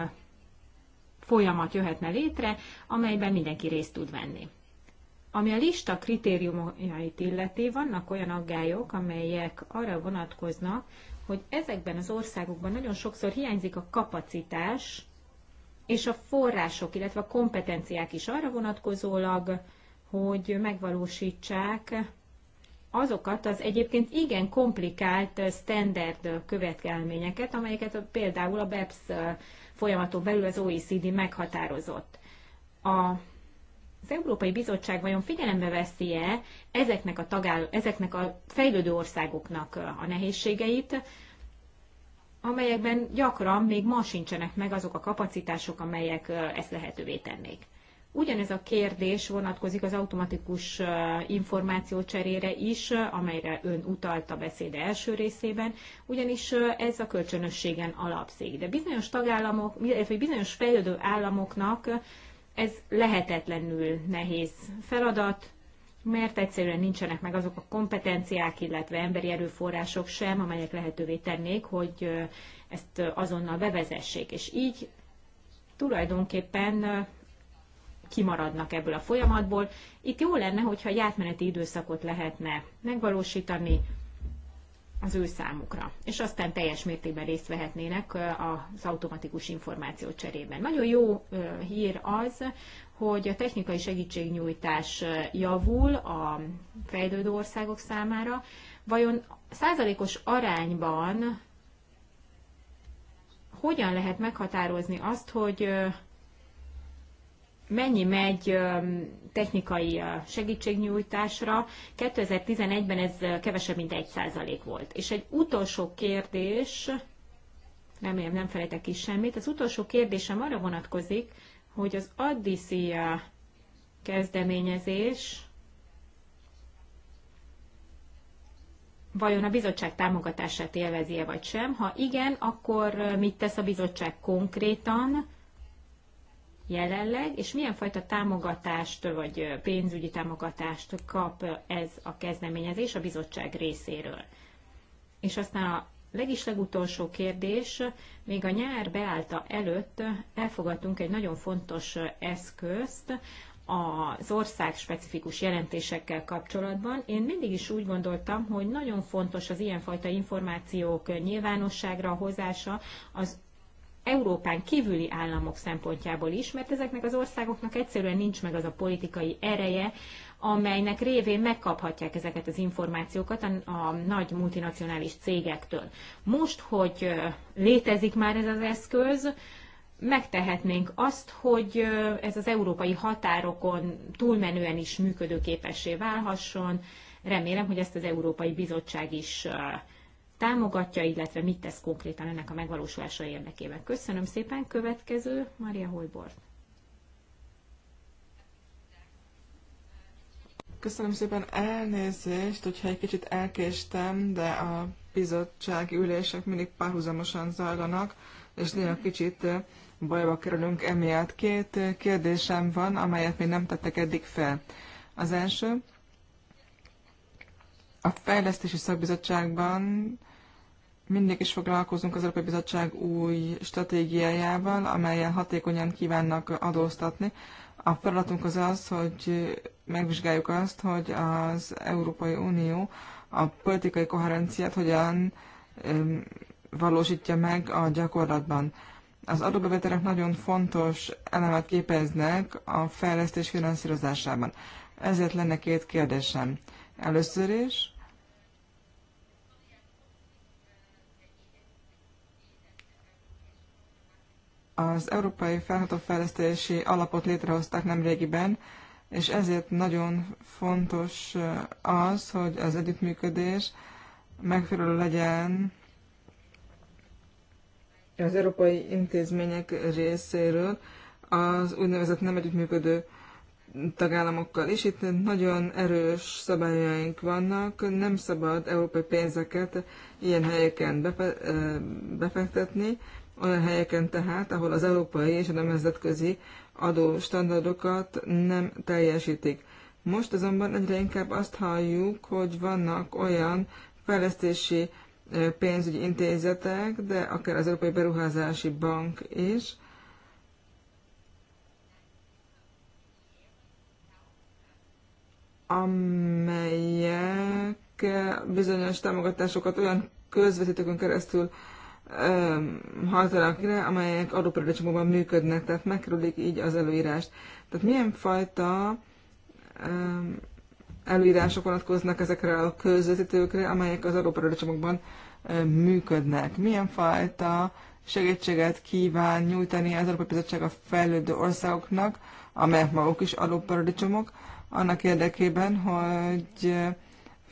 folyamat jöhetne létre, amelyben mindenki részt tud venni. Ami a lista kritériumait illeti, vannak olyan aggályok, amelyek arra vonatkoznak, hogy ezekben az országokban nagyon sokszor hiányzik a kapacitás és a források, illetve a kompetenciák is arra vonatkozólag, hogy megvalósítsák azokat az egyébként igen komplikált standard követelményeket, amelyeket például a BEPS folyamaton belül az OECD meghatározott. A az Európai Bizottság vajon figyelembe veszi-e ezeknek a, tagáll- ezeknek a fejlődő országoknak a nehézségeit, amelyekben gyakran még ma sincsenek meg azok a kapacitások, amelyek ezt lehetővé tennék. Ugyanez a kérdés vonatkozik az automatikus információcserére is, amelyre ön utalt a beszéde első részében, ugyanis ez a kölcsönösségen alapszik. De bizonyos tagállamok, bizonyos fejlődő államoknak ez lehetetlenül nehéz feladat, mert egyszerűen nincsenek meg azok a kompetenciák, illetve emberi erőforrások sem, amelyek lehetővé tennék, hogy ezt azonnal bevezessék. És így tulajdonképpen kimaradnak ebből a folyamatból. Itt jó lenne, hogyha egy átmeneti időszakot lehetne megvalósítani, az ő számukra. És aztán teljes mértékben részt vehetnének az automatikus információ cserében. Nagyon jó hír az, hogy a technikai segítségnyújtás javul a fejlődő országok számára. Vajon százalékos arányban hogyan lehet meghatározni azt, hogy mennyi megy technikai segítségnyújtásra. 2011-ben ez kevesebb, mint 1% volt. És egy utolsó kérdés, remélem nem felejtek ki semmit, az utolsó kérdésem arra vonatkozik, hogy az Addiszi kezdeményezés vajon a bizottság támogatását élvezi-e vagy sem. Ha igen, akkor mit tesz a bizottság konkrétan jelenleg, és milyen fajta támogatást vagy pénzügyi támogatást kap ez a kezdeményezés a bizottság részéről. És aztán a legislegutolsó kérdés, még a nyár beállta előtt elfogadtunk egy nagyon fontos eszközt az ország specifikus jelentésekkel kapcsolatban. Én mindig is úgy gondoltam, hogy nagyon fontos az ilyenfajta információk nyilvánosságra hozása az Európán kívüli államok szempontjából is, mert ezeknek az országoknak egyszerűen nincs meg az a politikai ereje, amelynek révén megkaphatják ezeket az információkat a, a nagy multinacionális cégektől. Most, hogy létezik már ez az eszköz, megtehetnénk azt, hogy ez az európai határokon túlmenően is működőképessé válhasson. Remélem, hogy ezt az Európai Bizottság is támogatja, illetve mit tesz konkrétan ennek a megvalósulása érdekében. Köszönöm szépen, következő Maria Holbort. Köszönöm szépen elnézést, hogyha egy kicsit elkéstem, de a bizottsági ülések mindig párhuzamosan zajlanak, és néha kicsit eh, bajba kerülünk emiatt. Két eh, kérdésem van, amelyet még nem tettek eddig fel. Az első, a fejlesztési szakbizottságban mindig is foglalkozunk az Európai Bizottság új stratégiájával, amelyen hatékonyan kívánnak adóztatni. A feladatunk az az, hogy megvizsgáljuk azt, hogy az Európai Unió a politikai koherenciát hogyan valósítja meg a gyakorlatban. Az adóbevételek nagyon fontos elemet képeznek a fejlesztés finanszírozásában. Ezért lenne két kérdésem. Először is, Az Európai Felható Fejlesztési Alapot létrehozták nemrégiben, és ezért nagyon fontos az, hogy az együttműködés megfelelő legyen az európai intézmények részéről az úgynevezett nem együttműködő tagállamokkal is. Itt nagyon erős szabályaink vannak, nem szabad európai pénzeket ilyen helyeken befektetni, olyan helyeken tehát, ahol az európai és a nemzetközi adóstandardokat nem teljesítik. Most azonban egyre inkább azt halljuk, hogy vannak olyan fejlesztési pénzügyi intézetek, de akár az Európai Beruházási Bank is, amelyek bizonyos támogatásokat olyan közvetítőkön keresztül hajtanak amelyek adóparadicsomokban működnek, tehát megkerülik így az előírást. Tehát milyen fajta um, előírások vonatkoznak ezekre a közvetítőkre, amelyek az adóparadicsomokban működnek? Milyen fajta segítséget kíván nyújtani az Európai Bizottság a fejlődő országoknak, amelyek maguk is adóparadicsomok, annak érdekében, hogy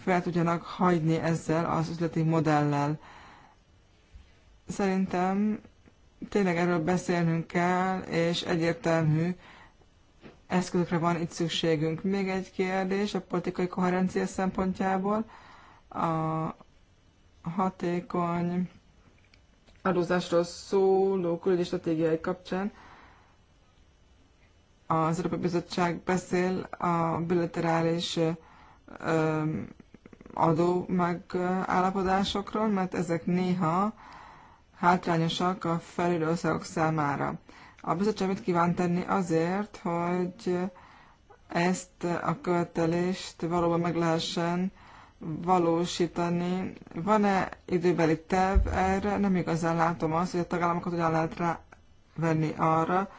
fel tudjanak hagyni ezzel az üzleti modellel. Szerintem tényleg erről beszélnünk kell, és egyértelmű eszközökre van itt szükségünk. Még egy kérdés a politikai koherencia szempontjából. A hatékony adózásról szóló külügyi stratégiai kapcsán az Európai Bizottság beszél a bilaterális adó megállapodásokról, mert ezek néha hátrányosak a felülő országok számára. A bizottság mit kíván tenni azért, hogy ezt a követelést valóban meg lehessen valósítani. Van-e időbeli terv erre? Nem igazán látom azt, hogy a tagállamokat hogyan lehet rávenni arra,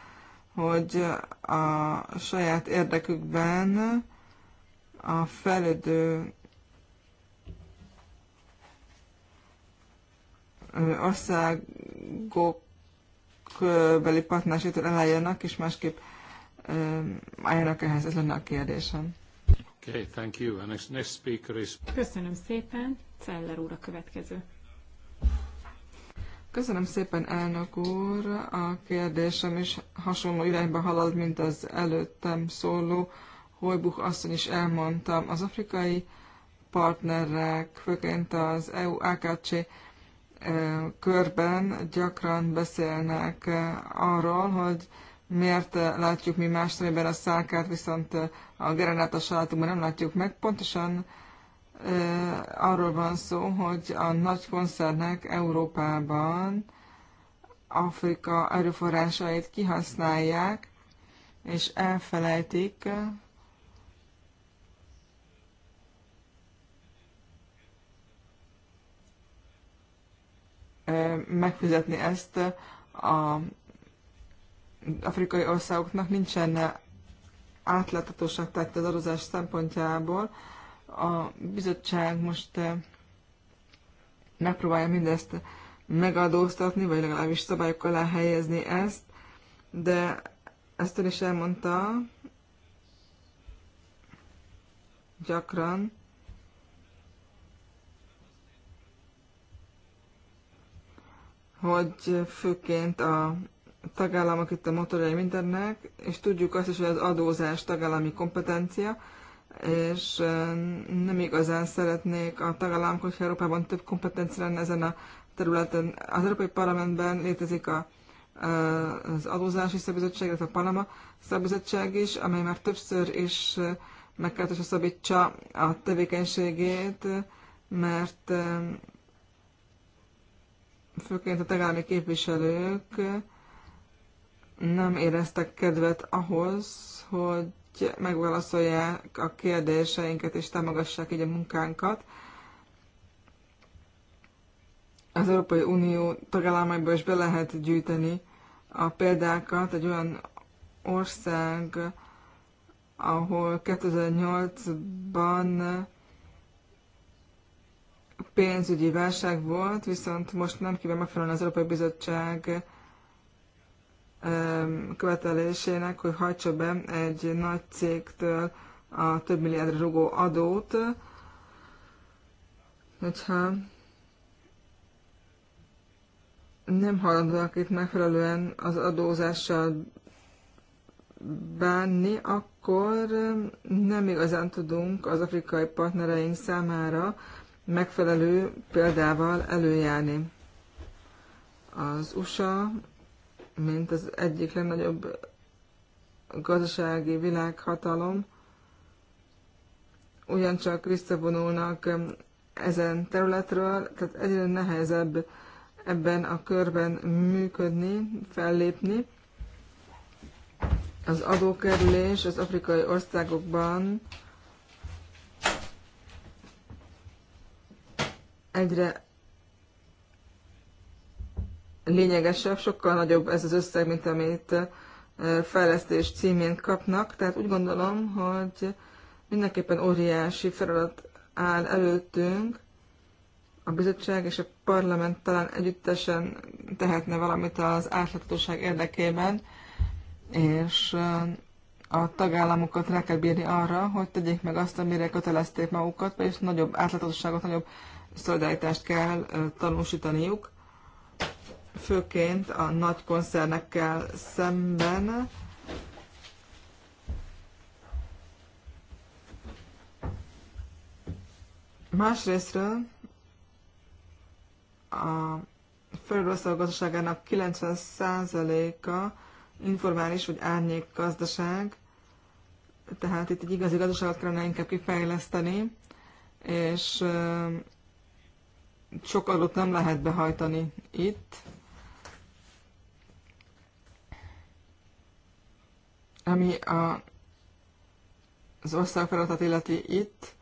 hogy a saját érdekükben a felüldő országok beli partnerségtől elálljanak, és másképp álljanak ehhez. Ez lenne a kérdésem. Okay, thank you. And next, next speaker is... Köszönöm szépen. Celler úr a következő. Köszönöm szépen, elnök úr. A kérdésem is hasonló irányba halad, mint az előttem szóló. Hojbuch asszony is elmondtam. Az afrikai partnerek, főként az EU-AKC körben gyakran beszélnek arról, hogy miért látjuk mi más szemében a szálkát, viszont a gerendát a salátunkban nem látjuk meg. Pontosan arról van szó, hogy a nagy koncernek Európában Afrika erőforrásait kihasználják, és elfelejtik megfizetni ezt a afrikai országoknak. Nincsen átláthatóság tett az adózás szempontjából. A bizottság most megpróbálja mindezt megadóztatni, vagy legalábbis szabályok alá helyezni ezt, de ezt ön is elmondta gyakran, hogy főként a tagállamok itt a motorjai mindennek, és tudjuk azt is, hogy az adózás tagállami kompetencia, és nem igazán szeretnék a tagállamok, hogyha Európában több kompetencia lenne ezen a területen. Az Európai Parlamentben létezik a, az adózási szabizottság, illetve a Panama szabizottság is, amely már többször is megkáltozsa szabítsa a tevékenységét, mert főként a tagállami képviselők nem éreztek kedvet ahhoz, hogy megválaszolják a kérdéseinket és támogassák így a munkánkat. Az Európai Unió tagállamaiból is be lehet gyűjteni a példákat egy olyan ország, ahol 2008-ban pénzügyi válság volt, viszont most nem kíván megfelelni az Európai Bizottság követelésének, hogy hajtsa be egy nagy cégtől a több milliárdra rugó adót, hogyha nem hajlandóak itt megfelelően az adózással bánni, akkor nem igazán tudunk az afrikai partnereink számára megfelelő példával előjárni. Az USA, mint az egyik legnagyobb gazdasági világhatalom, ugyancsak visszavonulnak um, ezen területről, tehát egyre nehezebb ebben a körben működni, fellépni. Az adókerülés az afrikai országokban egyre lényegesebb, sokkal nagyobb ez az összeg, mint amit fejlesztés címén kapnak, tehát úgy gondolom, hogy mindenképpen óriási feladat áll előttünk, a bizottság és a parlament talán együttesen tehetne valamit az átláthatóság érdekében, és a tagállamokat rá kell bírni arra, hogy tegyék meg azt, amire kötelezték magukat, vagyis nagyobb átláthatóságot, nagyobb szolidaritást kell tanúsítaniuk, főként a nagy koncernekkel szemben. Másrésztről a Földország gazdaságának 90%-a informális vagy árnyék gazdaság, tehát itt egy igazi gazdaságot kellene inkább kifejleszteni, és sok adót nem lehet behajtani itt. Ami a, az ország feladat illeti itt,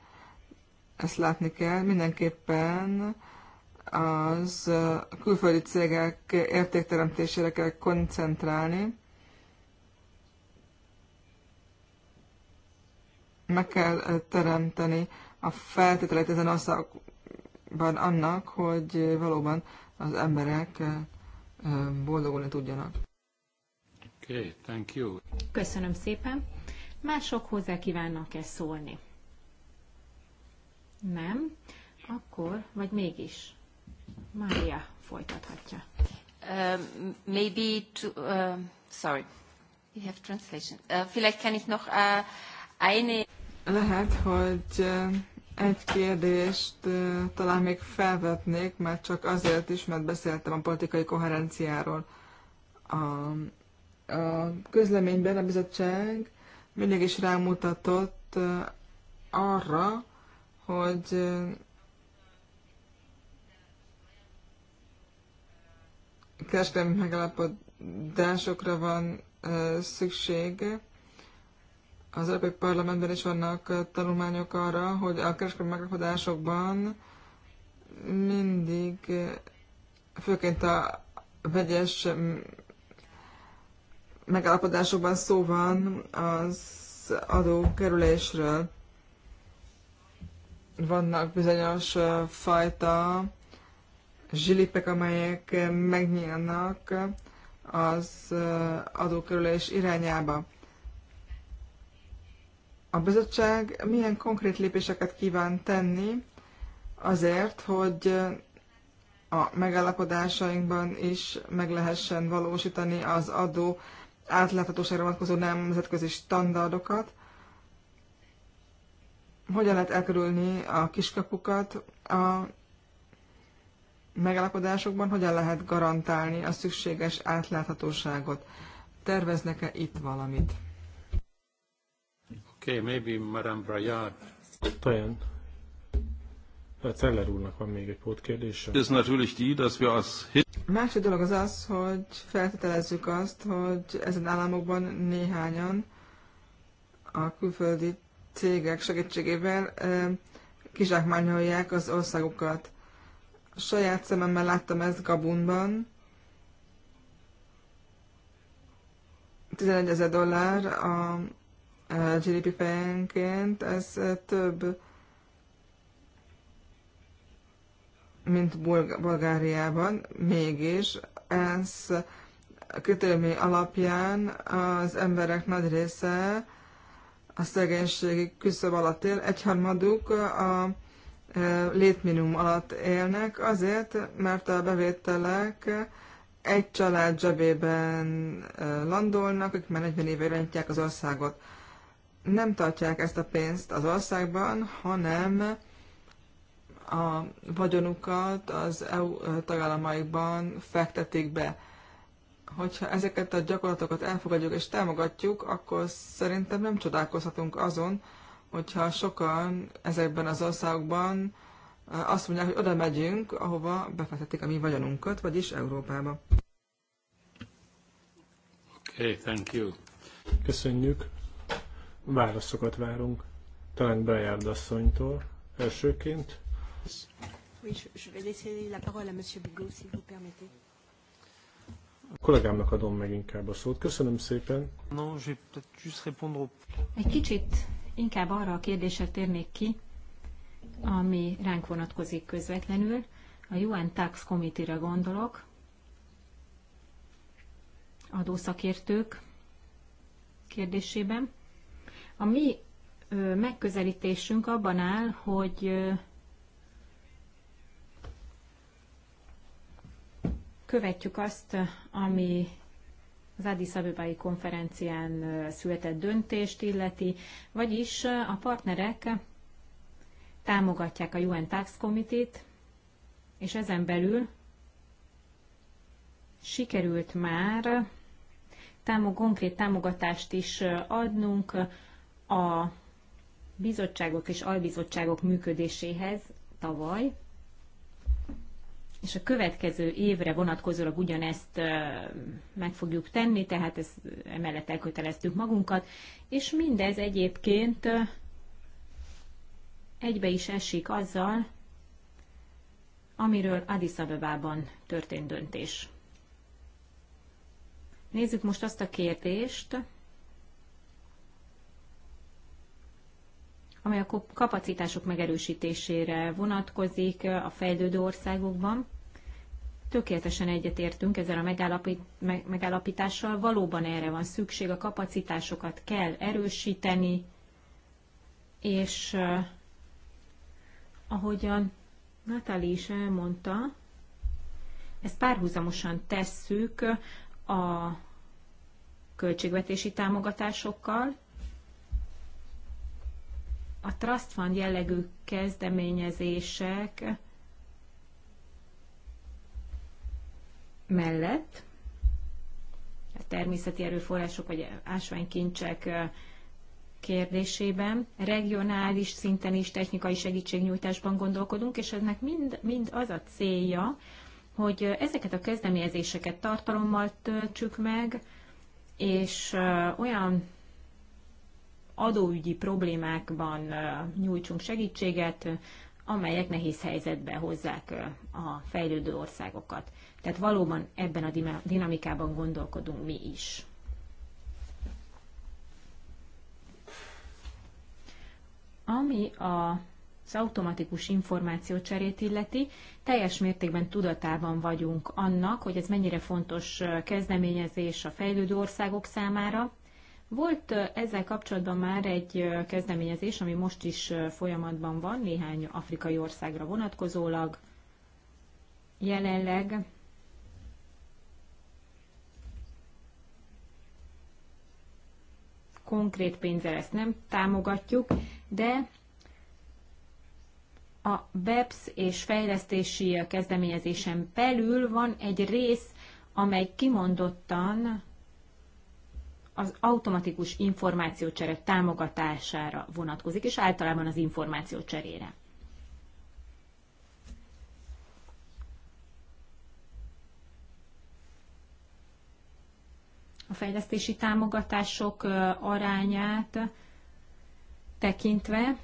ezt látni kell, mindenképpen az külföldi cégek értékteremtésére kell koncentrálni. Meg kell teremteni a feltételeit ezen van annak, hogy valóban az emberek boldogulni tudjanak. Okay, thank you. Köszönöm szépen. Mások hozzá kívánnak-e szólni? Nem? Akkor, vagy mégis? Mária folytathatja. Um, maybe to, uh, sorry, we have translation. Uh, vielleicht kann ich noch uh, eine... Lehet, hogy uh, egy kérdést talán még felvetnék, mert csak azért is, mert beszéltem a politikai koherenciáról. A, a közleményben a bizottság mindig is rámutatott arra, hogy kereskedelmi megállapodásokra van szüksége, az Európai Parlamentben is vannak tanulmányok arra, hogy a kereskedelmi megállapodásokban mindig, főként a vegyes megállapodásokban szó van az adókerülésről. Vannak bizonyos fajta zsilipek, amelyek megnyílnak az adókerülés irányába. A bizottság milyen konkrét lépéseket kíván tenni azért, hogy a megállapodásainkban is meg lehessen valósítani az adó átláthatóságra vonatkozó nemzetközi standardokat, hogyan lehet elkerülni a kiskapukat a megállapodásokban, hogyan lehet garantálni a szükséges átláthatóságot. Terveznek-e itt valamit? Okay, maybe Madame Brayard. Hát úrnak van még egy pótkérdése. Ez natürlich die, dass wir Másik dolog az az, hogy feltételezzük azt, hogy ezen államokban néhányan a külföldi cégek segítségével kizsákmányolják az országokat. A saját szememmel láttam ezt Gabunban. 11 ezer dollár a GDP fejenként, ez több, mint Bulgáriában, mégis ez kötélmény alapján az emberek nagy része a szegénységi küszöb alatt él, egyharmaduk a létminimum alatt élnek, azért, mert a bevételek egy család zsebében landolnak, akik már 40 éve rendják az országot nem tartják ezt a pénzt az országban, hanem a vagyonukat az EU tagállamaikban fektetik be. Hogyha ezeket a gyakorlatokat elfogadjuk és támogatjuk, akkor szerintem nem csodálkozhatunk azon, hogyha sokan ezekben az országokban azt mondják, hogy oda megyünk, ahova befektetik a mi vagyonunkat, vagyis Európába. Okay, thank you. Köszönjük. Válaszokat várunk, talán Bejárd asszonytól elsőként. Oui, je vais laisser la parole à Monsieur Bigot, si vous permettez. A kollégámnak adom meg inkább a szót. Köszönöm szépen. Non, juste répondre Egy kicsit inkább arra a kérdésre térnék ki, ami ránk vonatkozik közvetlenül. A UN Tax Committee-re gondolok, adószakértők kérdésében. A mi megközelítésünk abban áll, hogy követjük azt, ami az Addis Abebai konferencián született döntést illeti, vagyis a partnerek támogatják a UN Tax Committee-t, és ezen belül sikerült már támog, konkrét támogatást is adnunk a bizottságok és albizottságok működéséhez tavaly, és a következő évre vonatkozólag ugyanezt meg fogjuk tenni, tehát ezt emellett elköteleztük magunkat, és mindez egyébként egybe is esik azzal, amiről Addis Abebában történt döntés. Nézzük most azt a kérdést, amely a kapacitások megerősítésére vonatkozik a fejlődő országokban. Tökéletesen egyetértünk ezzel a megállapítással. Valóban erre van szükség, a kapacitásokat kell erősíteni, és ahogyan Natali is elmondta, ezt párhuzamosan tesszük a költségvetési támogatásokkal, a trust fund jellegű kezdeményezések mellett a természeti erőforrások vagy ásványkincsek kérdésében, regionális szinten is technikai segítségnyújtásban gondolkodunk, és ennek mind, mind az a célja, hogy ezeket a kezdeményezéseket tartalommal töltsük meg, és olyan adóügyi problémákban nyújtsunk segítséget, amelyek nehéz helyzetbe hozzák a fejlődő országokat. Tehát valóban ebben a dinamikában gondolkodunk mi is. Ami a az automatikus információcserét illeti, teljes mértékben tudatában vagyunk annak, hogy ez mennyire fontos kezdeményezés a fejlődő országok számára, volt ezzel kapcsolatban már egy kezdeményezés, ami most is folyamatban van, néhány afrikai országra vonatkozólag. Jelenleg konkrét pénzzel ezt nem támogatjuk, de a BEPS és fejlesztési kezdeményezésen belül van egy rész, amely kimondottan az automatikus információcsere támogatására vonatkozik, és általában az információcserére. A fejlesztési támogatások arányát tekintve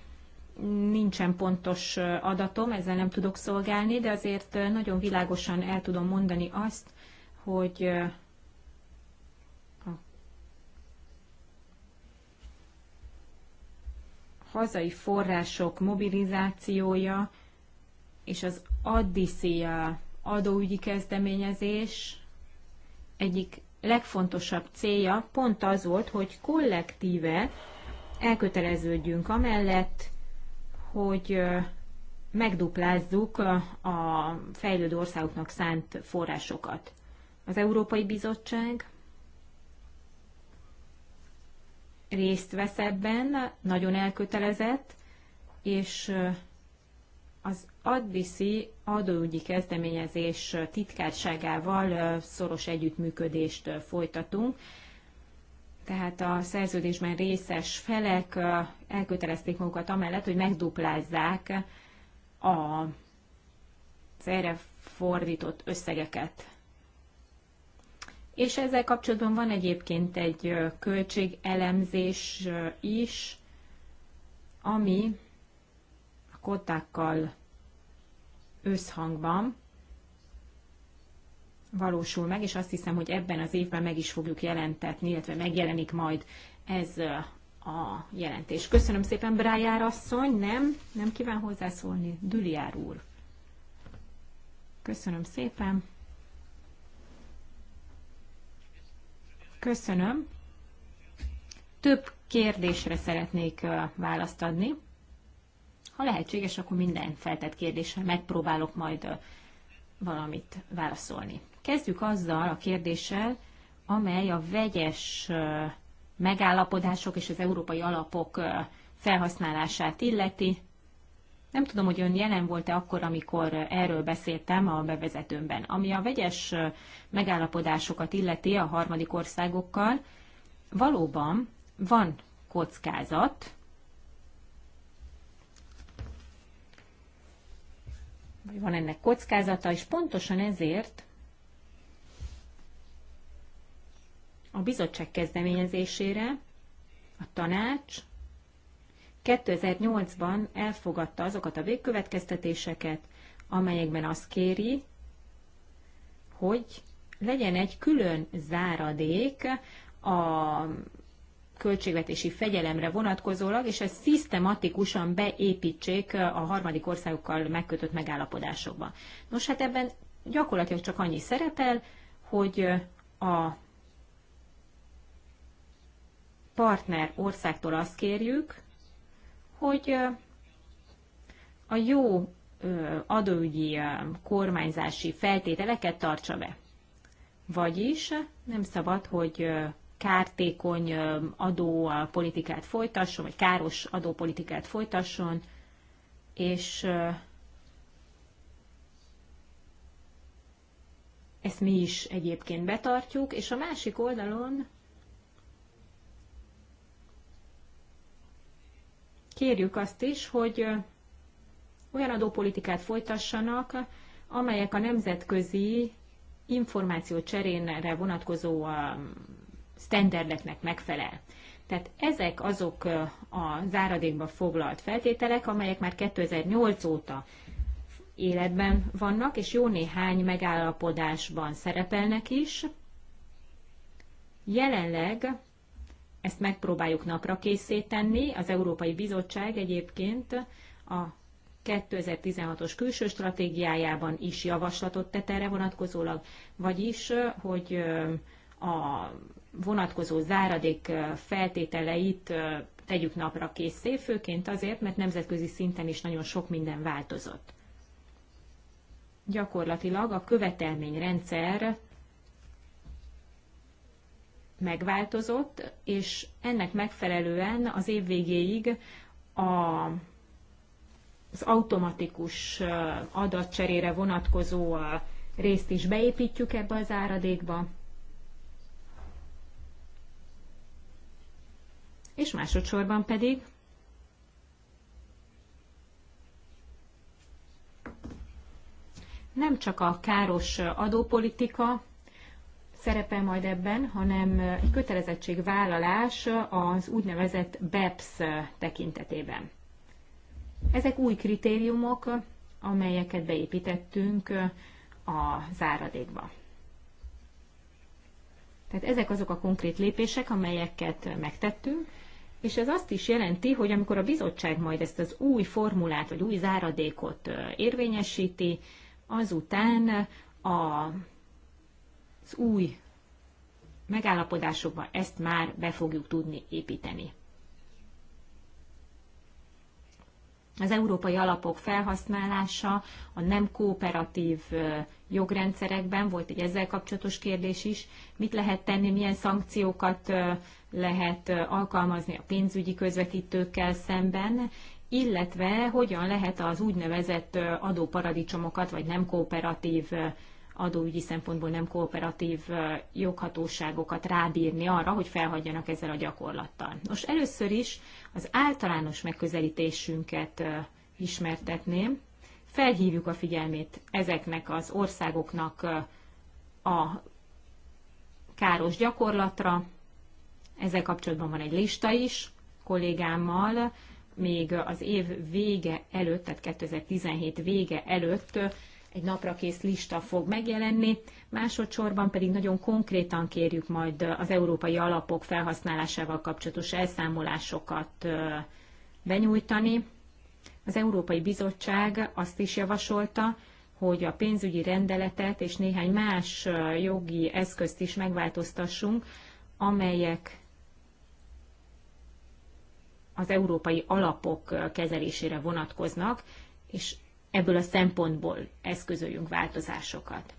nincsen pontos adatom, ezzel nem tudok szolgálni, de azért nagyon világosan el tudom mondani azt, hogy hazai források mobilizációja és az addiszia adóügyi kezdeményezés egyik legfontosabb célja pont az volt, hogy kollektíve elköteleződjünk amellett, hogy megduplázzuk a fejlődő országoknak szánt forrásokat. Az Európai Bizottság részt vesz ebben, nagyon elkötelezett, és az Adbiszi adóügyi kezdeményezés titkárságával szoros együttműködést folytatunk. Tehát a szerződésben részes felek elkötelezték magukat amellett, hogy megduplázzák a, erre fordított összegeket és ezzel kapcsolatban van egyébként egy költségelemzés is, ami a kotákkal összhangban valósul meg, és azt hiszem, hogy ebben az évben meg is fogjuk jelentetni, illetve megjelenik majd ez a jelentés. Köszönöm szépen, Brájár asszony, nem, nem kíván hozzászólni, Düliár úr. Köszönöm szépen. Köszönöm. Több kérdésre szeretnék választ adni. Ha lehetséges, akkor minden feltett kérdésre megpróbálok majd valamit válaszolni. Kezdjük azzal a kérdéssel, amely a vegyes megállapodások és az európai alapok felhasználását illeti. Nem tudom, hogy ön jelen volt-e akkor, amikor erről beszéltem a bevezetőmben. Ami a vegyes megállapodásokat illeti a harmadik országokkal, valóban van kockázat, vagy van ennek kockázata, és pontosan ezért a bizottság kezdeményezésére a tanács 2008-ban elfogadta azokat a végkövetkeztetéseket, amelyekben azt kéri, hogy legyen egy külön záradék a költségvetési fegyelemre vonatkozólag, és ezt szisztematikusan beépítsék a harmadik országokkal megkötött megállapodásokba. Nos, hát ebben gyakorlatilag csak annyi szerepel, hogy a partner országtól azt kérjük, hogy a jó adóügyi kormányzási feltételeket tartsa be. Vagyis nem szabad, hogy kártékony adópolitikát folytasson, vagy káros adópolitikát folytasson, és ezt mi is egyébként betartjuk, és a másik oldalon kérjük azt is, hogy olyan adópolitikát folytassanak, amelyek a nemzetközi információ cserénre vonatkozó sztenderdeknek megfelel. Tehát ezek azok a záradékba foglalt feltételek, amelyek már 2008 óta életben vannak, és jó néhány megállapodásban szerepelnek is. Jelenleg ezt megpróbáljuk napra készé tenni. Az Európai Bizottság egyébként a 2016-os külső stratégiájában is javaslatot tett erre vonatkozólag, vagyis, hogy a vonatkozó záradék feltételeit tegyük napra készé, főként azért, mert nemzetközi szinten is nagyon sok minden változott. Gyakorlatilag a követelményrendszer megváltozott, és ennek megfelelően az év végéig a, az automatikus adatcserére vonatkozó részt is beépítjük ebbe az áradékba. És másodszorban pedig nem csak a káros adópolitika, szerepel majd ebben, hanem egy kötelezettségvállalás az úgynevezett BEPS tekintetében. Ezek új kritériumok, amelyeket beépítettünk a záradékba. Tehát ezek azok a konkrét lépések, amelyeket megtettünk, és ez azt is jelenti, hogy amikor a bizottság majd ezt az új formulát, vagy új záradékot érvényesíti, azután a az új megállapodásokba ezt már be fogjuk tudni építeni. Az európai alapok felhasználása a nem kooperatív jogrendszerekben, volt egy ezzel kapcsolatos kérdés is, mit lehet tenni, milyen szankciókat lehet alkalmazni a pénzügyi közvetítőkkel szemben, illetve hogyan lehet az úgynevezett adóparadicsomokat vagy nem kooperatív adóügyi szempontból nem kooperatív joghatóságokat rábírni arra, hogy felhagyjanak ezzel a gyakorlattal. Most először is az általános megközelítésünket ismertetném. Felhívjuk a figyelmét ezeknek az országoknak a káros gyakorlatra. Ezzel kapcsolatban van egy lista is kollégámmal, még az év vége előtt, tehát 2017 vége előtt egy napra kész lista fog megjelenni, másodszorban pedig nagyon konkrétan kérjük majd az európai alapok felhasználásával kapcsolatos elszámolásokat benyújtani. Az Európai Bizottság azt is javasolta, hogy a pénzügyi rendeletet és néhány más jogi eszközt is megváltoztassunk, amelyek az európai alapok kezelésére vonatkoznak, és ebből a szempontból eszközöljünk változásokat.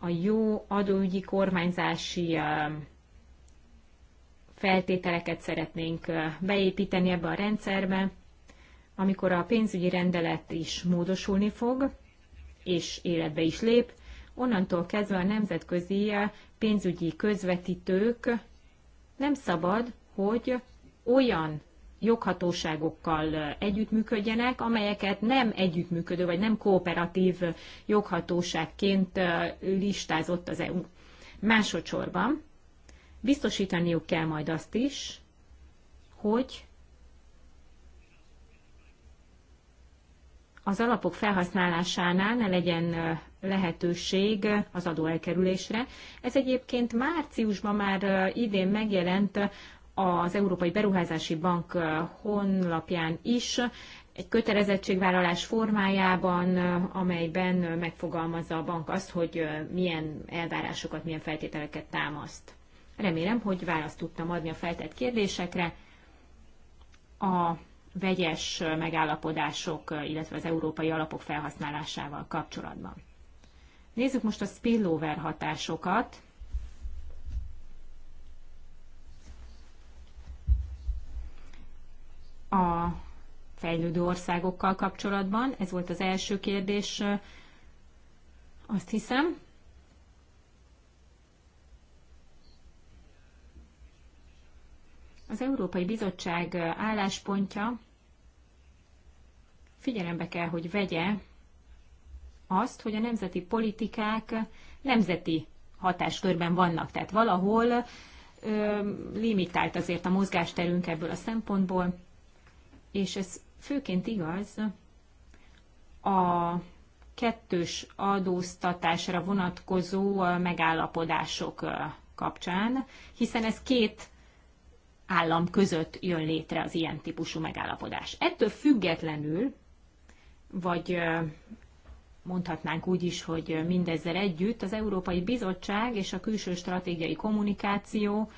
A jó adóügyi kormányzási feltételeket szeretnénk beépíteni ebbe a rendszerbe, amikor a pénzügyi rendelet is módosulni fog, és életbe is lép, onnantól kezdve a nemzetközi pénzügyi közvetítők nem szabad, hogy olyan joghatóságokkal együttműködjenek, amelyeket nem együttműködő vagy nem kooperatív joghatóságként listázott az EU. Másodszorban biztosítaniuk kell majd azt is, hogy az alapok felhasználásánál ne legyen lehetőség az adóelkerülésre. Ez egyébként márciusban már idén megjelent az Európai Beruházási Bank honlapján is egy kötelezettségvállalás formájában, amelyben megfogalmazza a bank azt, hogy milyen elvárásokat, milyen feltételeket támaszt. Remélem, hogy választ tudtam adni a feltett kérdésekre. A vegyes megállapodások, illetve az európai alapok felhasználásával kapcsolatban. Nézzük most a spillover hatásokat. a fejlődő országokkal kapcsolatban. Ez volt az első kérdés, azt hiszem. Az Európai Bizottság álláspontja figyelembe kell, hogy vegye azt, hogy a nemzeti politikák nemzeti hatáskörben vannak. Tehát valahol ö, limitált azért a mozgásterünk ebből a szempontból és ez főként igaz a kettős adóztatásra vonatkozó megállapodások kapcsán, hiszen ez két állam között jön létre az ilyen típusú megállapodás. Ettől függetlenül, vagy mondhatnánk úgy is, hogy mindezzel együtt az Európai Bizottság és a külső stratégiai kommunikáció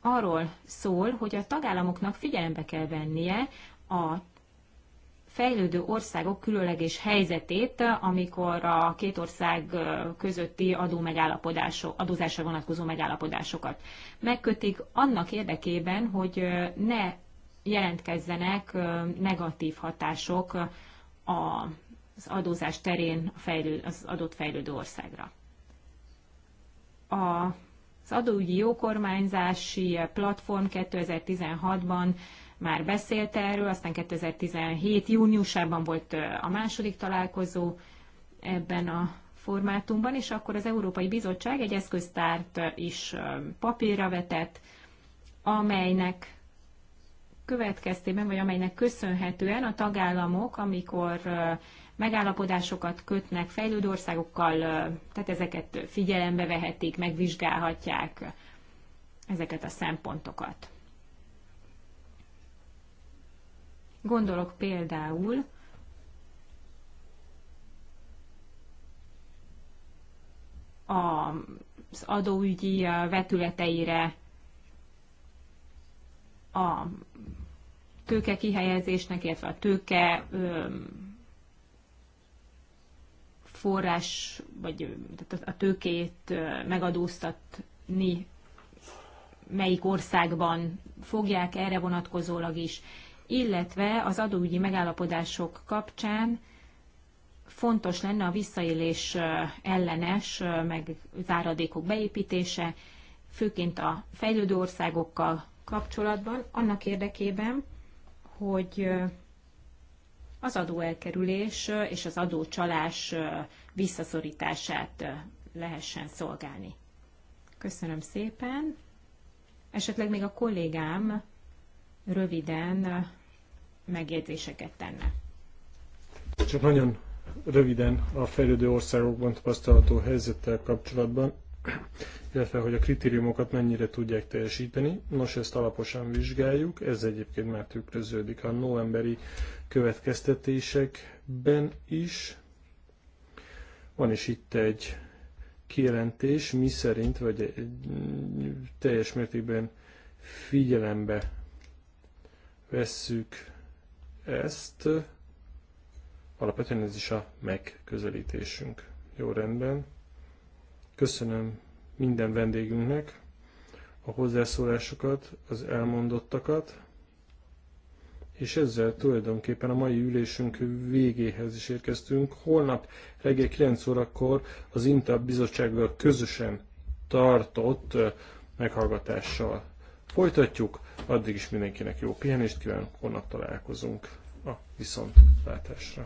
arról szól, hogy a tagállamoknak figyelembe kell vennie a fejlődő országok különleges helyzetét, amikor a két ország közötti adó adózásra vonatkozó megállapodásokat megkötik annak érdekében, hogy ne jelentkezzenek negatív hatások az adózás terén az adott fejlődő országra. A az adóügyi jókormányzási platform 2016-ban már beszélt erről, aztán 2017 júniusában volt a második találkozó ebben a formátumban, és akkor az Európai Bizottság egy eszköztárt is papírra vetett, amelynek következtében, vagy amelynek köszönhetően a tagállamok, amikor megállapodásokat kötnek fejlődő országokkal, tehát ezeket figyelembe vehetik, megvizsgálhatják ezeket a szempontokat. Gondolok például az adóügyi vetületeire, a tőke kihelyezésnek, illetve a tőke forrás, vagy tehát a tőkét megadóztatni melyik országban fogják erre vonatkozólag is, illetve az adóügyi megállapodások kapcsán fontos lenne a visszaélés ellenes, meg záradékok beépítése, főként a fejlődő országokkal kapcsolatban, annak érdekében, hogy az adóelkerülés és az adócsalás visszaszorítását lehessen szolgálni. Köszönöm szépen. Esetleg még a kollégám röviden megjegyzéseket tenne. Csak nagyon röviden a fejlődő országokban tapasztalható helyzettel kapcsolatban illetve hogy a kritériumokat mennyire tudják teljesíteni. Nos, ezt alaposan vizsgáljuk, ez egyébként már tükröződik a novemberi következtetésekben is. Van is itt egy kijelentés, mi szerint, vagy teljes mértékben figyelembe vesszük ezt, alapvetően ez is a megközelítésünk. Jó rendben. Köszönöm minden vendégünknek a hozzászólásokat, az elmondottakat, és ezzel tulajdonképpen a mai ülésünk végéhez is érkeztünk. Holnap reggel 9 órakor az INTA bizottsággal közösen tartott meghallgatással folytatjuk. Addig is mindenkinek jó pihenést kívánok, holnap találkozunk a viszontlátásra.